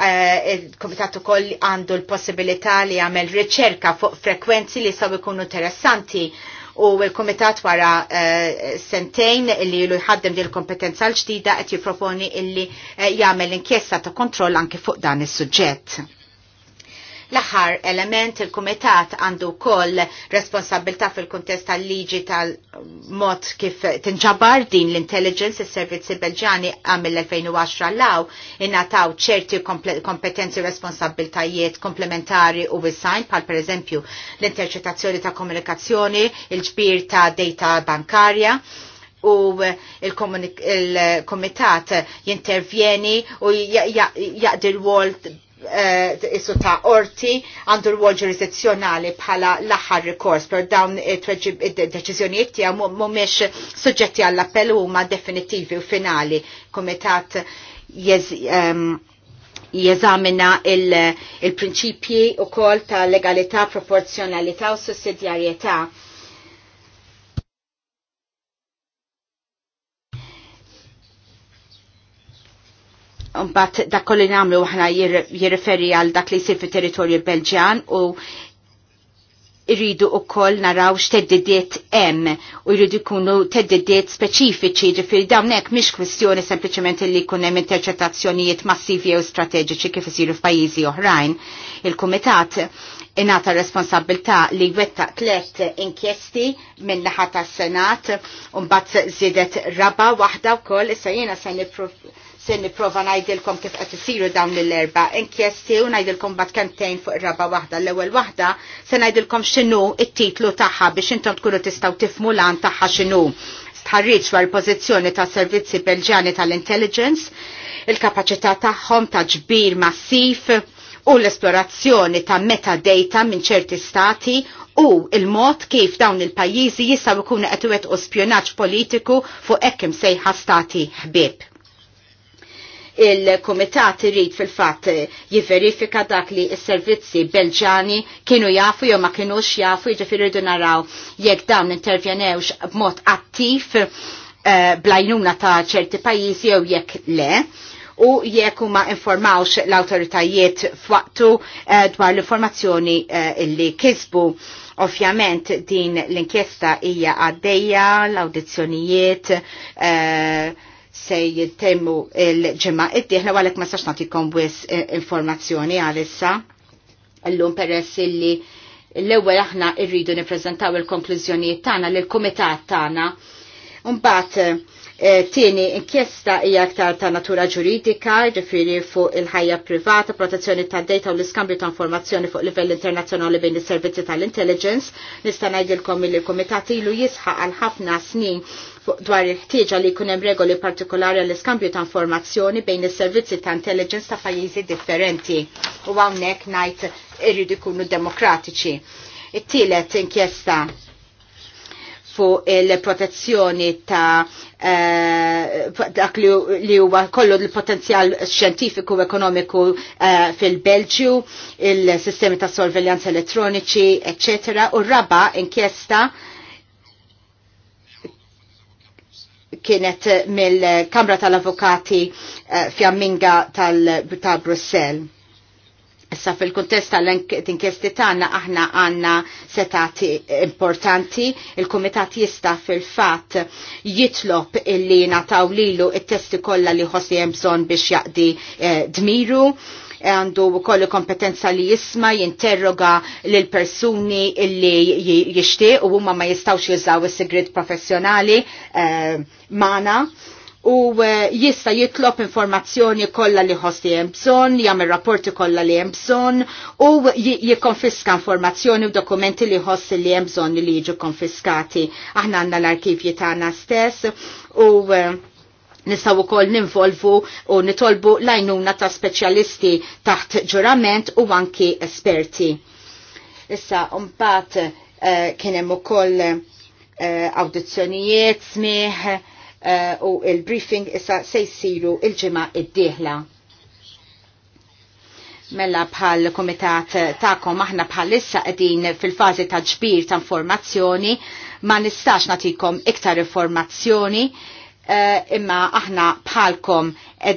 Eh, il-komitat ukoll għandu l-possibilità li jagħmel riċerka fuq frekwenzi li saw ikunu interessanti u l-komitat wara eh, sentejn li lu jħaddem l kompetenza l-ġdida qed jipproponi illi eh, jagħmel inkjesta ta' kontroll anki fuq dan is-suġġett. L-aħħar element il-Kumitat għandu koll responsabilta fil-kuntest tal-liġi tal-mod kif tinġabar din l-intelligence il-servizzi belġani għam l-2010 law innataw ċerti kompetenzi responsabiltajiet komplementari u design pal per eżempju l-interċetazzjoni ta' komunikazzjoni, il-ġbir ta' data bankarja u il-komitat jintervjeni u jaqdi l-wol Eh, isu ta' orti għandu rwol ġurisdizzjonali bħala l-aħħar rikors per dawn id-deċiżjonijiet tiegħu mhumiex suġġetti għall-appell huma definittivi u finali. Kumitat ehm, jeżamina il-prinċipji u kol ta' legalità, proporzjonalità u sussidjarjetà Mbatt dak kolli namlu aħna jirreferi għal dak li jsir fit-territorju Belġjan u irridu u koll naraw x'teddidiet hemm u jridu jkunu teddidiet speċifiċi ġifiri dawnek mhix kwestjoni sempliċement li jkun hemm interċettazzjonijiet massivi u strateġiċi kif isiru f'pajjiżi oħrajn. Il-Kumitat inata responsabilta li wettaq tlet inkjesti minn naħa tas-Senat u mbagħad żiedet raba waħda wkoll issa jiena se nippruv se niprofa ngħidilkom kif qed isiru dawn l-erba' inkjesti u ngħidilkom bad kemmtejn fuq ir-raba waħda l-ewwel waħda se ngħidilkom x'inhu it-titlu tagħha biex intom tkunu tistgħu tifmu lan tagħha x'inhu. Stħarriġ war pożizzjoni ta' servizzi Belġani tal-intelligence, il-kapaċità tagħhom ta' ġbir massif u l-esplorazzjoni ta' metadata minn ċerti stati u il-mod kif dawn il-pajjiżi jistgħu jkunu qed u spjonaġġ politiku fuq hekk imsejħa stati ħbieb il-komitat irid fil-fatt jiverifika dak li s-servizzi belġani kienu jafu jew ma kienux jafu jiġifieri rridu naraw jekk dawn intervjenewx b'mod attiv uh, blajnuna ta' ċerti pajjiżi jew jekk le u jekk huma informawx l-awtoritajiet f'waqtu eh, dwar l-informazzjoni eh, illi kisbu. Ovvjament din l-inkjesta hija għaddejja l-awdizzjonijiet uh, se jittemmu il-ġemma id-dieħla għalek ma sax natikom bwis e, informazzjoni għalissa. L-lum peress illi l-ewel aħna irridu niprezentaw il-konklużjonijiet tagħna lil kumitat tagħna. Mbagħad Eh, tieni, inkjesta hija aktar ta' natura ġuridika, ġifiri fuq il-ħajja privata, protezzjoni ta' data u l-iskambju ta' informazzjoni fuq livell internazzjonali bejn is-servizzi tal-intelligence. Nista' ngħidilkom li l-Kumitat ilu jisħaq għal ħafna snin dwar il-ħtieġa li jkun hemm regoli partikolari għall iskambju ta' informazzjoni bejn is-servizzi ta' intelligence ta' pajjiżi differenti. U hawnhekk ngħid irridu jkunu demokratiċi. It-tielet inkjesta fuq il-protezzjoni ta' eh, dak li huwa kollu l-potenzjal xjentifiku u ekonomiku eh, fil-Belġju, il-sistemi ta' sorveljanza elettroniċi, eccetera, u raba inkjesta kienet mill-Kamra tal-Avokati eh, Fjamminga tal-Brussel. tal bruxelles Issa fil-kontest tal-inkjesti tagħna aħna għandna setati importanti, il-kumitat jista' fil-fatt jitlob illi nataw lilu it-testi kollha li ħossi hemm bżonn biex jaqdi eh, dmiru għandu kollu kompetenza li jisma jinterroga lil persuni illi jishtiq u huma ma jistawx jużaw is-sigrid professjonali eh, mana u eh, jista jitlob informazzjoni kollha li ħosti hemm bżonn, jagħmel rapporti kollha li hemm bżonn u jikkonfiska informazzjoni u dokumenti li ħossi li hemm bżonn li jiġu konfiskati. Aħna għandna l-arkivji tagħna stess u eh, nistaw ukoll ninvolvu u nitolbu lajnuna ta' speċjalisti taħt ġurament u anki esperti. Issa, mbagħad eh, kien hemm ukoll awdizzjonijiet smieħ Eh, u il-briefing issa se jsiru il-ġimgħa id-dieħla. Mella bħal komitat ta'kom aħna bħalissa qegħdin fil-fażi ta' ġbir ta' informazzjoni ma nistax natikom iktar informazzjoni Eh, imma aħna bħalkom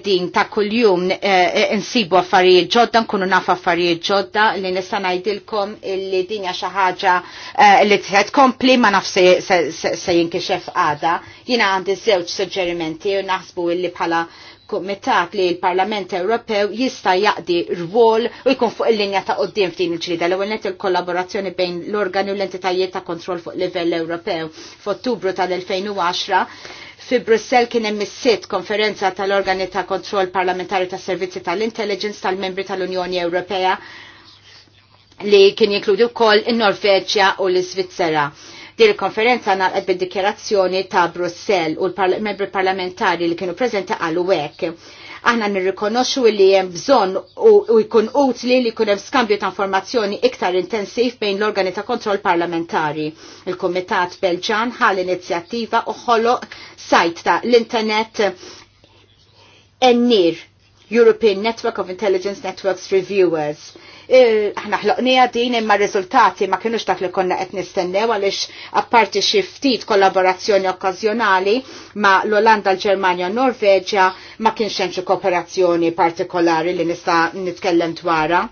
din ta' kuljum eh, insibu affarijiet ġodda, nkunu naf affarijiet ġodda li nista' ngħidilkom illi dinja xi ħaġa eh, li tħed kompli ma naf se jinkixef għada. Jiena għandi żewġ suġġerimenti u naħsbu illi bħala kumitat li l-Parlament Ewropew jista' jaqdi rwol u jkun fuq il-linja ta' qoddim f'din il-ġrida l ewwel il-kollaborazzjoni bejn l-organi u l-entitajiet ta' kontroll fuq livell Ewropew. F'Ottubru tal-2010 fi Brussel kien hemm is-sitt konferenza tal-organi ta' kontroll parlamentari tas servizzi tal-intelligence tal-membri tal-Unjoni Ewropea li kien jinkludi wkoll in-Norveġġja u l-Iżvizzera. Din il-konferenza naqgħet bid-dikjerazzjoni ta' Brussell u l-membri parlamentari li kienu preżenti qalu hekk. Aħna nirrikonoxxu li hemm bżonn u jkun utli li jkun hemm skambju ta' informazzjoni iktar intensiv bejn l-organi ta' kontroll parlamentari. Il-Kumitat Belġan ħal inizjattiva u ħoloq sajt ta' l-internet ennir European Network of Intelligence Networks Reviewers aħna ħloqnija din imma r-riżultati ma kienux dak li konna qed nistennew għaliex apparti xi ftit kollaborazzjoni okkażjonali ma l-Olanda, l-Ġermanja, Norveġja ma kienx hemm xi kooperazzjoni partikolari li nista' nitkellem dwarha.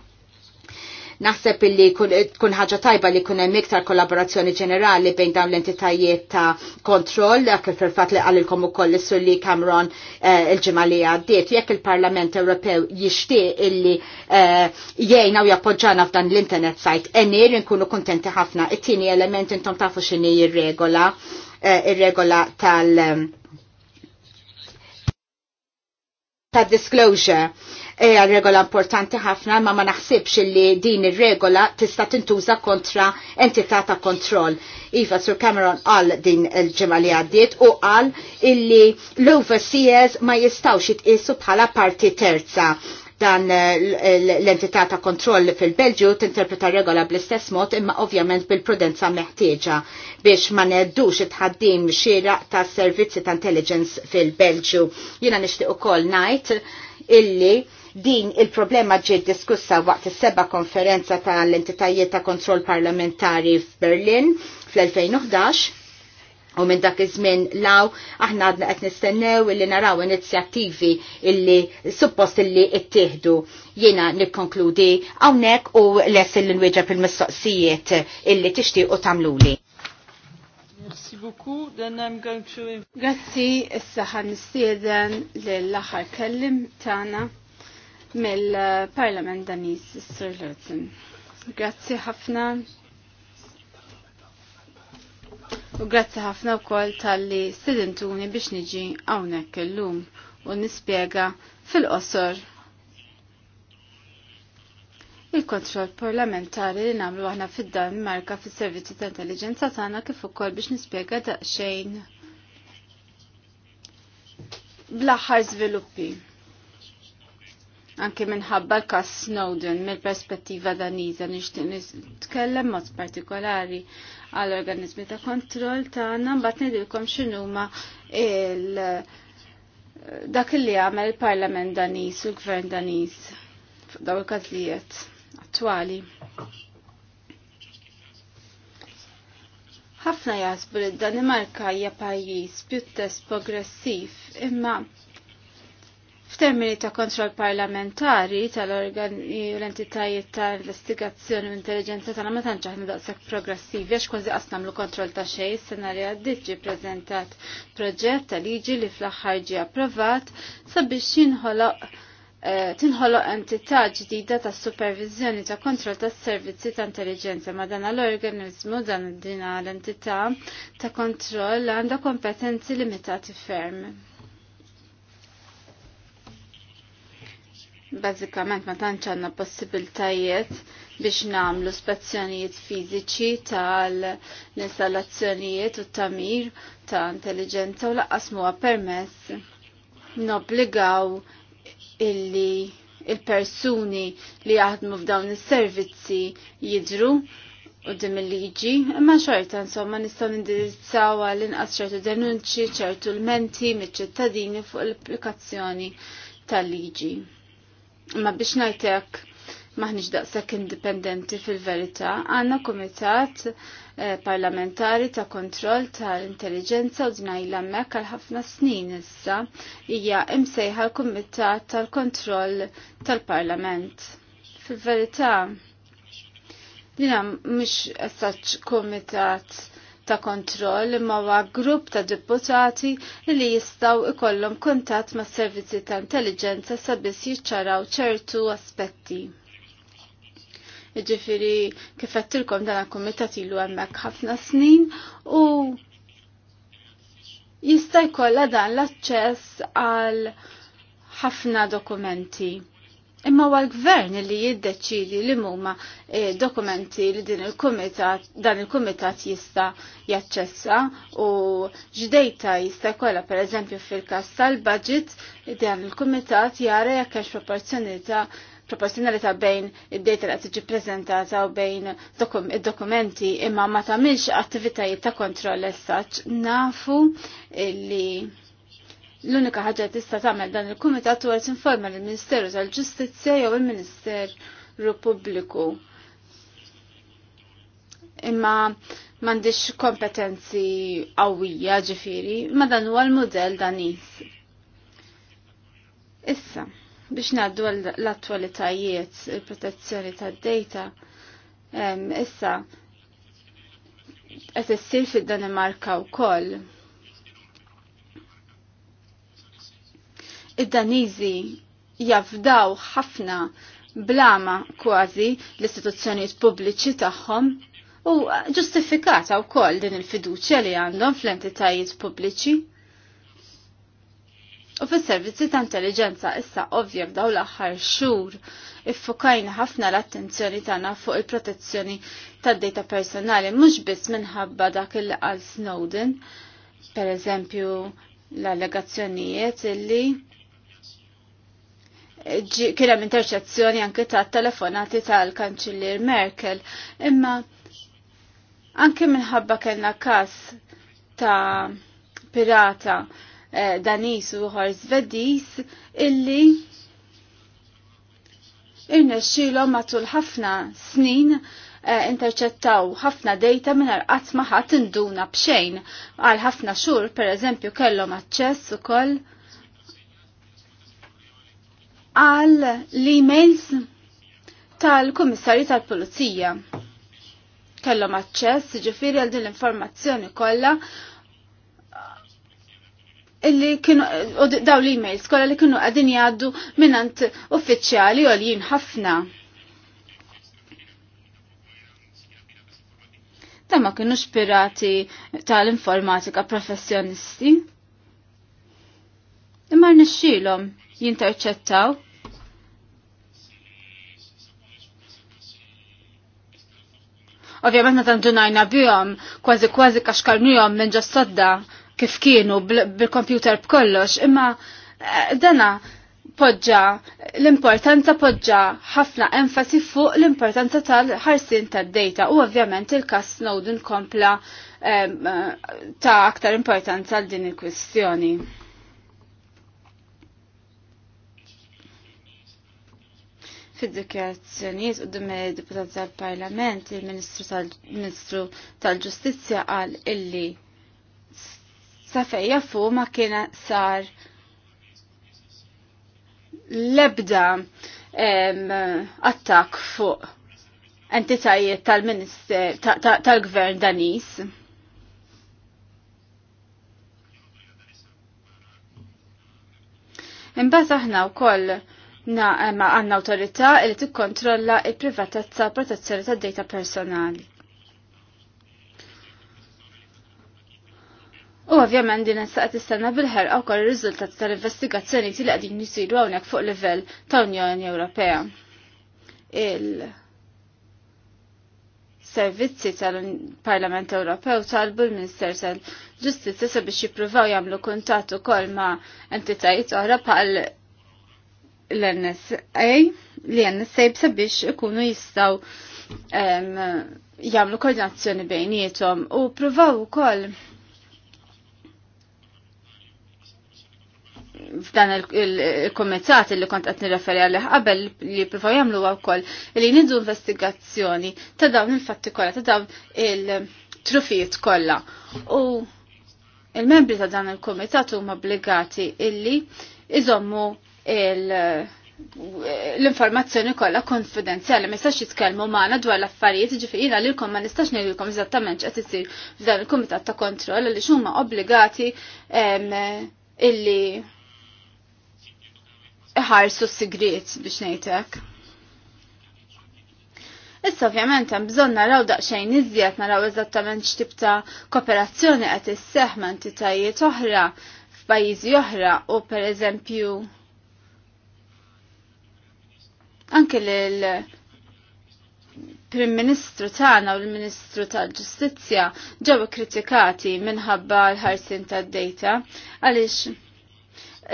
Naħseb illi tkun ħaġa tajba li kunem hemm iktar kollaborazzjoni ġenerali bejn dawn l-entitajiet ta' kontroll, dak fil-fatt li qalilkom ukoll issu li Cameron eh, il-ġimgħa li għaddiet. Jekk il-Parlament Ewropew jixtieq illi eh, jgħinna u jappoġġana f'dan l-internet site enir nkunu kontenti ħafna. It-tieni element intom tafu x'inhi ir-regola eh, ir-regola tal- disclosure hija regola importanti ħafna ma ma naħsibx li din ir-regola tista' tintuża kontra entità ta' kontroll. Iva Sur Cameron qal din il-ġimgħa li għaddiet u qal illi l-overseers ma jistgħux jitqisu bħala parti terza dan l-entità ta' kontroll fil-Belġju tinterpreta regola bl-istess mod imma ovvjament bil-prudenza meħtieġa biex ma neddux it-ħaddim xira ta' servizzi ta' intelligence fil-Belġju. Jina nixtieq ukoll ngħid illi Din il-problema ġiet diskussa waqt is-seba' konferenza tal-entitajiet ta' kontroll parlamentari f'Berlin fl-2011 U minn dak iż-żmien law aħna għadna qed nistennew illi naraw inizjattivi illi suppost illi ttieħdu. Jiena nikkonkludi hawnhekk u les illi nwieġeb il-mistoqsijiet illi tixtiequ tagħmluli. Merci beaucoup, then I'm going to... Grazzi, issa ħan nistieden l-aħħar kellim tagħna mill-Parlament Danis, Sir Lutzen. Grazzi ħafna. U grazzi ħafna wkoll tal-li sidintuni biex niġi hawnhekk illum u nispjega fil-qosor il-kontroll parlamentari li nagħmlu aħna fid Marka fis-servizzi ta' intelligenza tagħna kif ukoll biex nispjega daqsxejn bl-aħħar żviluppi anke minħabba l-kas Snowden mill-perspettiva daniża nixtieq nitkellem mod partikolari għall organizmi ta' kontroll tagħna mbagħad ngħidilkom x'inhuma il dak li għamel il-Parlament Daniż u l-Gvern Daniż f'daw il-każlijiet attwali. ħafna jasbu li d-Danimarka hija pajjiż pjuttost progressiv imma F'termini ta' kontroll parlamentari tal-organi u l-entitajiet ta' investigazzjoni u intelligenza tagħna ma tantx aħna daqshekk progressivi għax kważi qas nagħmlu kontroll ta' xejn sena li għaddit ġie preżentat proġett ta' liġi li fl-aħħar ġie approvat sabiex jinħoloq eh, tinħoloq entità ġdida ta' supervizjoni ta' kontrol ta' servizzi ta' intelligenza ma' dan l-organizmu dan din l-entità ta' kontroll għandha kompetenzi limitati ferm. Bazzikament ma tantx għandna possibiltajiet biex nagħmlu spazzjonijiet fiżiċi tal-installazzjonijiet u tamir ta' intelligenza u laqqas huwa permess nobligaw illi il-persuni li jaħdmu f'dawn is-servizzi jidru u dim il-liġi, imma xorta insomma nistgħu nindirizzaw għal inqas ċertu denunċi, ċertu l-menti miċ-ċittadini fuq l-applikazzjoni tal-liġi. Ma biex najtek maħniġ daqsek indipendenti fil-verita, għanna komitat eh, parlamentari ta' kontroll tal-intelligenza u dinajla mek għal ħafna snin issa, hija imsejħa l-komitat tal-kontroll tal-parlament. Fil-verita, dina mhux saċ komitat ta' kontroll imma wa' grupp ta' deputati li jistgħu ikollhom kuntatt mas servizzi ta' intelligenza sabiex jiċċaraw ċertu aspetti. Jiġifieri kif għattilkom dan il-kumitat ilu hemmhekk ħafna snin u jista' jkollha dan l-aċċess għal ħafna dokumenti Imma għal l-gvern li jiddeċidi li huma eh, dokumenti li din il-kumitat dan il-kumitat jista' jaċċessa u ġdejta jista' jkollha pereżempju fil-każ tal-budget dan il-kumitat jara jekk hemmx proporzjonità proporzjonalità bejn id-data li tiġi prezentata u bejn id-dokumenti imma ma tagħmilx attivitajiet ta' kontroll as nafu li L-unika ħaġa tista' tagħmel dan il-kumitat huwa tinforma lill-Ministeru tal-Ġustizzja jew il-Ministeru Pubbliku. Imma m'għandix kompetenzi qawwija ġifieri, ma dan huwa l-mudell is. Issa, biex ngħaddu l-attwalitajiet il-protezzjoni tad dejta issa qed issir fid-Danimarka wkoll id-Daniżi jafdaw ħafna blama kważi l-istituzzjonijiet pubbliċi tagħhom u ġustifikata wkoll din il-fiduċja li għandhom fl-entitajiet pubbliċi. U fis-servizzi ta' intelligenza issa ovvja f'daw l-aħħar xhur iffokajna ħafna l-attenzjoni tagħna fuq il-protezzjoni tad-data personali mhux biss minħabba dak il qal Snowden, per eżempju l-allegazzjonijiet illi kien hemm interċezzjoni anke ta' telefonati tal-Kanċillier Merkel, imma anke minħabba kellna każ ta' pirata eh, Danis u ħar Zvedis illi irnexxilhom matul ħafna snin eh, interċettaw ħafna dejta mingħajr qatt ma ħadd induna b'xejn għal ħafna xhur pereżempju kellhom aċċess ukoll għal l-emails tal-Kummissarju tal-Pulizija. Kellhom aċċess ġifieri għal din l-informazzjoni kollha illi kienu daw l-emails kollha li kienu qegħdin jgħaddu minant uffiċjali għoljin ħafna. Ta' ma kienux pirati tal-informatika professjonisti. Imma nixxilhom jinterċettaw. Ovvijament ma ndunajna bihom, kważi kważi kaxkarnihom minn ġo sodda kif kienu bil-kompjuter b'kollox, imma eh, dana poġġa l-importanza poġġa ħafna enfasi fuq l-importanza tal-ħarsin tad-data u ovvjament il-kas Snowden kompla eh, eh, ta' aktar importanza għal din il-kwistjoni. Fid-dikjarazzjonijiet qudiem deputat tal-Parlament, il-Ministru tal-Ġustizzja qal illi sa fejja fuq ma kien sar lebda attak fuq entitajiet tal-Minister tal-Gvern Danis. Imbagħad aħna wkoll na ma għanna autorità li tikkontrolla il-privatezza protezzjoni tad data personali. U ovvjament din nistaqet tistenna bil-ħerqa wkoll ir-riżultati tal-investigazzjoni li għadin jisiru hawnhekk fuq livell ta' Unjoni Ewropea. Il-servizzi tal-Parlament Ewropew talbu l-Minister tal ġustizja sabiex jippruvaw jagħmlu kuntatt ukoll ma' entitajiet oħra bħal l-NSA li NSA sabiex ikunu jistaw um, jamlu koordinazzjoni bejnietom u provaw ukoll f'dan il-komitat il li kont qed nirreferi għalih qabel li provaw jagħmlu wkoll li nidu investigazzjoni ta' dawn il-fatti kollha ta' dawn il-trufijiet kollha. U il-membri ta' dan il-komitat huma obbligati illi iżommu l-informazzjoni kollha konfidenzjali ma jistax jitkellmu magħna dwar l-affarijiet ġifieri jiena lilkom ma nistax ngħidilkom eżattament x'qed isir f'dan il-kumitat ta' kontroll li huma obbligati illi ħarsu s-sigriet biex ngħidlek. Issa ovvjament hemm bżonn naraw daqsxejn iżjed naraw eżattament x'tib ta' kooperazzjoni qed isseħħ ma' entitajiet oħra f'pajjiżi oħra u pereżempju anke l Prim Ministru tagħna u l-Ministru tal-Ġustizzja ġew kritikati minħabba l-ħarsin tad-dejta għaliex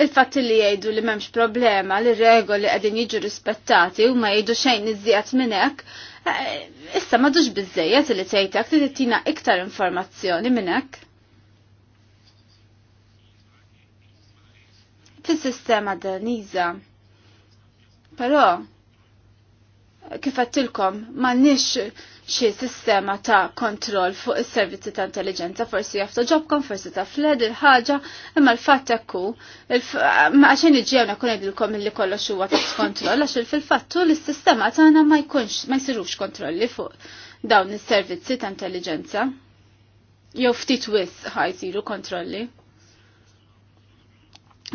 il-fatt li jgħidu li m'hemmx problema li regoli qegħdin jiġu rispettati u ma jgħidu xejn iżjed minn hekk, eh, issa m'għadux biżejjed li tgħidek li tina iktar informazzjoni minn hekk. Fis-sistema Daniża. Però kif għattilkom m'għandniex xi sistema ta' kontroll fuq is-servizzi ta' intelligenza, forsi jafta ġobkom, forsi ta' fled il-ħaġa, imma l-fatt jakku, ma' għaxen iġġewna kun għedilkom illi kollox huwa ta' kontrol, għax fil-fattu l-sistema tagħna ma jkunx, ma jsirux kontrolli fuq dawn is-servizzi ta' intelligenza. Jew ftit wis jisiru kontrolli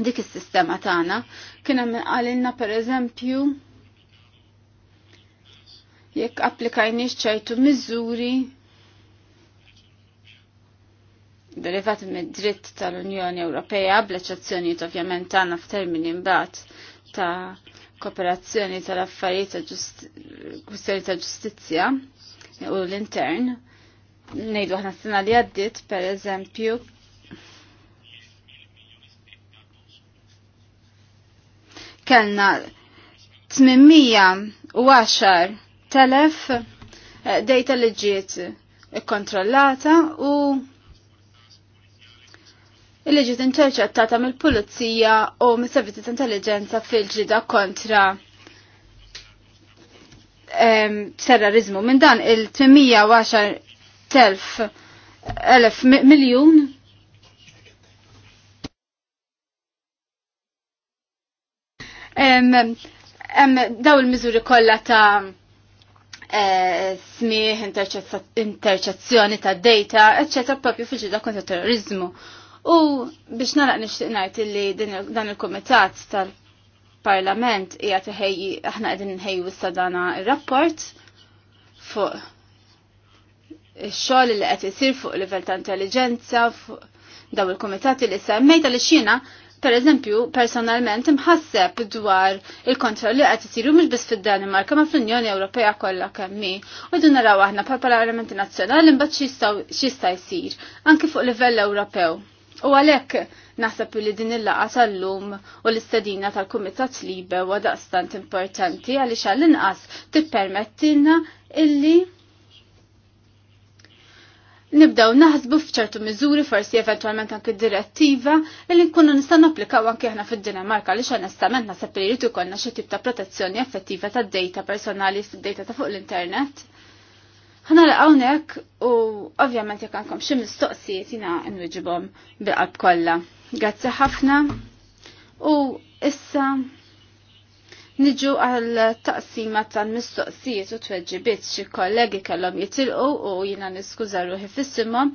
dik is-sistema tagħna. Kien hemm qalilna pereżempju jekk applikajniex ċertu miżuri derivati mid-dritt tal-Unjoni Ewropea bl-eċezzjonijiet ovvjament tagħna f'termini mbagħad ta' kooperazzjoni tal-affarijiet kwistjoni ta' ġustizzja u l-intern. Ngħidu aħna s-sena li għaddiet, pereżempju, kellna 810 telef eh, data li ġiet kontrollata u li ġiet interċettata mill-pulizija u mis-servizzi ta' intelligenza fil-ġida kontra ehm, terrorizmu. Minn dan il-810.000 miljon em, daw il-miżuri kollha ta' Eh, smieħ, interċezzjoni ta' data, etc. propju fiġida kontra terrorizmu. U biex naraq nixtieq ngħid li dan il-kumitat tal-Parlament hija teħejji aħna qegħdin nħejju issa dana ir-rapport fuq ix-xogħol li qed isir fuq livell ta' intelligenza, fuq daw il-kumitati li semmejta li xina per eżempju, personalment imħasseb dwar il-kontrolli qed isiru mhux biss fid-Danimarka ma fl-Unjoni Ewropea kollha kemm hi. U dun naraw aħna bħal Parlamenti Nazzjonali mbagħad xista jsir anke fuq livell Ewropew. U għalhekk naħseb li din il-laqgħa tal-lum u l-istedina tal-Kumitat Libe huwa daqstant importanti għaliex għall-inqas tippermettilna illi nibdaw naħsbu fċertu miżuri forsi eventualment anke direttiva li nkunu nista' napplikaw anke aħna fid-Dinamarka li estament naħseb li jrid ikollna xi tip ta' protezzjoni effettiva tad-data personali fid-data ta' fuq l-internet. Ħanara hawnhekk u ovvjament jekk għandkom xi mistoqsijiet jiena nwiġibhom bil kollha. Grazzi ħafna u issa Niġu għal taqsima ta' mistoqsijiet u tweġibiet xi kollegi kellhom jitilqu u jiena niskuża ruħi fissimhom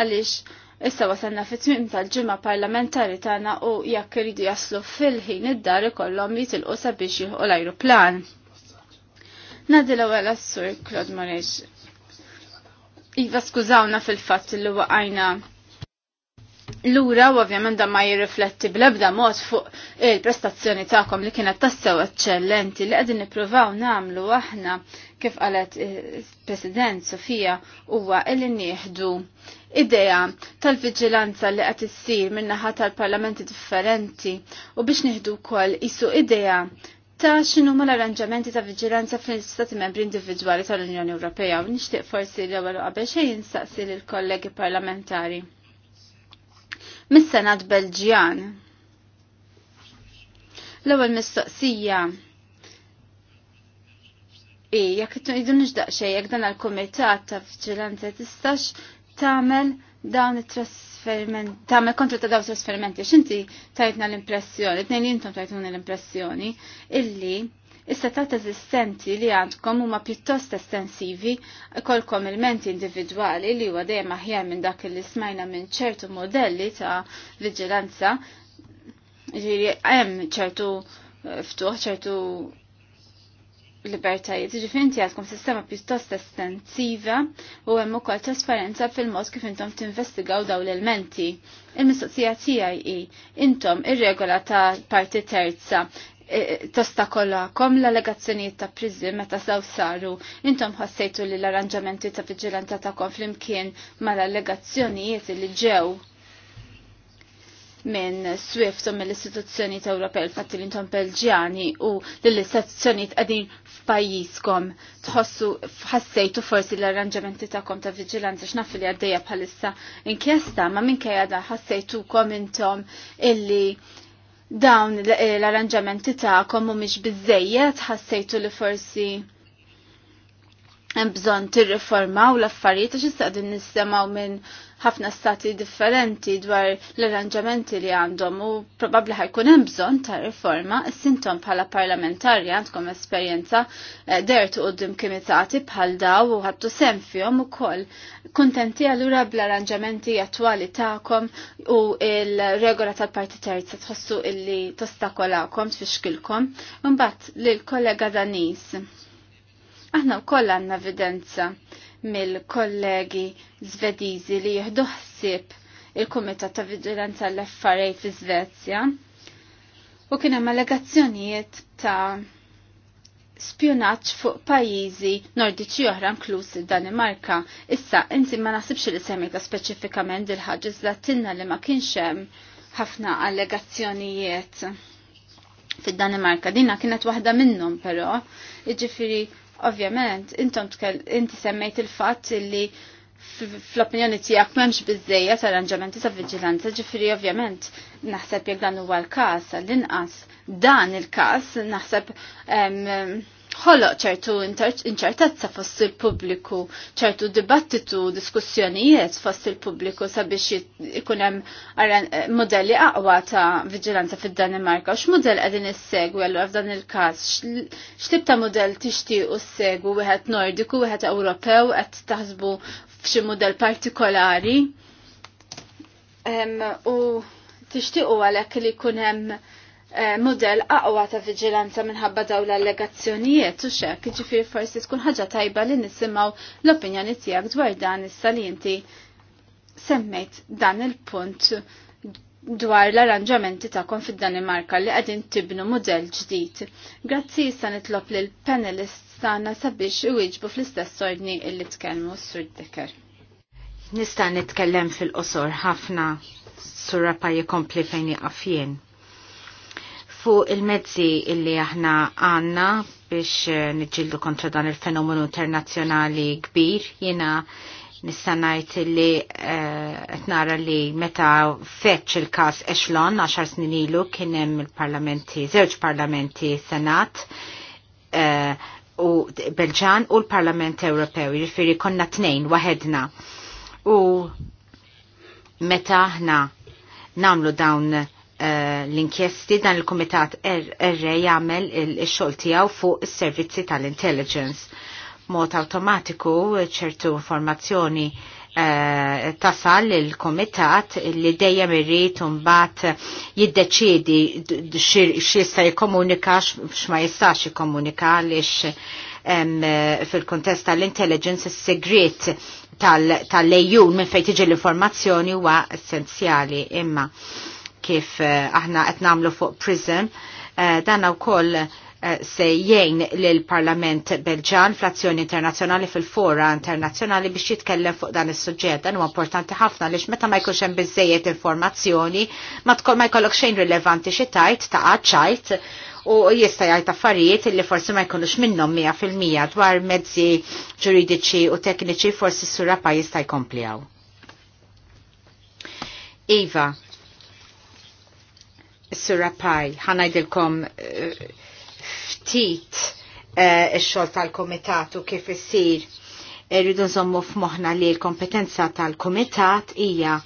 għaliex Issa wasanna fit-tmim tal-ġimgħa parlamentari tagħna u jekk iridu jaslu fil-ħin id-dar ikollhom jitilqu sabiex jilħu l-ajruplan. Nadi l-ewwel assur Claude Morex. Iva skużawna fil-fatt li waqajna u ovvjament, da ma jirrifletti bl-ebda mod fuq il-prestazzjoni taqom li kienet tassew eccellenti li għedin nipruvaw namlu aħna kif għalet President Sofija huwa illi nieħdu idea tal-vigilanza li qed issir minnaħa tal-parlamenti differenti u biex nieħdu wkoll isu idea ta' xinu ma l-arranġamenti ta' vigilanza fl-istati membri individwali tal-Unjoni Ewropea u nixtieq forsi l-ewwel qabel xejn saqsi lill-kollegi parlamentari mis-Senat Belġjan. L-ewwel mistoqsija i jekk idu nixdaq xejn jekk dan il kumitat ta' Viċilanza tistax tagħmel dawn it trasferimenti tagħmel kontra ta' dawn trasferimenti, x'inti tajtna l-impressjoni, tnejn intom tajtuna l-impressjoni illi Issa ta' eżistenti li għandkom huma pjuttost estensivi, kolkom il-menti individwali li huwa dejjem aħjar minn dak li smajna minn ċertu modelli ta' viġilanza, ġiri hemm ċertu eh, ftuħ, ċertu libertajiet. Ġifin ti għadkom sistema pjuttost estensiva u hemm ukoll trasparenza fil-mod kif intom tinvestigaw daw l-elementi. Il-mistoqsija tiegħi intom ir-regola ta' parti terza E, kom l-allegazzjoniet ta' prizzi meta saw saru. Intom ħassejtu li l-arranġamenti ta' vigilanza ta'kom flimkien ma' l-allegazzjonijiet li ġew minn Swift u mill-istituzzjoni ta' Ewropej fatti li intom Belġjani u l-istituzzjoni qegħdin f'pajjiżkom tħossu ħassejtu forsi l-arranġamenti kom ta' viġilanza x'naf li għaddejja bħalissa inkjesta ma' minkejja da ħassejtukom intom illi dawn l-arranġamenti ta' komu miex bizzejiet ħassejtu li forsi hemm bżonn tirriformaw l-affarijiet għax issa qegħdin nisimgħu minn ħafna stati differenti dwar l-arranġamenti li għandhom u probabbli ħajkun hemm bżonn ta' riforma. sintom bħala parlamentari għandkom esperjenza eh, der tuqoddim kimitati bħal daw u ħadtu sem fihom ukoll. Kuntenti allura bl-arranġamenti attwali tagħkom u il-regola tal-parti terza tħossu illi tostakolakom tfixkilkom. Imbagħad lil kollega Danis. Aħna wkoll għandna evidenza mill-kollegi zvedizi li jieħdu ħsieb il-Kumitat ta' Vigilanza l-FRA fi Svezja u kien hemm allegazzjonijiet ta' spionaċ fuq pajjiżi nordiċi oħra inkluż id-Danimarka. Issa inti ma naħsibx li semmejta speċifikament il-ħaġa żlattilna li ma kienx hemm ħafna allegazzjonijiet fid-Danimarka. Dina kienet waħda minnhom però, jiġifieri Ovvjament, intom inti semmejt il-fatt li fl-opinjoni tijak memx bizzeja tal-arranġamenti ta' vigilanza ġifiri ovvjament naħseb jek dan huwa l-kas, l-inqas dan il-kas naħseb tħoloq ċertu inċertezza fost il-pubbliku, ċertu dibattitu, diskussjonijiet fost il-pubbliku sabiex ikun hemm modelli aqwa ta' viġilanza fid-Danimarka. X'modell qegħdin issegwi għallu f'dan il-każ? X'tib ta' modell tixtiequ ssegwu wieħed Nordiku, wieħed Ewropew qed taħsbu f'xi modell partikolari? U tixtiequ għalhekk li jkun hemm Eh, model aqwa ta' viġilanza minħabba daw l-allegazzjonijiet u xek, ġifir forsi tkun ħaġa tajba li nisimaw l-opinjoni tijak dwar dan issa li inti semmejt dan il-punt dwar l-arranġamenti ta' kon fid-Danimarka li għadin tibnu model ġdid. Grazzi issa nitlob lil panelist tagħna sabiex iwieġbu fl-istess ordni illi tkellmu s-sur Dekker. Nista' nitkellem fil-qosor ħafna surra pa jikompli fejn jaqafjen fuq il-mezzi illi aħna għanna biex eh, nġildu kontra dan il-fenomenu internazzjonali kbir, jina nistanajt li etnara eh, li meta feċ il-kas eċlon 10 snin ilu kienem il-parlamenti, zewġ parlamenti senat eh, u Belġan u l-Parlament Ewropew, jirfiri konna tnejn waħedna. U meta ħna namlu dawn Eh, l-inkjesti dan il-Komitat R jagħmel il-xogħol tiegħu fuq is-servizzi tal-intelligence. Mod awtomatiku ċertu informazzjoni eh, tasal il-komitat li dejjem irrid mbagħad jiddeċiedi x'jista' jikkomunika x'ma jistax jikkomunika għaliex fil-kontest tal-intelligence is-segret tal-lejjun minn fejn tiġi l-informazzjoni huwa essenzjali imma kif eh, aħna qed nagħmlu fuq Prism eh, dan wkoll eh, se jgħin l-Parlament Belġan fl-azzjoni internazzjonali fil-fora internazzjonali biex jitkellem fuq dan is-suġġett. Dan huwa importanti ħafna lix meta ma jkunx hemm biżejjed informazzjoni ma tkun ma jkollok xejn rilevanti xi tajt ta' ċajt u jista' jgħid affarijiet li forsi ma jkunux minnhom 100% dwar mezzi ġuridiċi u tekniċi forsi s-surapa jista' jkomplijaw. Iva, Surapaj, ħanajdilkom eh, ftit eh, il-xol tal-komitatu kif issir. Rridu nżommu f'moħna li l-kompetenza tal-komitat hija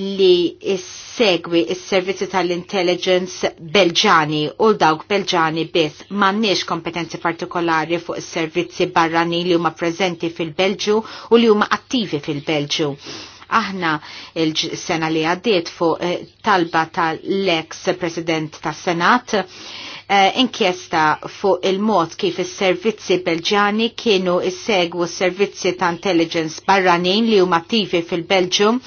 li segwi il-servizzi tal-intelligence belġani u dawk belġani biss m'għandniex kompetenzi partikolari fuq il-servizzi barrani li huma prezenti fil-Belġu u li huma attivi fil-Belġu Aħna il-sena li għaddiet fuq eh, talba tal-ex president tas-Senat eh, inkjesta fuq il-mod kif is-servizzi Belġani kienu issegwu s-servizzi ta' intelligence barranin li huma attivi fil-Belġium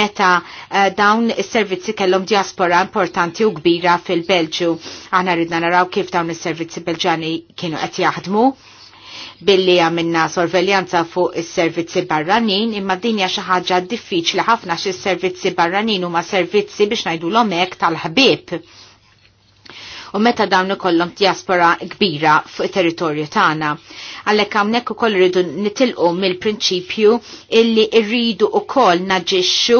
meta uh, dawn is-servizzi kellhom diaspora importanti u kbira fil-Belġu. Aħna ridna naraw kif dawn is-servizzi Belġani kienu qed jaħdmu billi għamilna sorveljanza fuq is-servizzi barranin imma dinja xi ħaġa diffiċli ħafna xi servizzi barranin huma servizzi biex najdu l-omek tal-ħbieb u meta dawn ikollhom diaspora kbira fuq it-territorju tagħna. Għalhekk hawnhekk ukoll irridu nitilqu mill-prinċipju illi rridu ukoll naġixxu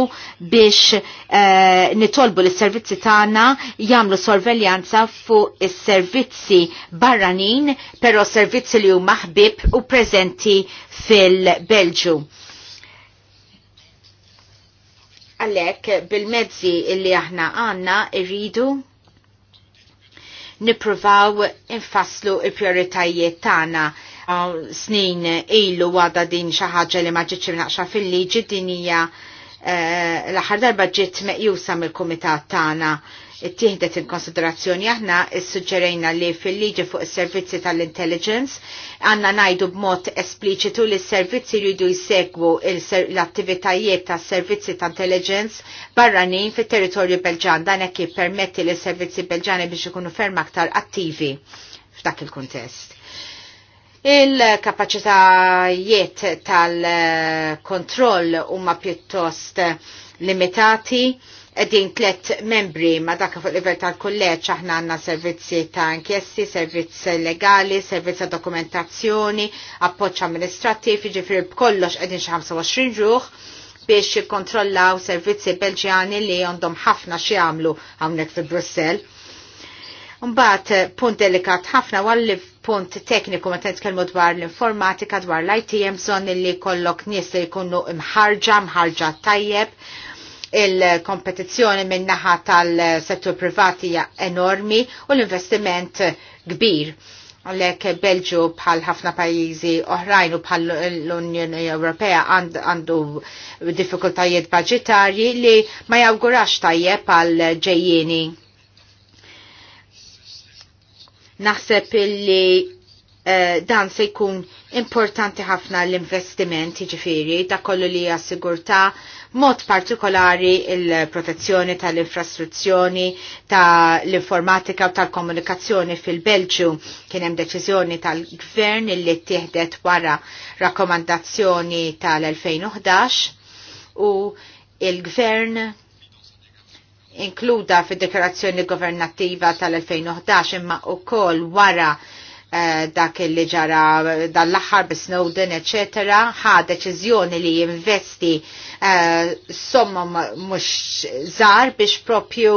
biex eh, nitolbu l-servizzi tagħna jagħmlu sorveljanza fuq is-servizzi barranin, però servizzi li huma ħbib u preżenti fil-Belġu għalek bil-mezzi illi aħna għanna irridu nippruvaw infaslu il-prioritajiet tagħna snin ilu għada din xi ħaġa li ma ġietx fil-liġi din hija eh, l-aħħar darba ġiet meqjusa mill-kumitat tagħna ittieħdet in konsiderazzjoni aħna s-sugġerejna li fil-liġi fuq is-servizzi tal-intelligence għandna ngħidu b'mod espliċitu li s-servizzi jridu jsegwu l-attivitajiet tas-servizzi ta' intelligence barranin fit-territorju Belġan dan hekk jippermetti li s-servizzi Belġani biex ikunu ferm aktar attivi f'dak il-kuntest. Il-kapacitajiet tal-kontroll huma pjuttost limitati din tlet membri ma dak fuq livell tal-kolleġġ aħna għandna servizzi ta' inkjesti, servizz legali, servizz ta' dokumentazzjoni, appoġġ amministrattiv, jiġifieri b'kollox qegħdin xi 25 ġuħ biex jikkontrollaw servizzi Belġjani li għandhom ħafna xi jagħmlu hawnhekk fi Brussell. Mbagħad punt delikat ħafna walli punt tekniku meta nitkellmu dwar l-informatika dwar l-IT hemm bżonn li jkollok nies li jkunu mħarġa, mħarġa tajjeb il-kompetizzjoni minn naħa tal-settur privati hija enormi u l-investiment kbir. Għalek Belġu bħal ħafna pajizi oħrajn u bħal l-Unjoni Ewropea għandu diffikultajiet budgetarji li ma jawgurax tajjeb għal ġejjini. Naħseb li eh, dan se jkun importanti ħafna l investimenti ġifiri, da kollu li jassigurta mod partikolari il-protezzjoni tal-infrastruzzjoni, tal-informatika u tal-komunikazzjoni fil-Belġu. Kien hemm deċiżjoni tal-gvern illi tieħdet wara rakkomandazzjoni tal-2011 u il-gvern inkluda fid deklarazzjoni governattiva tal-2011 imma u kol wara Eh, dak li ġara dal-axar bi Snowden, etc. ħa deċizjoni li jinvesti eh, somma mux zar biex propju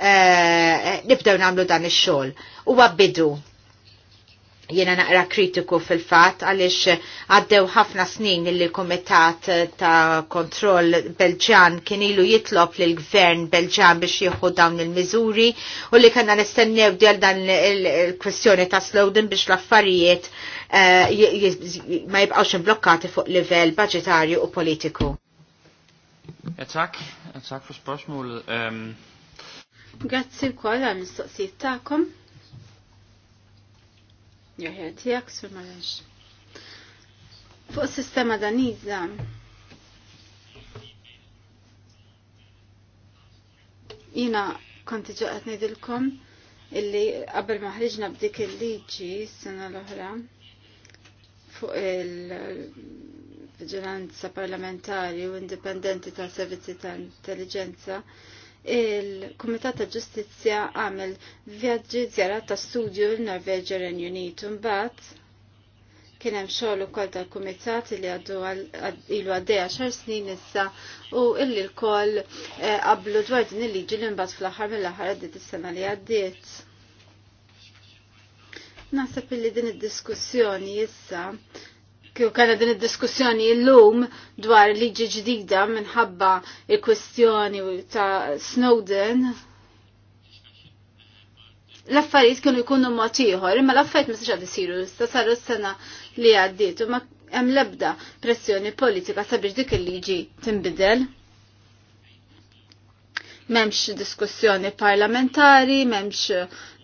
eh, nibdew namlu dan ix-xogħol. Huwa bidu Jiena naqra kritiku fil-fat għalix għaddew ħafna snin li komitat ta' kontroll Belġan kien ilu jitlob lil gvern Belġan biex jieħu dawn il-miżuri u li kanna nistennew djel dan il-kwestjoni ta' Snowden biex l-affarijiet eh, ma jibqawx imblokkati fuq livell budgetarju u politiku. Etak, etak fus Grazzi l-kolla mistoqsijiet ta'kom. Joħed, jak su marax. Fuq sistema daniza. Jina konti ġaqat nidilkom illi qabel ma ħriġna b'dik il-liġi s-sena l-oħra fuq il-vigilanza parlamentari u indipendenti tal-servizzi tal-intelligenza il-Kumitat ta' Ġustizzja għamel vjaġġi zjarat ta' studju l-Norveġa Renju Unit mbagħad kien hemm xogħol ukoll tal-kumitat li għaddu ilu għaddej għaxar snin issa u illi l-koll eh, qablu dwar din il-liġi li mbagħad fl-aħħar mill-aħħar għaddiet is-sena li għaddiet. Naħseb illi din id-diskussjoni issa kif kellha din id-diskussjoni llum dwar liġi ġdida minħabba il-kwestjoni ta' Snowden. L-affarijiet kienu jkunu mod ieħor, imma l-affarijiet ma setax isiru, sta saru s-sena li għaddiet u ma hemm l-ebda pressjoni politika sabiex dik il-liġi tinbidel memx diskussjoni parlamentari, memx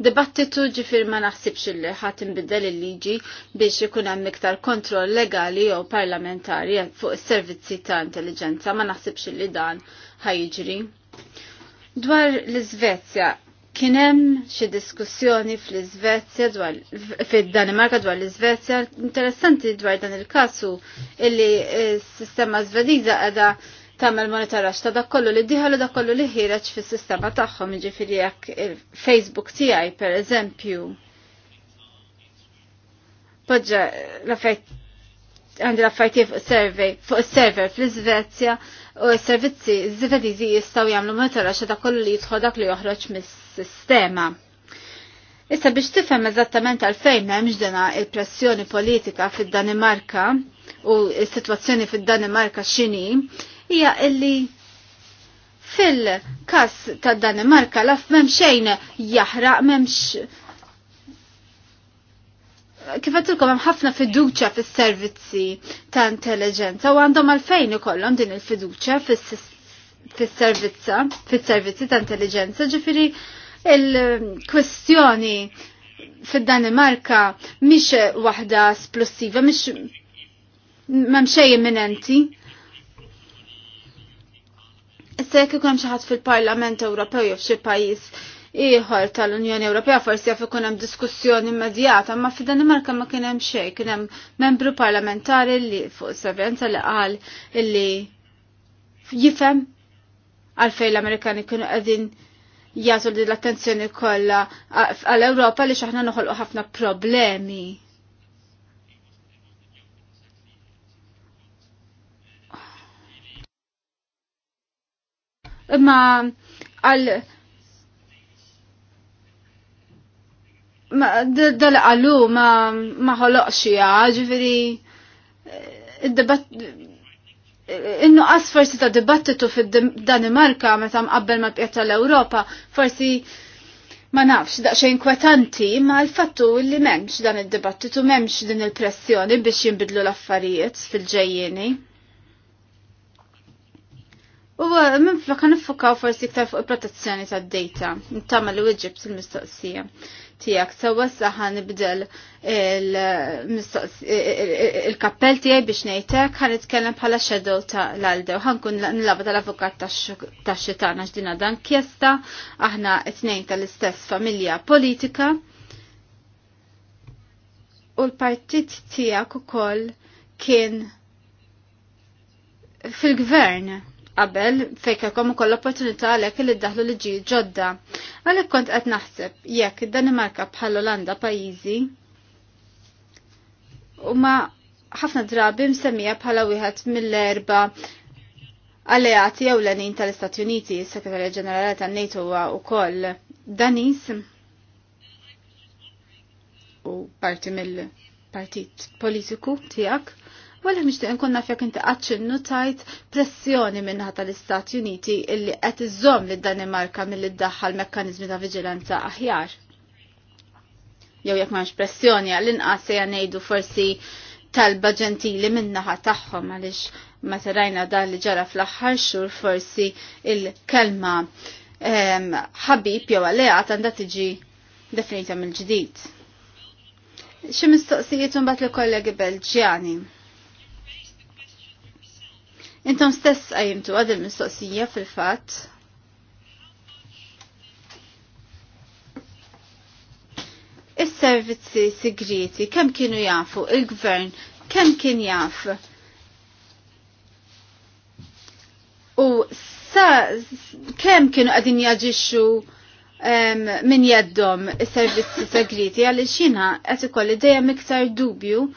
dibattitu ġifir ma naħsibx li ħat imbidel il-liġi biex ikun hemm iktar kontroll legali jew parlamentari fuq is-servizzi ta' intelligenza, ma naħsibx li dan ħajġri. Dwar l-Svezja, kien hemm xi diskussjoni fl-Iżvezja dwar fid-Danimarka dwar l-Iżvezja, interessanti dwar dan il-kasu illi s-sistema Żvediża qiegħda tagħmel monitoraġġ ta' dak kollu li diħalu dakollu li ħireċ fis-sistema tagħhom, jiġifieri jak il-Facebook tiegħi pereżempju eżempju. l-affarijiet għandi l fuq survey fuq is-server fl-Iżvezja u s-servizzi iż-Svediżi jistgħu jagħmlu monitoraġġ ta' dakollu li jidħol dak li joħroġ mis-sistema. Issa biex tifhem eżattament għalfejn m'hemmx dena il-pressjoni politika fid-Danimarka u s-sitwazzjoni fid-Danimarka x'inhi, hija illi fil-kas ta' Danimarka laf memxejn xejn memx kif għatilkom hemm ħafna fiduċa fis-servizzi ta' intelligenza u għandhom għalfejn ikollhom din il-fiduċa fis-servizza fis-servizzi ta' intelligenza ġifieri il-kwestjoni fid-Danimarka mhix waħda splussiva mhix m'hemm xejn imminenti Issa jekk ikun hemm xi ħadd fil-Parlament Ewropew jew f'xi pajjiż ieħor tal-Unjoni Ewropea forsi jaf ikun hemm diskussjoni immedjata, ma f'Danimarka ma kien hemm xejn, kien hemm membru parlamentari li fuq sevenza li qal illi jifhem għalfejn l-Amerikani kienu qegħdin jagħtu l-attenzjoni kollha għall-Ewropa li xaħna noħolqu ħafna problemi. imma għal dal għallu ma ma ħoloqxi ġifiri id-debat innu qas forsi ta' dibattitu fid-Danimarka meta mqabbel ma' pjata l-Ewropa forsi ma nafx daqsxejn kwetanti imma l-fattu li memx dan id-dibattitu memx din il-pressjoni biex jinbidlu l-affarijiet fil-ġejjeni. U eh, minn flok nifukaw forsi iktar fuq il-protezzjoni tad data Tama li uġib il-mistoqsija tiegħek. Sewwa saħħa nibdel il-kappell tiegħi biex nejtek, ħan nitkellem bħala shadow ta' l-aldew n nilaba tal-avukat tax-xitana ġdina dan kjesta aħna tnejn tal-istess familja politika u l-partit tiegħek ukoll kien fil-gvern qabel kellkom ukoll l opportunità għalhekk li ddaħlu li ġi ġodda. għalhekk kont qed naħseb jekk id Danimarka bħal Olanda pajjiżi huma ħafna drabi msemmija bħala wieħed mill-erba alleati jew lenin tal-Istati Uniti, il-Sekretarja Ġenerali tan-NATO huwa wkoll Danis u parti mill-partit politiku tiegħek. Wala mishtiq nkunna naf jekk inti qaċċinnu tajt pressjoni minnaħa tal-Istati Uniti illi qed iżżomm lid-Danimarka milli ddaħħal mekkaniżmi ta' viġilanza aħjar. Jew jekk m'hemmx pressjoni għall-inqas se ngħidu forsi talba ġentili minnaħa tagħhom għaliex meta rajna dan li ġara fl-aħħar xhur forsi il-kelma ehm, ħabib jew alleat għandha tiġi definita mill-ġdid. Xi mistoqsijiet mbagħad li kollegi Belġjani. Intom stess għajimtu għad il-mistoqsija fil-fat. Is-servizzi segreti kemm kienu jafu, il-gvern kemm kien jaf. U sa kemm kienu qegħdin jaġixxu min jeddom is-servizzi segreti għaliex jiena qed ikolli dejjem iktar dubju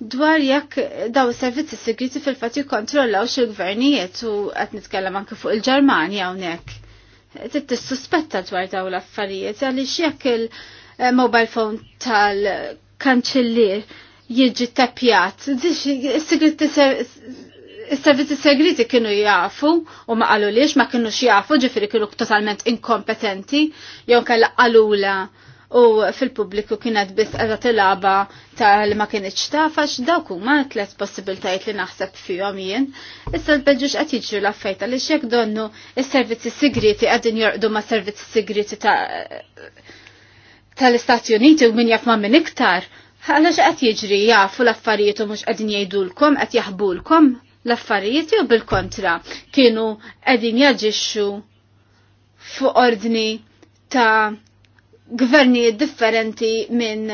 dwar jekk daw is-servizzi segreti fil-fatt jikkontrollaw xi gvernijiet u qed nitkellem anke fuq il-Ġermanja hawnhekk. Trid tissuspetta dwar daw l-affarijiet għaliex jekk il-mobile phone tal-kanċellier jiġi tappjat, is-servizzi segreti kienu jafu u ma qalu ma kienu jafu ġifiri kienu totalment inkompetenti jew kellha qalula u fil-pubbliku kienet biss għadha tilaba li ma kienx tafax dawk huma tliet possibiltajiet li naħseb fihom jien. Issa l-Belġux qed jiġru l-affajt għaliex jekk donnu s-servizzi sigriti qegħdin jorqdu ma' servizzi sigriti ta' tal-Istati Uniti u min jaf ma' min iktar, għalax qed jiġri jafu l-affarijiet u mhux qegħdin jgħidulkom qed jaħbulkom l-affarijiet jew bil-kontra kienu qegħdin jaġixxu fuq ordni ta' gvernijiet differenti minn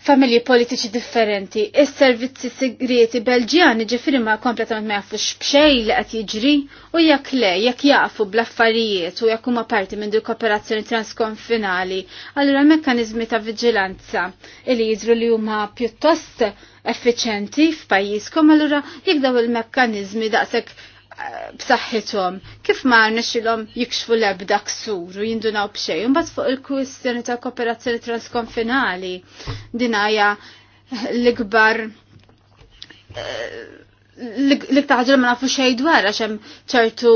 familji politiċi differenti. Is-servizzi segreti Belġjani ġifiri ma kompletament ma jafux bxej li qed jiġri u jekk le, jekk jafu bl-affarijiet u jekk huma parti minn dik operazzjoni transkonfinali, allura mekkaniżmi ta' viġilanza li jidru li huma pjuttost effiċenti f'pajjiżkom, allura jekk daw il-mekkaniżmi daqshekk b'saħħithom, kif ma nixilhom jikxfu l-ebda ksur u jindunaw b'xej. Imbagħad fuq il-kwistjoni ta' kooperazzjoni transkonfinali din hija l-ikbar eh, l-iktar ma nafu xej dwar għax hemm ċertu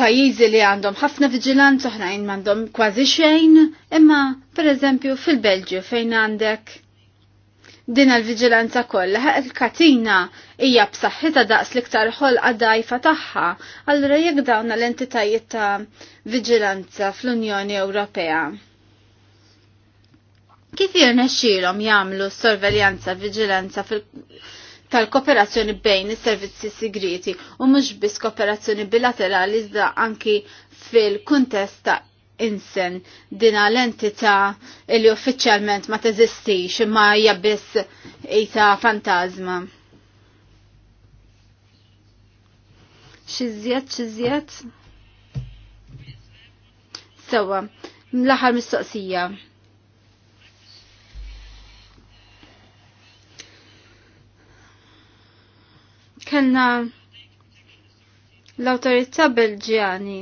pajizi li għandhom ħafna vigilanza oħrajn m'għandhom kważi xejn, imma pereżempju fil-Belġju fejn għandek Din il vigilanza kollha il-katina hija b'saħħitha daqs l-iktar ħolqa dajfa tagħha, allura jekk dawn l-entitajiet ta' viġilanza fl-Unjoni Ewropea. Kif jirnexxielhom jagħmlu s-sorveljanza viġilanza tal-kooperazzjoni bejn is-servizzi sigriti u mhux biss kooperazzjoni bilaterali iżda anki fil-kuntest ta' insen dina l-entità li uffiċjalment ma teżistix imma hija biss ita fantasma. Xizziet, xizziet. Sewa, l-aħħar mistoqsija. Kellna l autorita Belġjani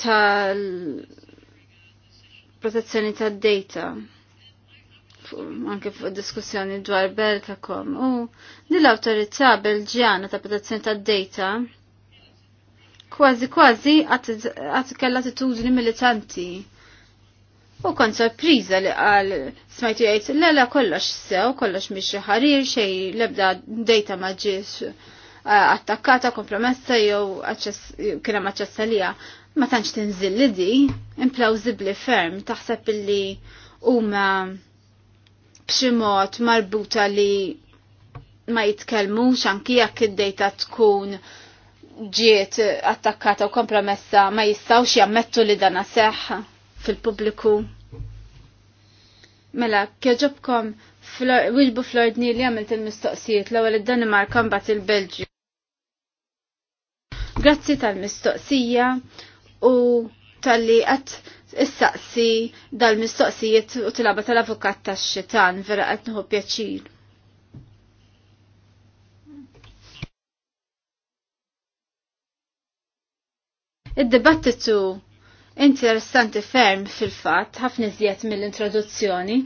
tal protezzjoni tad data anke fuq diskussjoni dwar kom u l awtorità Belġjana ta' protezzjoni tad data kważi kważi għat kella attitudni militanti. U kont sorpriża li qal smajtu jgħid le le kollox sew, kollox mhix ħarir xej l-ebda dejta ma ġiex eh, attakkata, kompromessa jew kien hemm aċċess ma tantx tinżil li di, implausibbli ferm, taħseb illi huma b'xi mod marbuta li ma jitkellmux anki jekk id-dejta tkun ġiet attakkata u kompromessa ma jistawx jammettu li dana seħ fil-pubbliku. Mela, kieġobkom Wilbu Flordni li għamilt il-mistoqsijiet l-ewwel id-Danimarka mbagħad il-Belġju. Grazzi tal-mistoqsija u tal-li għat issaqsi dal-mistoqsijiet u tilaba tal-avukat tax xitan vera qed nħu pjaċir. Id-dibattitu interessanti ferm fil-fatt ħafna iżjed mill-introduzzjoni.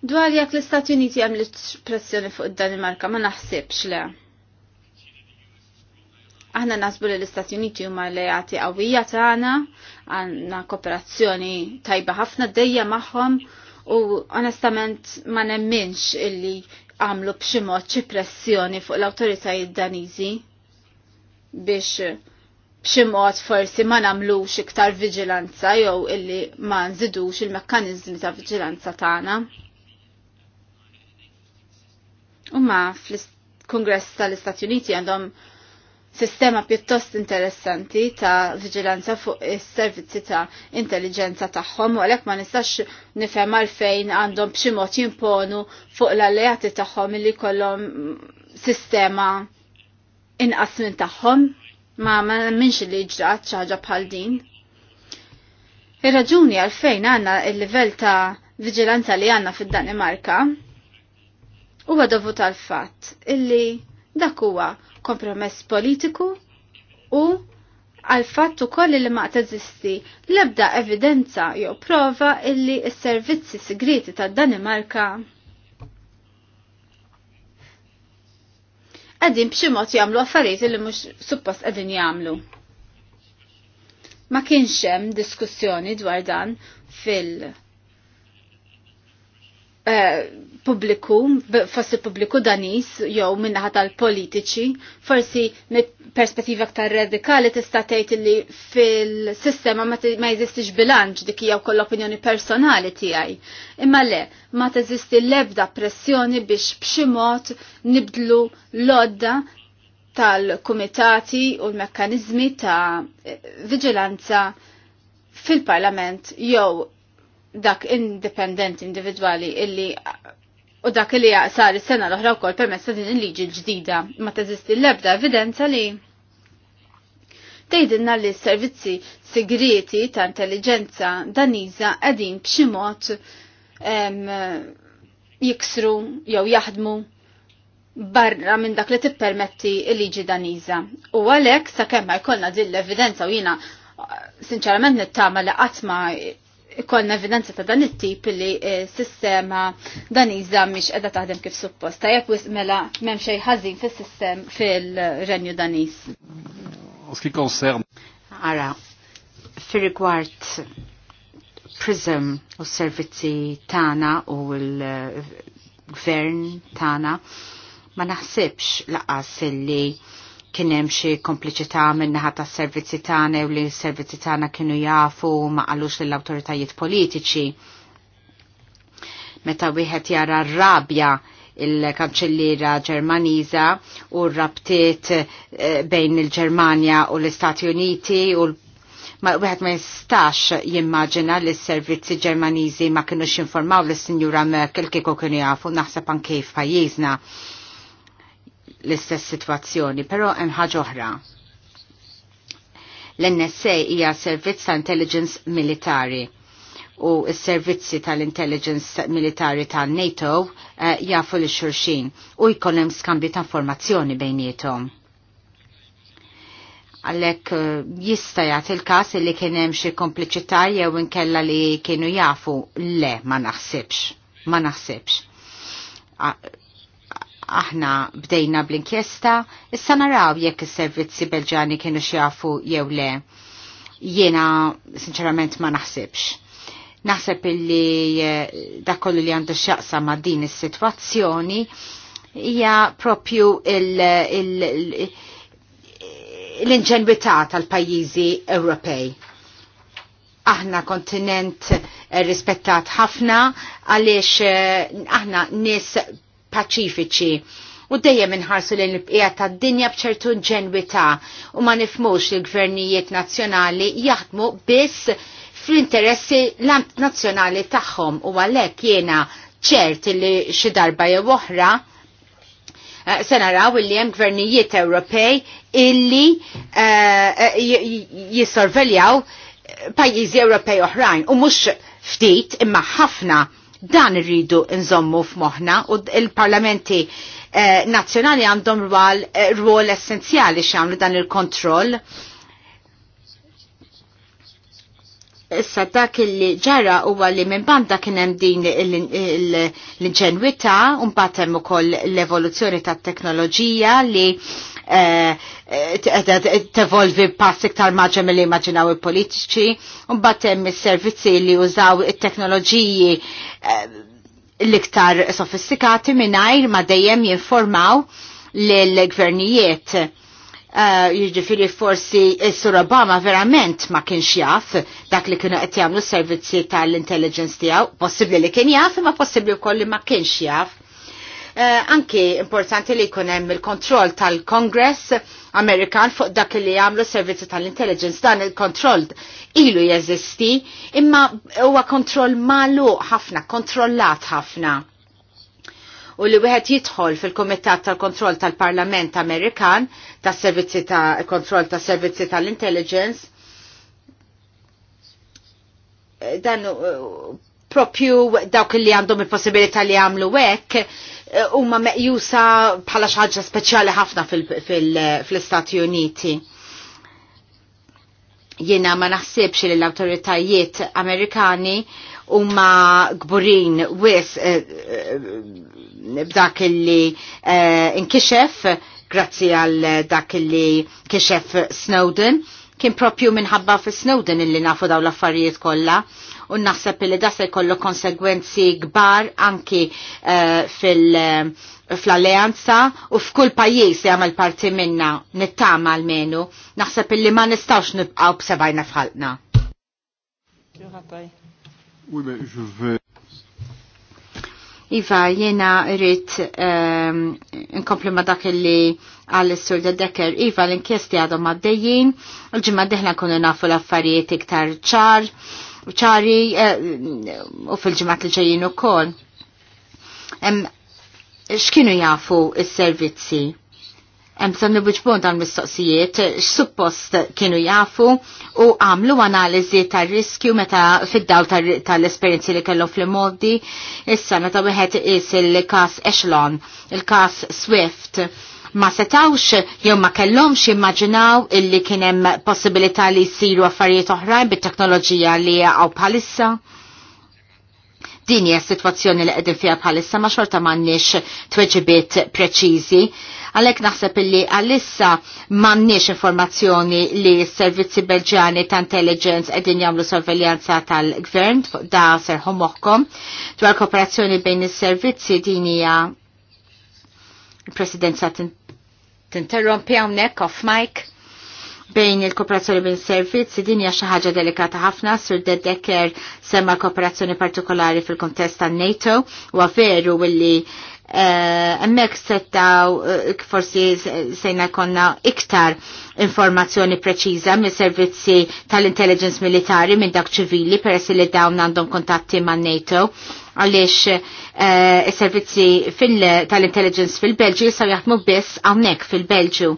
Dwar jekk l-Istati Uniti għamlet pressjoni fuq id-Danimarka ma naħsibx le. Aħna nasbu li l-Istati Uniti huma alleati qawwija tagħna, għandna kooperazzjoni tajba ħafna dejja magħhom u onestament ma nemminx illi għamlu b'xi mod xi pressjoni fuq l-awtoritajiet Daniżi biex b'xi mod forsi ma nagħmlux iktar viġilanza jew illi ma nżidux il-mekkaniżmi ta' viġilanza tagħna. U ma fl-Kongress tal-Istati Uniti għandhom sistema pjuttost interessanti ta' vigilanza fuq is-servizzi ta' intelligenza tagħhom u għalhekk ma nistax nifhem għalfejn għandhom b'xi mod jimponu fuq l-alleati tagħhom li kollhom sistema inqas minn tagħhom ma ma minx li ġrat xi ħaġa bħal din. Ir-raġuni għalfejn għandna l livell ta' vigilanza li għandna fid-Danimarka huwa dovut għal fatt illi dak huwa kompromess politiku u għal fattu koll li ma teżisti lebda evidenza jew prova illi s-servizzi segreti ta' Danimarka għedin bximot jamlu affarijiet illi mux suppost għedin jamlu. Ma kienxem diskussjoni dwar dan fil- eh, pubbliku, fossi pubbliku danis, jew minnaħa tal-politiċi, forsi perspettiva aktar radikali tista' tgħid li fil-sistema ma jeżistix bilanċ dik jew koll opinjoni personali tiegħi. Imma le, ma teżisti l-ebda pressjoni biex b'xi mod nibdlu lodda tal-kumitati u l-mekkanizmi ta' vigilanza fil-parlament jew dak independent individwali illi U dak li sar is-sena l-oħra wkoll permezz ta' din il-liġi l-ġdida ma teżisti l-ebda evidenza li tgħidilna li s-servizzi segreti ta' intelligenza daniża qegħdin b'xi mod jiksru jew jaħdmu barra minn dak li tippermetti il-liġi daniża. U għalhekk sakemm ma jkollna din l-evidenza u jiena sinċerament nittama li qatt ma konna evidenza ta' dan it-tip li eh, sistema dan iżda miex edha taħdem kif suppost. Ta' jek mela memx xej ħażin fis-sistem fil-renju danis. Oski konsern. Ara, fir-rigward Prism u servizzi tana u l-gvern tana ma naħsibx laqas li kien hemm xi kompliċità min-naħa tas-servizzi tagħna u li s-servizzi tagħna kienu jafu ma qalux lill-awtoritajiet politiċi. Meta wieħed jara r-rabja il-kanċellira Ġermaniża u r-rabtiet eh, bejn il-Ġermanja u l-Istati Uniti u l ma wieħed ma jistax jimmaġina li s-servizzi Ġermaniżi ma kinux informaw lis sinjura Merkel kieku kienu jafu naħseb anke f'pajjiżna l-istess situazzjoni, pero hemm ħaġa oħra. L-NSA hija servizz ta' intelligence militari u s-servizzi tal-intelligence militari tal-NATO uh, eh, jafu li xurxin u jkollem skambju ta' informazzjoni bejnietom. Għallek uh, eh, jista jgħat il-kas li kienem xie kompliċità jew inkella li kienu jafu le ma naħsibx. Ma naħsibx aħna bdejna bl-inkjesta, issa naraw jekk is-servizzi Belġani kienu xjafu jew le. Jiena sinċerament ma naħsibx. Naħseb illi eh, dak li għandu x'jaqsa ma' din is-sitwazzjoni hija propju l-inġenwità tal-pajjiżi Ewropej aħna kontinent eh, rispettat ħafna għaliex eh, aħna nis paċifiċi u dejjem inħarsu l bqija tad-dinja bċertu ġenwità u ma nifmux li gvernijiet nazzjonali jaħdmu biss fl-interessi nazzjonali tagħhom u għalhekk jiena ċert li xi darba jew oħra eh, se naraw li hemm gvernijiet Ewropej illi eh, eh, jissorveljaw pajjiżi Ewropej oħrajn u mhux ftit imma ħafna Dan irridu nżommu f'moħħna u il-parlamenti eh, nazzjonali għandhom rwol, eh, rwol essenzjali x'għamlu dan il-kontroll. Issa dak li ġara huwa li minn banda kien hemm din l-inġenwità un mbagħad hemm ukoll l-evoluzzjoni tat-teknoloġija li tevolvi pass iktar maġem li immaġinaw il-politiċi, un batem il-servizzi li użaw il-teknoloġiji eh, l-iktar sofistikati minnajr ma dejjem jinformaw l-gvernijiet. Eh, jiġifieri forsi Sur Obama verament ma kienx jaf dak li kienu qed jagħmlu s servizzi tal-intelligence tiegħu, possibbli li kien jaf, ma possibbli wkoll li ma kienx jaf Eh, anki importanti li jkun hemm il-kontroll tal-Kongress Amerikan fuq dak li jagħmlu servizzi tal-intelligence dan il-kontroll ilu jeżisti imma huwa kontroll magħluq ħafna, kontrollat ħafna. U li wieħed jidħol fil-Kumitat tal-Kontroll tal-Parlament Amerikan tas-Servizzi ta' Kontroll tas-Servizzi tal-Intelligence eh, dan eh, propju dawk li għandhom il-possibilità li għamlu hekk Eh, huma meqjusa bħala xi ħaġa speċjali ħafna fl-Istati Uniti. Jiena ma naħsibx li l-awtoritajiet Amerikani huma gburin wis eh, eh, b'dak illi inkixef grazzi għal dak illi kixef Snowden kien propju minħabba fi Snowden illi nafu daw l-affarijiet kollha u naħseb li da se jkollu konsegwenzi kbar anki uh, fil- uh, fl-alleanza u f'kull pajjiż li għamel parti minna nittama għal-menu, naħseb illi ma nistawx nibqaw b'sebajna fħalqna. Iva, jena rrit um, ehm, nkompli ma dak li għal-sur da Decker. Iva, l-inkjesti għadhom għaddejjin, l-ġimma diħna kunu nafu l-affarijiet iktar ċar ċari eh, u fil-ġimat li ġejjin ukoll. X'kienu jafu s-servizzi? Hemm bżonn nibuġbon dan mistoqsijiet x'suppost kienu jafu u għamlu analiżi tar-riskju meta fid-daw tal-esperjenzi li kellhom fl-modi issa meta wieħed is il-każ Echelon, il-każ Swift ma setawx jew ma kellhomx immaġinaw illi kien hemm possibilità li jsiru affarijiet oħrajn bit-teknoloġija li għaw bħalissa? Din hija s-sitwazzjoni li qegħdin fiha bħalissa ma xorta m'għandniex tweġibiet preċiżi. Għalhekk naħseb illi għalissa m'għandniex informazzjoni li s-servizzi Belġjani ta' intelligence qegħdin jagħmlu sorveljanza tal-gvern da serħu moħħkom dwar kooperazzjoni bejn is-servizzi din hija il-presidenza tinterrompi hawnhekk off mic bejn il-kooperazzjoni bejn servizzi din hija xi ħaġa delikata ħafna sur Dedeker semma kooperazzjoni partikolari fil-kontest tan NATO u veru illi eh, hemmhekk settaw eh, forsi sejna konna iktar informazzjoni preċiża mis servizzi tal-intelligence militari minn dak ċivili peress li dawn għandhom kontatti man NATO għaliex eh, is-servizzi tal-intelligence fil belġu jistgħu jaħdmu biss hawnhekk fil-Belġju.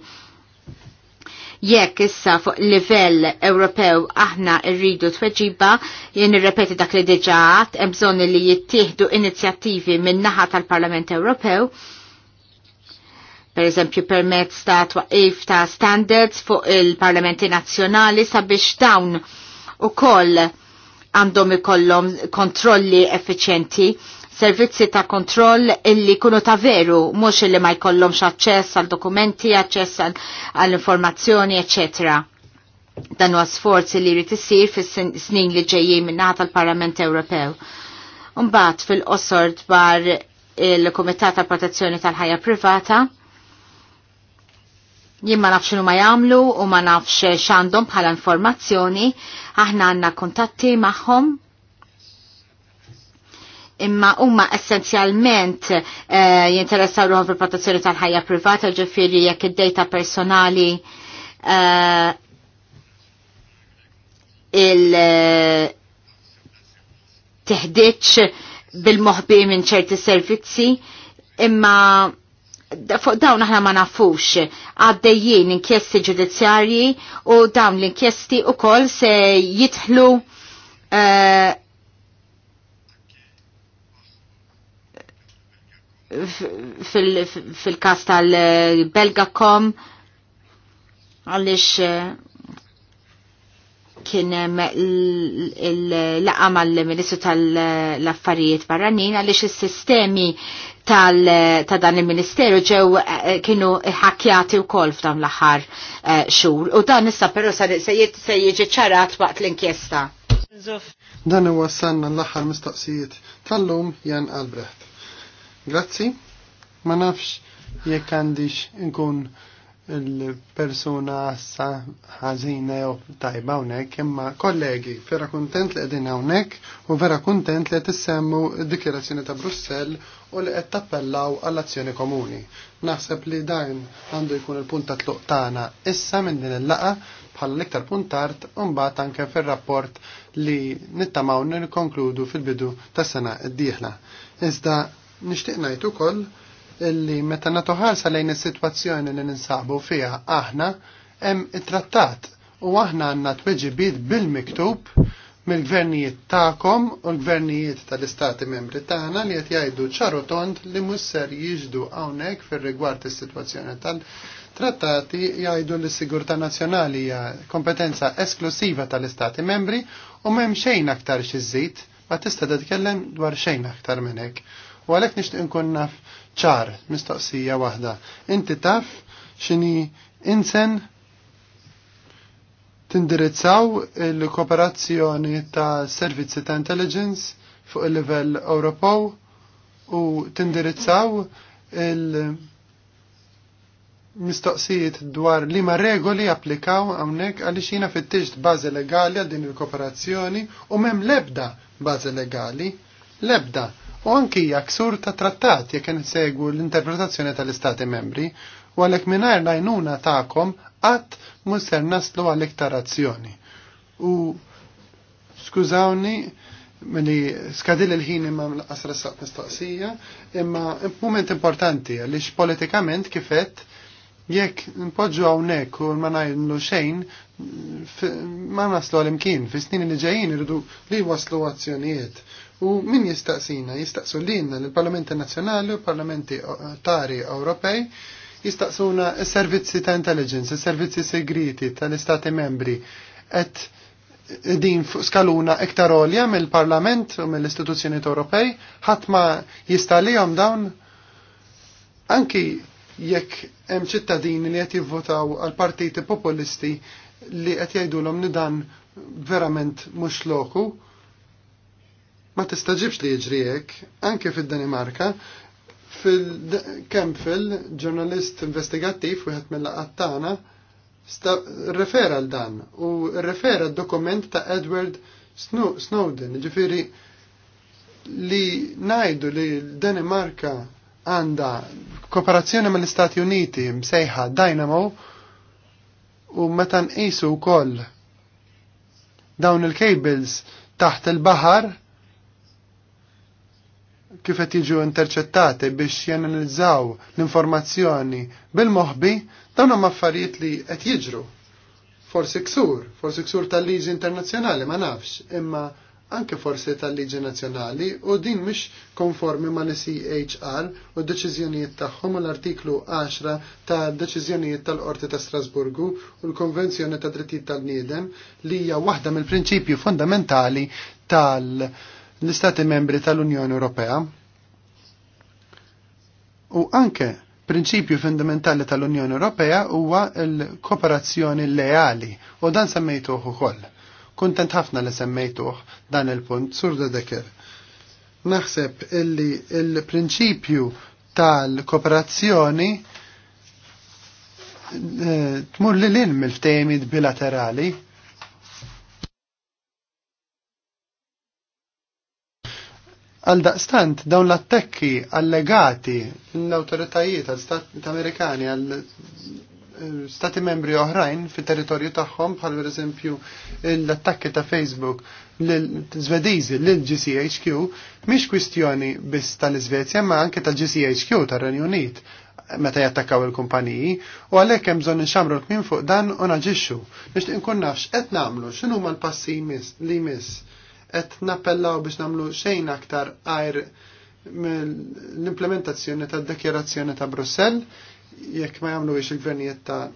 Jekk issa fuq livell Ewropew aħna rridu tweġiba, jien irrepeti dak li diġà għat, hemm bżonn li jittieħdu inizjattivi min-naħa tal-Parlament Ewropew per eżempju permezz ta' twaqif ta' standards fuq il-parlamenti nazzjonali sabiex dawn u koll għandhom ikollhom kontrolli effiċjenti, servizzi ta' kontroll illi kunu ta' veru, mhux illi ma jkollhomx aċċess għal dokumenti, aċċess għall informazzjoni, eċetera. Dan huwa sforzi li jrid isir fis-snin li ġejjin minnaħa tal-Parlament Ewropew. Mbagħad fil-qosor dwar il-Kumitat tal-Protezzjoni tal-Ħajja Privata, jien ma nafx ma jagħmlu u ma nafx x'għandhom bħala informazzjoni, aħna għandna kuntatti magħhom. Imma huma essenzjalment eh, jinteressaw ruħom fil-protezzjoni tal-ħajja privata, ġifieri jekk id dejta personali e, il eh, teħdiċ bil-moħbi minn ċerti servizzi, imma fuq dawn aħna ma nafux għaddejjien inkjesti ġudizzjarji u dawn l-inkjesti u koll se jitħlu uh, fil-kas tal-Belgacom għalix eh, kien il laqam mal-Ministru tal-Affarijiet Barranin għalix il-sistemi tal, ta' dan il-Ministeru ġew eh, kienu ħakjati u kol f'dan l-aħħar xur. Eh, xhur. U dan issa però se jiġi ċarat waqt l-inkjesta. Dan huwa sanna l-aħħar mistaqsijiet tal-lum Jan Albrecht. Grazzi, ma nafx jekk għandix nkun il-persuna sa ħażina jew tajba hawnhekk, imma kollegi, vera kuntent li qegħdin hawnhekk u vera kuntent li qed issemmu d-dikjerazzjoni ta' Brussell u li qed tappellaw għall-azzjoni komuni. Naħseb li dan għandu jkun il-punt ta' tluq tagħna issa minn din il-laqa bħal l-iktar puntart u mbagħad anke fir-rapport li nittamaw konkludu fil-bidu tas-sena d-dieħla. Iżda nixtieq ngħid ukoll illi meta natuħalsa lejn is-sitwazzjoni li ninsabu fiha aħna hemm it-trattat u aħna għandna tweġibiet bil-miktub mill-gvernijiet tagħkom u l-gvernijiet tal-istati membri tagħna li qed jgħidu ċaru tont li musser ser jiġdu hawnhekk fir-rigward is-sitwazzjoni tal- trattati jgħidu li sigurta nazjonali hija kompetenza esklusiva tal-istati membri u m'hemm xejn aktar xi żid ma tista' titkellem dwar xejn aktar minn hekk. U għalhekk nixtieq inkun naf ċar, mistoqsija waħda. Inti taf xini insen tindirizzaw il-kooperazzjoni ta' servizzi ta' intelligence fuq il-livell Ewropew u tindirizzaw il- mistoqsijiet dwar li ma regoli applikaw għamnek għalli xina fit-tiġt bazi legali għal din il-kooperazzjoni u mem lebda bazi legali, lebda u anki sur ta' trattat jekk segu l-interpretazzjoni tal-Istati membri u għalhekk mingħajr lajnuna tagħkom qatt mhux ser naslu għal iktar azzjoni. U skużawni milli skadil il-ħin imma l qasra saq mistoqsija, imma moment importanti għaliex politikament kifet jekk npoġġu hawnhekk u ma ngħidlu xejn ma naslu għal imkien, fis-snin li ġejjin irdu li waslu azzjonijiet U min jistaqsina? Jistaqsu lilna l-Parlamenti Nazzjonali l Parlamenti Tari Ewropej jistaqsuna s-servizzi ta' intelligence, s-servizzi segreti tal-Istati membri et din fuq skaluna iktar olja mill-Parlament u mill-istituzzjoni Ewropej ħadd ma jistalihom dawn anki jekk hemm ċittadini li qed jivvotaw għal partiti populisti li qed jgħidulhom li dan verament mhux loku Ma tistaġibx li jiġri hekk, anke fid-Danimarka, fil-Kempfil, ġurnalist investigattiv wieħed mill-laqat tagħna, refera l dan u refera dokument ta' Edward Snowden, ġifiri li najdu li Danimarka għanda kooperazzjoni mill istati Uniti msejħa Dynamo u meta nqisu wkoll dawn il-cables taħt il-baħar kif qed jiġu interċettati biex jenalizzaw l-informazzjoni bil-moħbi dawn huma affarijiet li qed jiġru. Forsi ksur, forsi ksur tal-liġi internazzjonali ma nafx, imma anke forsi tal-liġi nazzjonali u din mhix konformi ma' l-CHR u d-deċiżjonijiet tagħhom u l-artiklu 10 ta' deċiżjonijiet tal-Qorti ta' Strasburgu u l-Konvenzjoni ta' Drittijiet tal-Niedem li hija waħda mill-prinċipju fondamentali tal-, -prinċipju tal l-Istati membri tal-Unjoni Ewropea u anke prinċipju fundamentali tal-Unjoni Ewropea huwa l-kooperazzjoni leali u dan semmejtuh ukoll. Kuntent ħafna li semmejtuh dan il-punt surda deker. Naħseb illi il-prinċipju tal-kooperazzjoni eh, tmur li l-in mill-ftejmid bilaterali Għal daqstant, dawn l attekki allegati l-autoritajiet għal-Stat Amerikani għal eh, stati membri oħrajn fit territorju tagħhom bħal pereżempju l-attakki ta' Facebook l-Zvedizi l-GCHQ mhix kwistjoni biss tal-Iżvezja ma anke tal-GCHQ tar-Renju Unit meta jattakkaw il-kumpaniji u għalhekk hemm bżonn inxamru l-kmin fuq dan u naġixxu. Nixtieq inkun nafx qed nagħmlu x'inhuma l-passi li jmiss qed nappellaw biex nagħmlu xejn aktar għajr l-implementazzjoni tad dekjerazzjoni ta' Brussell jekk ma jamlu biex il-gvernijiet ta'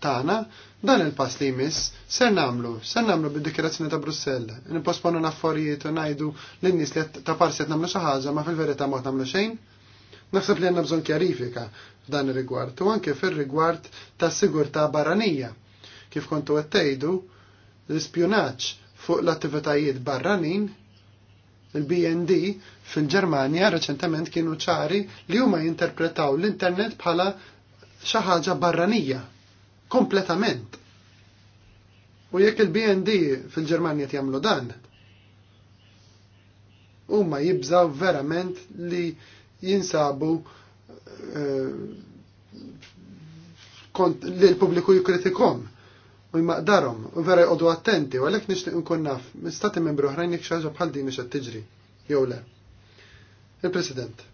tagħna, dan il-pass li jmiss ser nagħmlu, ser nagħmlu bid dekjerazzjoni ta' Brussell. Nipposponu l-affarijiet u ngħidu lin-nies li ta' parsi qed nagħmlu xi ħaġa ma fil verita ma nagħmlu xejn. Naħseb li għanna bżonn kjarifika f'dan il rigward u anke fir-rigward tas sigurtà barranija. Kif kontu qed tgħidu l-ispjunaġġ fuq l-attivitajiet barranin, il-BND fil-Ġermanja reċentament kienu ċari li huma jinterpretaw l-internet bħala xi ħaġa barranija kompletament. U jekk il-BND fil ġermania jagħmlu dan, huma jibżaw verament li jinsabu uh, li l-pubbliku jikritikom u jmaqdarom, u vera jqogħdu attenti u għalek nishtiq nkun naf mistati membru oħrajn jek xaġa bħal din mhix qed tiġri jew le. Il-President,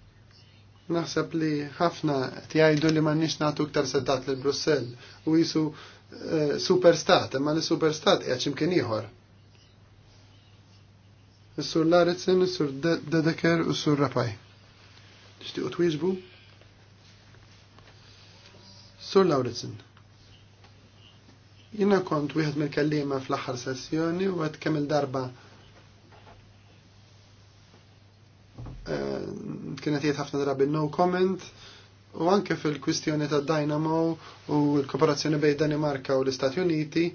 naħseb li ħafna qed jgħidu li m'għandniex natu ktar sedat lil Brussell u jisu eh, superstat, imma li superstat jgħacim kien ieħor. Is-sur Laritzen, is-sur Dedeker u sur Rapaj. Nixtiequ twieġbu? Sur Lauritzen. Jina kont wieħed mill-kellima fl-aħħar sessjoni u għed kemm il-darba eh, kienet jgħid ħafna drabi no comment u anke fil-kwistjoni ta' Dynamo u l-kooperazzjoni bej Danimarka u l-Istati Uniti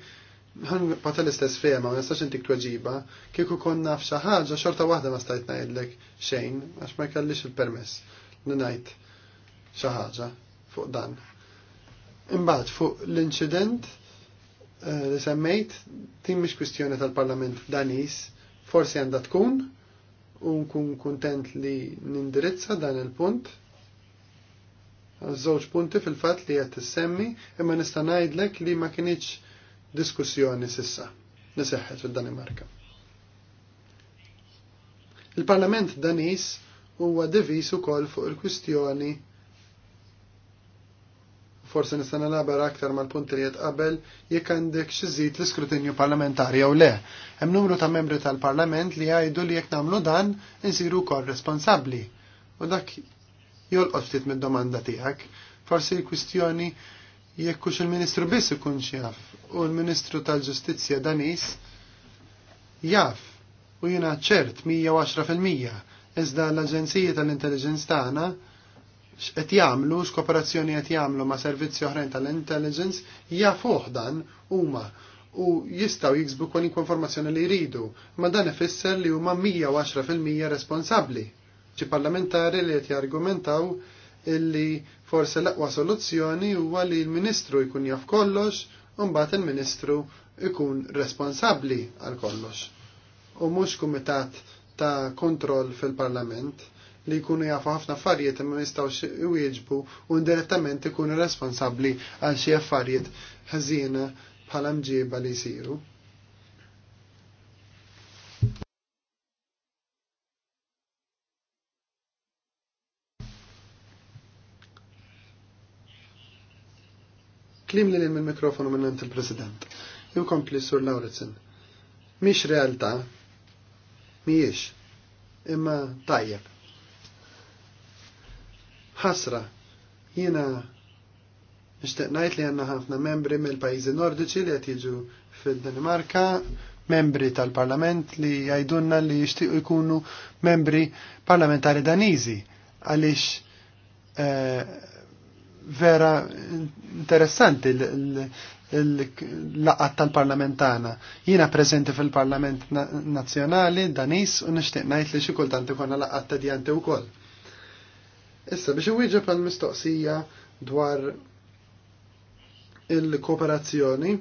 ħan pata l-istess fema, ma nistax intik tweġiba, kieku kon naf xi ħaġa xorta waħda ma stajt ngħidlek xejn għax ma jkallix il-permess li ngħid xi ħaġa fuq dan. Imbagħad fuq l-inċident Eh, li semmejt tim mhix kwistjoni tal-Parlament Danis, forsi għandha tkun u nkun kuntent li nindirizza dan il-punt. Żewġ punti fil-fatt li qed semmi imma nista' ngħidlek li ma kinitx diskussjoni sissa li fil fid-Danimarka. Il-Parlament Danis huwa devis ukoll fuq il-kwistjoni il il kwistjoni forse nista' nabar aktar mal-punti li qabel jekk għandek xi żid l-iskrutinju parlamentari jew le. Hemm numru ta' membri tal-Parlament li jgħidu li jekk nagħmlu dan insiru wkoll responsabbli. U dak jolqot ftit mid-domanda tiegħek. Forsi l-kwistjoni jekk hux il-Ministru biss ikun jaf u l-Ministru tal-Ġustizzja Danis jaf u jiena ċert 110 fil-mija iżda l-Aġenziji tal-Intelligence tagħna ta qed jagħmlu skoperazzjoni qed jagħmlu ma' servizzi oħrajn tal-intelligence jafuh dan huma u jistgħu jiksbu kwalinkwa informazzjoni li jridu, ma dan ifisser li huma 110% responsabbli. Ċi parlamentari li qed jargumentaw illi forse l-aqwa soluzzjoni huwa li l-Ministru jkun jaf kollox u mbagħad il-Ministru ikun responsabbli għal kollox u mhux kumitat ta' kontroll fil-Parlament li jkunu jafu ħafna affarijiet imma jistgħux iwieġbu u indirettament ikunu responsabbli għal xi affarijiet ħażina bħala mġiba li jsiru. Klim li minn mikrofonu minnant il-President. kompli sur Lauritsen. Mish realtà, miex, imma tajjeb ħasra. Jiena nixtieq ngħid li għandna ħafna membri mill-pajjiżi nordiċi li qed jiġu danimarka membri tal-Parlament li jgħidulna li jixtiequ jkunu membri parlamentari Daniżi għaliex eh, vera interessanti l-laqat tal-parlamentana. Jina prezenti fil-parlament nazjonali, danis, u nishtiqnajt li xikultanti konna laqat ta' dijanti u koll. Issa biex iwieġeb għal mistoqsija dwar il-kooperazzjoni,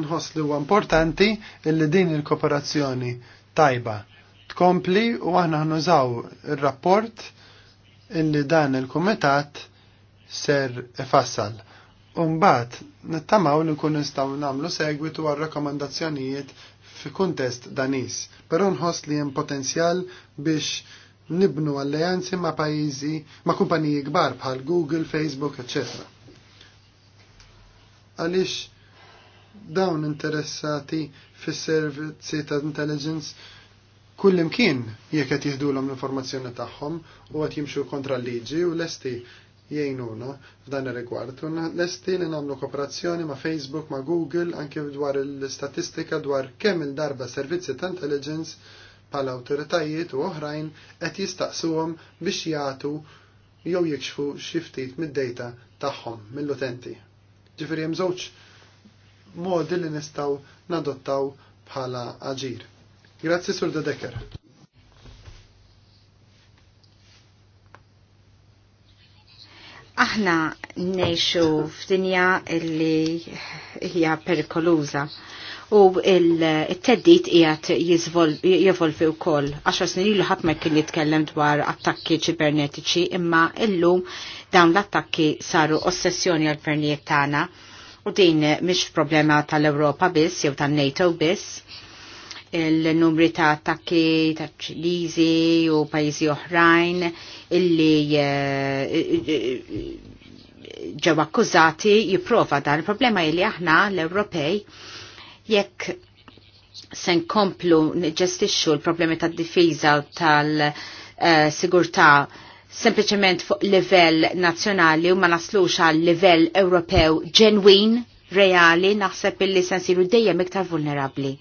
nħoss li huwa importanti illi din il-kooperazzjoni tajba tkompli u aħna ħnużaw ir-rapport illi dan il-kumitat ser ifassal. Umbat, nittamaw li nkun nistgħu nagħmlu segwitu għal rakkomandazzjonijiet fi kuntest danis, però nħoss li hemm potenzjal biex nibnu alleanzi ma' pajizi, ma' kumpaniji kbar bħal Google, Facebook, etc. Għaliex dawn interessati fis servizzi ta' intelligence kull imkien jekk qed jieħdulhom l-informazzjoni tagħhom u qed jimxu kontra l-liġi u lesti jgħinuna f'dan ir-rigward. U lesti li nagħmlu kooperazzjoni ma' Facebook, ma' Google anke dwar l-istatistika dwar kemm il-darba servizzi ta' intelligence pal awtoritajiet u oħrajn qed jistaqsuhom biex jagħtu jew jikxfu xi ftit mid-dejta tagħhom mill-utenti. Ġifieri hemm żewġ modi li nistgħu nadottaw bħala aġir. Grazzi Sur De Decker. Aħna nejxu f'dinja li hija perikoluża u il-teddit qiegħed jevolvi wkoll. Għaxar snin ilu ħat ma kien jitkellem dwar attakki ċibernetiċi imma illum dawn l-attakki saru ossessjoni għal-gvernijiet tagħna u din mhix problema tal-Ewropa biss jew tan-NATO biss il-numri ta' attakki ta' ċilizi u pajjiżi oħrajn illi eh, ġew akkużati jipprova dan. Il-problema li aħna l-Ewropej Jekk se nkomplu nġestixxu l-problemi tad-difiża tal-sigurtà sempliċement fuq livell nazzjonali u ma naslux għal livell Ewropew ġenwin, reali, naħseb illi se nsiru dejjem iktar vulnerabbli.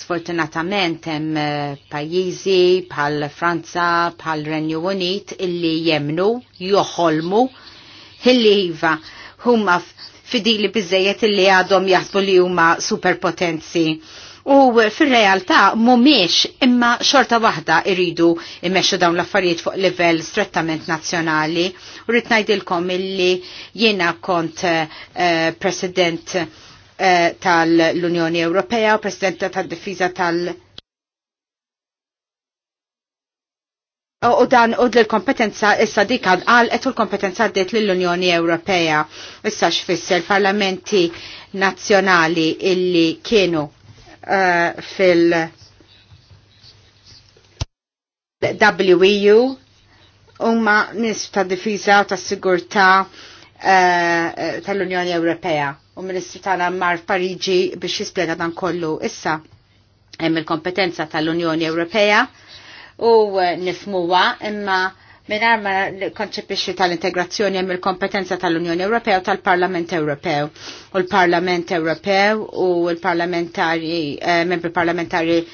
Sfortunatament hemm eh, pajjiżi bħal Franza, bħal Renju Unit illi jemnu, joħolmu, illi iva, huma fidili bizzejiet li għadhom jaħsbu li huma superpotenzi. U fil-realtà mumiex imma xorta waħda iridu immexxu dawn l-affarijiet fuq livell strettament nazzjonali. U rrid ngħidilkom illi jiena kont uh, President uh, tal-Unjoni Ewropea u President tad-Difiża tal-, -Difiza tal U dan u l-kompetenza issa dik għal qed l-kompetenza għaddiet lill-Unjoni Ewropea. Issa x'fisser parlamenti nazzjonali illi kienu uh, fil WEU huma ministru ta' difiża u ta' sigurtà uh, tal-Unjoni Ewropea u ministru tagħna mar Parigi biex jispjega dan kollu issa hemm il-kompetenza tal-Unjoni Ewropea u eh, nifmuwa imma Minar ma konċepixi tal-integrazzjoni hemm il-kompetenza tal-Unjoni Ewropew u tal-Parlament Ewropew. U l-Parlament Ewropew u l-parlamentari, eh, membri parlamentari eh,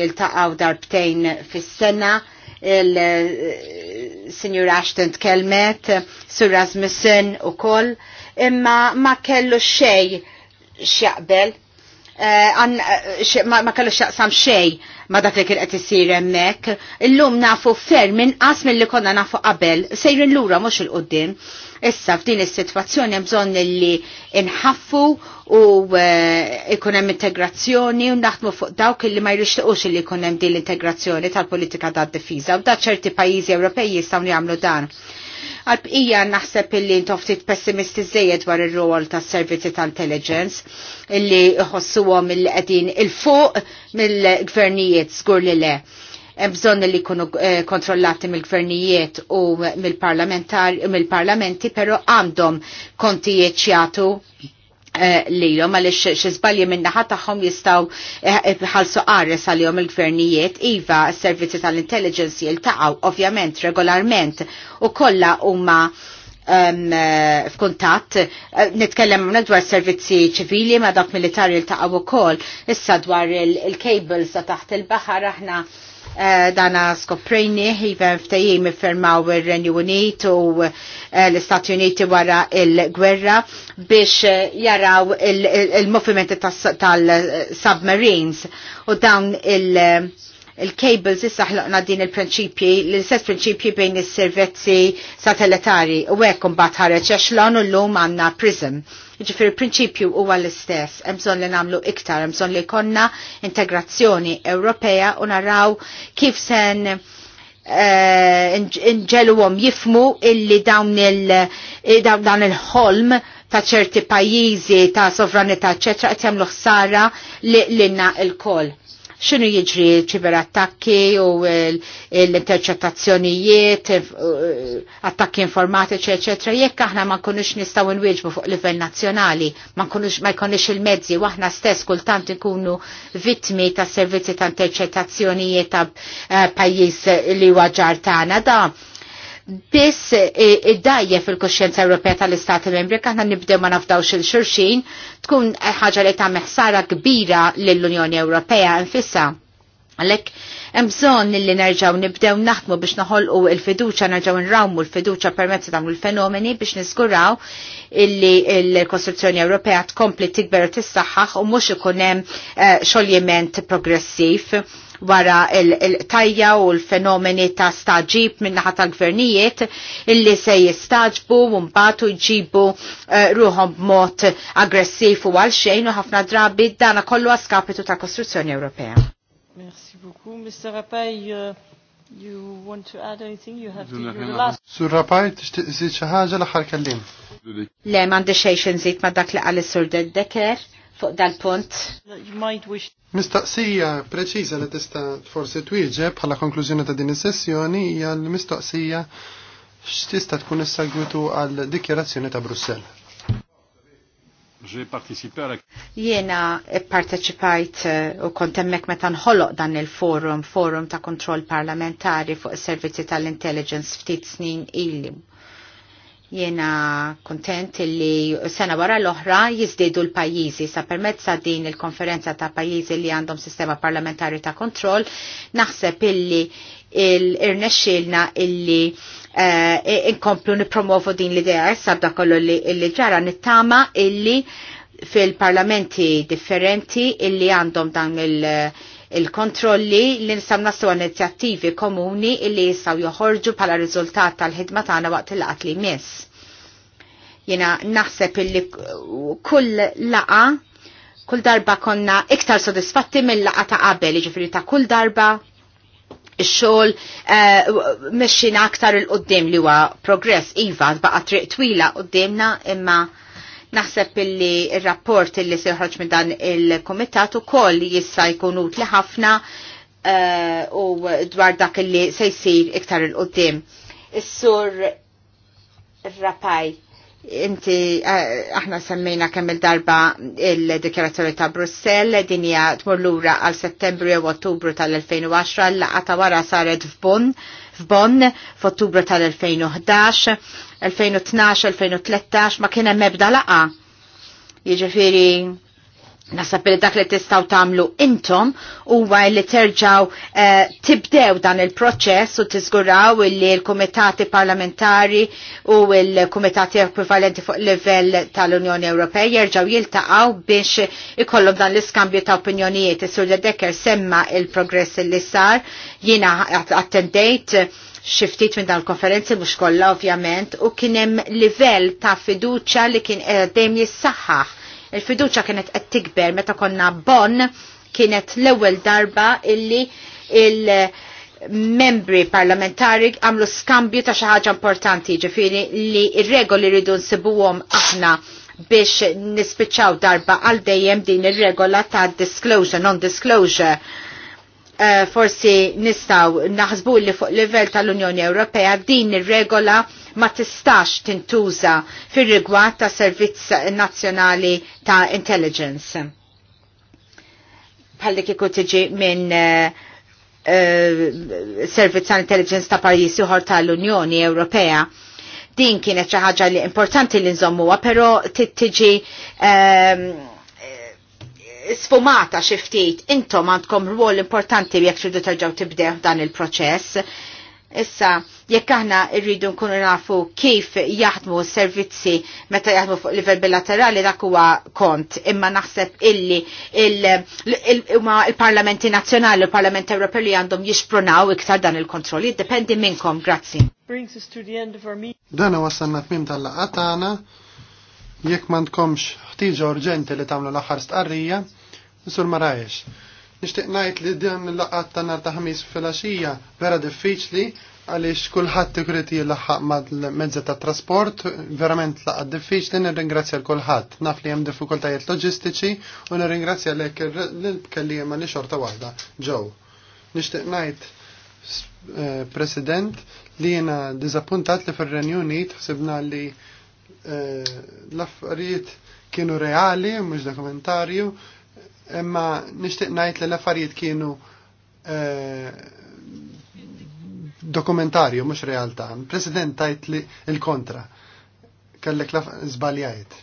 jiltaqgħu darbtejn fis-sena il-Sinjur Ashton tkellmet, Sur Rasmussen u koll, imma ma kellu xej xjaqbel Eh, eh, ma kellu xaqsam xej ma dak li kien qed isir hemmhekk. Illum nafu ferm inqas milli konna nafu qabel, sejrin lura mhux il-qudiem. Issa f'din is-sitwazzjoni hemm bżonn li inħaffu u eh, ikun hemm integrazzjoni u naħdmu fuq dawk li ma jrixtiqux li jkun hemm din l-integrazzjoni tal-politika tad-difiża u da ċerti pajjiżi Ewropej jistgħu jagħmlu dan Għalbqija naħseb illi ftit pessimisti zzejed dwar ir-rol tas servizi ta' intelligence illi għom il-qegħdin il-fuq mill-gvernijiet żgur li le. Hemm bżonn li jkunu eh, kontrollati mill-gvernijiet u mill-parlamenti, pero però għandhom kontijiet jagħtu Eh, lilhom għaliex xi żbalji min-naħa tagħhom jistgħu eh, eh, ħalsu qares għalihom il-gvernijiet iva s-servizzi tal-intelligence jiltaqgħu ovvjament regolarment u kollha huma f'kuntatt nitkellem minn dwar servizzi ċivili ma dak militari jiltaqgħu wkoll issa dwar il-cables ta' taħt il-baħar aħna Eh, dana skoprejni ħivem ftajim firmaw il-Renju Unit u eh, l-Istati Uniti wara il-gwerra biex eh, jaraw il-movimenti tal-submarines u dawn il- il-cables issa ħloqna din il-prinċipji, l-istess prinċipji bejn is-servizzi satellitari u hekk bat ħareġ eċlon u llum għandna prism Ġifir il-prinċipju huwa l-istess, hemm bżonn li nagħmlu iktar, hemm bżonn li konna integrazzjoni Ewropea u naraw kif sen eh, nġeluhom jifmu illi eh, dawn il-ħolm ta' ċerti pajjiżi ta' sovranità, eċċetera, qed jagħmlu ħsara lilna l-koll xinu jiġri ċiber attakki u l-interċettazzjonijiet, eh, attakki informatiċi, ecc. Jekk aħna ma nkunux nistaw nwieġbu fuq livell nazzjonali, ma nkunux jkunux il-mezzi, aħna stess kultant ikunu vittmi ta' servizzi ta' interċettazzjonijiet ta' eh, pajjiż li huwa ġartana da' biss id-dajje fil-kosċenza Ewropea tal-Istati Membri, kaħna nibdew ma nafdawx il-xurxin, tkun ħaġa li ta' meħsara kbira l-Unjoni Ewropea nfissa. Għalek, bżon li nerġaw nibdew naħdmu biex naħolqu il-fiduċa, nerġaw nrawmu il-fiduċa permezz dawn il-fenomeni biex niskuraw illi l-Kostruzzjoni Ewropea tkompli tikber u tissaħħaħ u mux ikunem eh, xoljiment progressiv wara il-tajja u l-fenomeni ta' staġib minnaħa tal-gvernijiet illi se jistaġbu u mbatu jġibu eh, ruħom b'mod aggressiv u għalxejn u ħafna drabi dana kollu għaskapitu ta' kostruzzjoni Ewropea. Merci beaucoup, Mr. Rapaj. Uh, you want to add anything? You have to do the last. Sur Rapaj, t xi ħaġa l Le mandi xejn zit ma' dak li għalli is-sur Dekker fuq dal-punt. Mistoqsija preċiża li tista' forsi twieġeb bħala konklużjoni ta' din is-sessjoni hija l-mistoqsija x'tista' tkun is-segwitu għal dikjarazzjoni ta' Brussell. Jiena parteċipajt eh, u kont hemmhekk meta nħoloq dan il-forum, forum ta' kontroll parlamentari fuq is-servizzi tal-intelligence ftit snin ilim Jena kontent li sena wara l-oħra jizdidu l-pajizi sa permezza din il-konferenza ta' pajizi li għandhom sistema parlamentari ta' kontroll naħseb illi il-irnexxilna illi uh, inkomplu nipromovu din l-idea sabda kollu li ġara nittama illi fil-parlamenti differenti illi għandhom dan il- uh, il-kontrolli li nistaw naslu inizjattivi komuni li jistaw joħorġu pala riżultat tal-ħidma tagħna waqt il laqat li mis. Jena naħseb illi kull laqa, kull darba konna iktar sodisfatti mill-laqa ta' qabel, ġifri ta' kull darba il-xol uh, eh, aktar il-qoddim li huwa progress iva baqa' triq twila qoddimna imma Naħseb illi il-rapport illi joħroġ minn dan il-komitat u koll jissa jkun utli ħafna eh, u dwar dak illi se jsir iktar il-qoddim. Is-sur Rapaj, inti eh, aħna semmejna kemm il-darba il dikjaratori ta' Brussell din hija tmur lura għal Settembru u Ottubru tal-2010 l għata wara saret f'Bonn f'Ottubru tal-2011 2012-2013 ma kien hemm ebda laqa. Jiġifieri nasab li dak li tistgħu tagħmlu intom huwa li terġaw uh, eh, tibdew dan il-proċess u tiżguraw li l-kumitati parlamentari u l-kumitati ekwivalenti fuq livell tal-Unjoni Ewropej jerġgħu jiltaqgħu biex ikollhom dan l-iskambju ta' opinjonijiet. Is-Sur Decker semma il-progress li sar jiena attendejt xiftit minn dan konferenzi mux kolla ovvjament u kienem livell ta' fiduċa li kien eh, dejjem jissaħħaħ. Il-fiduċa kienet qed tikber meta konna bon kienet l-ewwel darba illi il- membri parlamentari għamlu skambju ta' xi ħaġa importanti ġifiri li r-regoli rridu nsibuhom aħna biex nispiċċaw darba għal dejjem din ir-regola ta' disclosure, non-disclosure Eh, forsi nistaw naħsbu li fuq livell tal-Unjoni Ewropea din ir-regola ma tistax tintuża fir-rigward ta' servizz nazzjonali ta' intelligence. dik kieku tiġi minn eh, eh, servizz ta' intelligence ta' pajjiż ieħor tal-Unjoni Ewropea. Din kienet xi ħaġa li importanti li nżommuha, però tiġi ehm, sfumata xi ftit, intom għandkom rwol importanti jekk tridu terġgħu tibdew dan il-proċess. Issa, jekk aħna rridu nkunu nafu kif jaħdmu s-servizzi meta jaħdmu fuq livell bilaterali dak huwa kont, imma naħseb illi il-Parlamenti Nazzjonali u l-Parlament Ewropew li għandhom jixpronaw iktar dan il-kontroll. Jiddependi minnkom, grazzi. Dan wasalna tmim tal laqgħa tagħna. jekk m'għandkomx ħtieġa urġenti li tagħmlu l-aħħar stqarrija, Sur Marajex, nixtieq ngħid li din l-laqgħat ta' nar ta' ħamis filgħaxija vera diffiċli għaliex kulħadd ikrid jilaħħaq mal-mezzi ta' trasport, verament laqqat diffiċli nirringrazzja l-kulħadd. Naf li hemm diffikultajiet loġistiċi u nirringrazzja lek l-kelliema li xorta waħda ġew. Nixtieq ngħid eh, President li jena dizappuntat li fil-Renju Unit ħsibna li eh, l-affarijiet kienu reali, mhux dokumentarju, imma nixtieq ngħid li l-affarijiet kienu eh, dokumentarju mhux realtà. president tajt li l-kontra. Kellek la żbaljajt.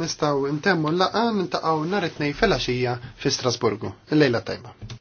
Nistgħu ntemmu l laqan niltaqgħu nhar it-tnejn filgħaxija fi Strasburgu. Il-lejla tajba.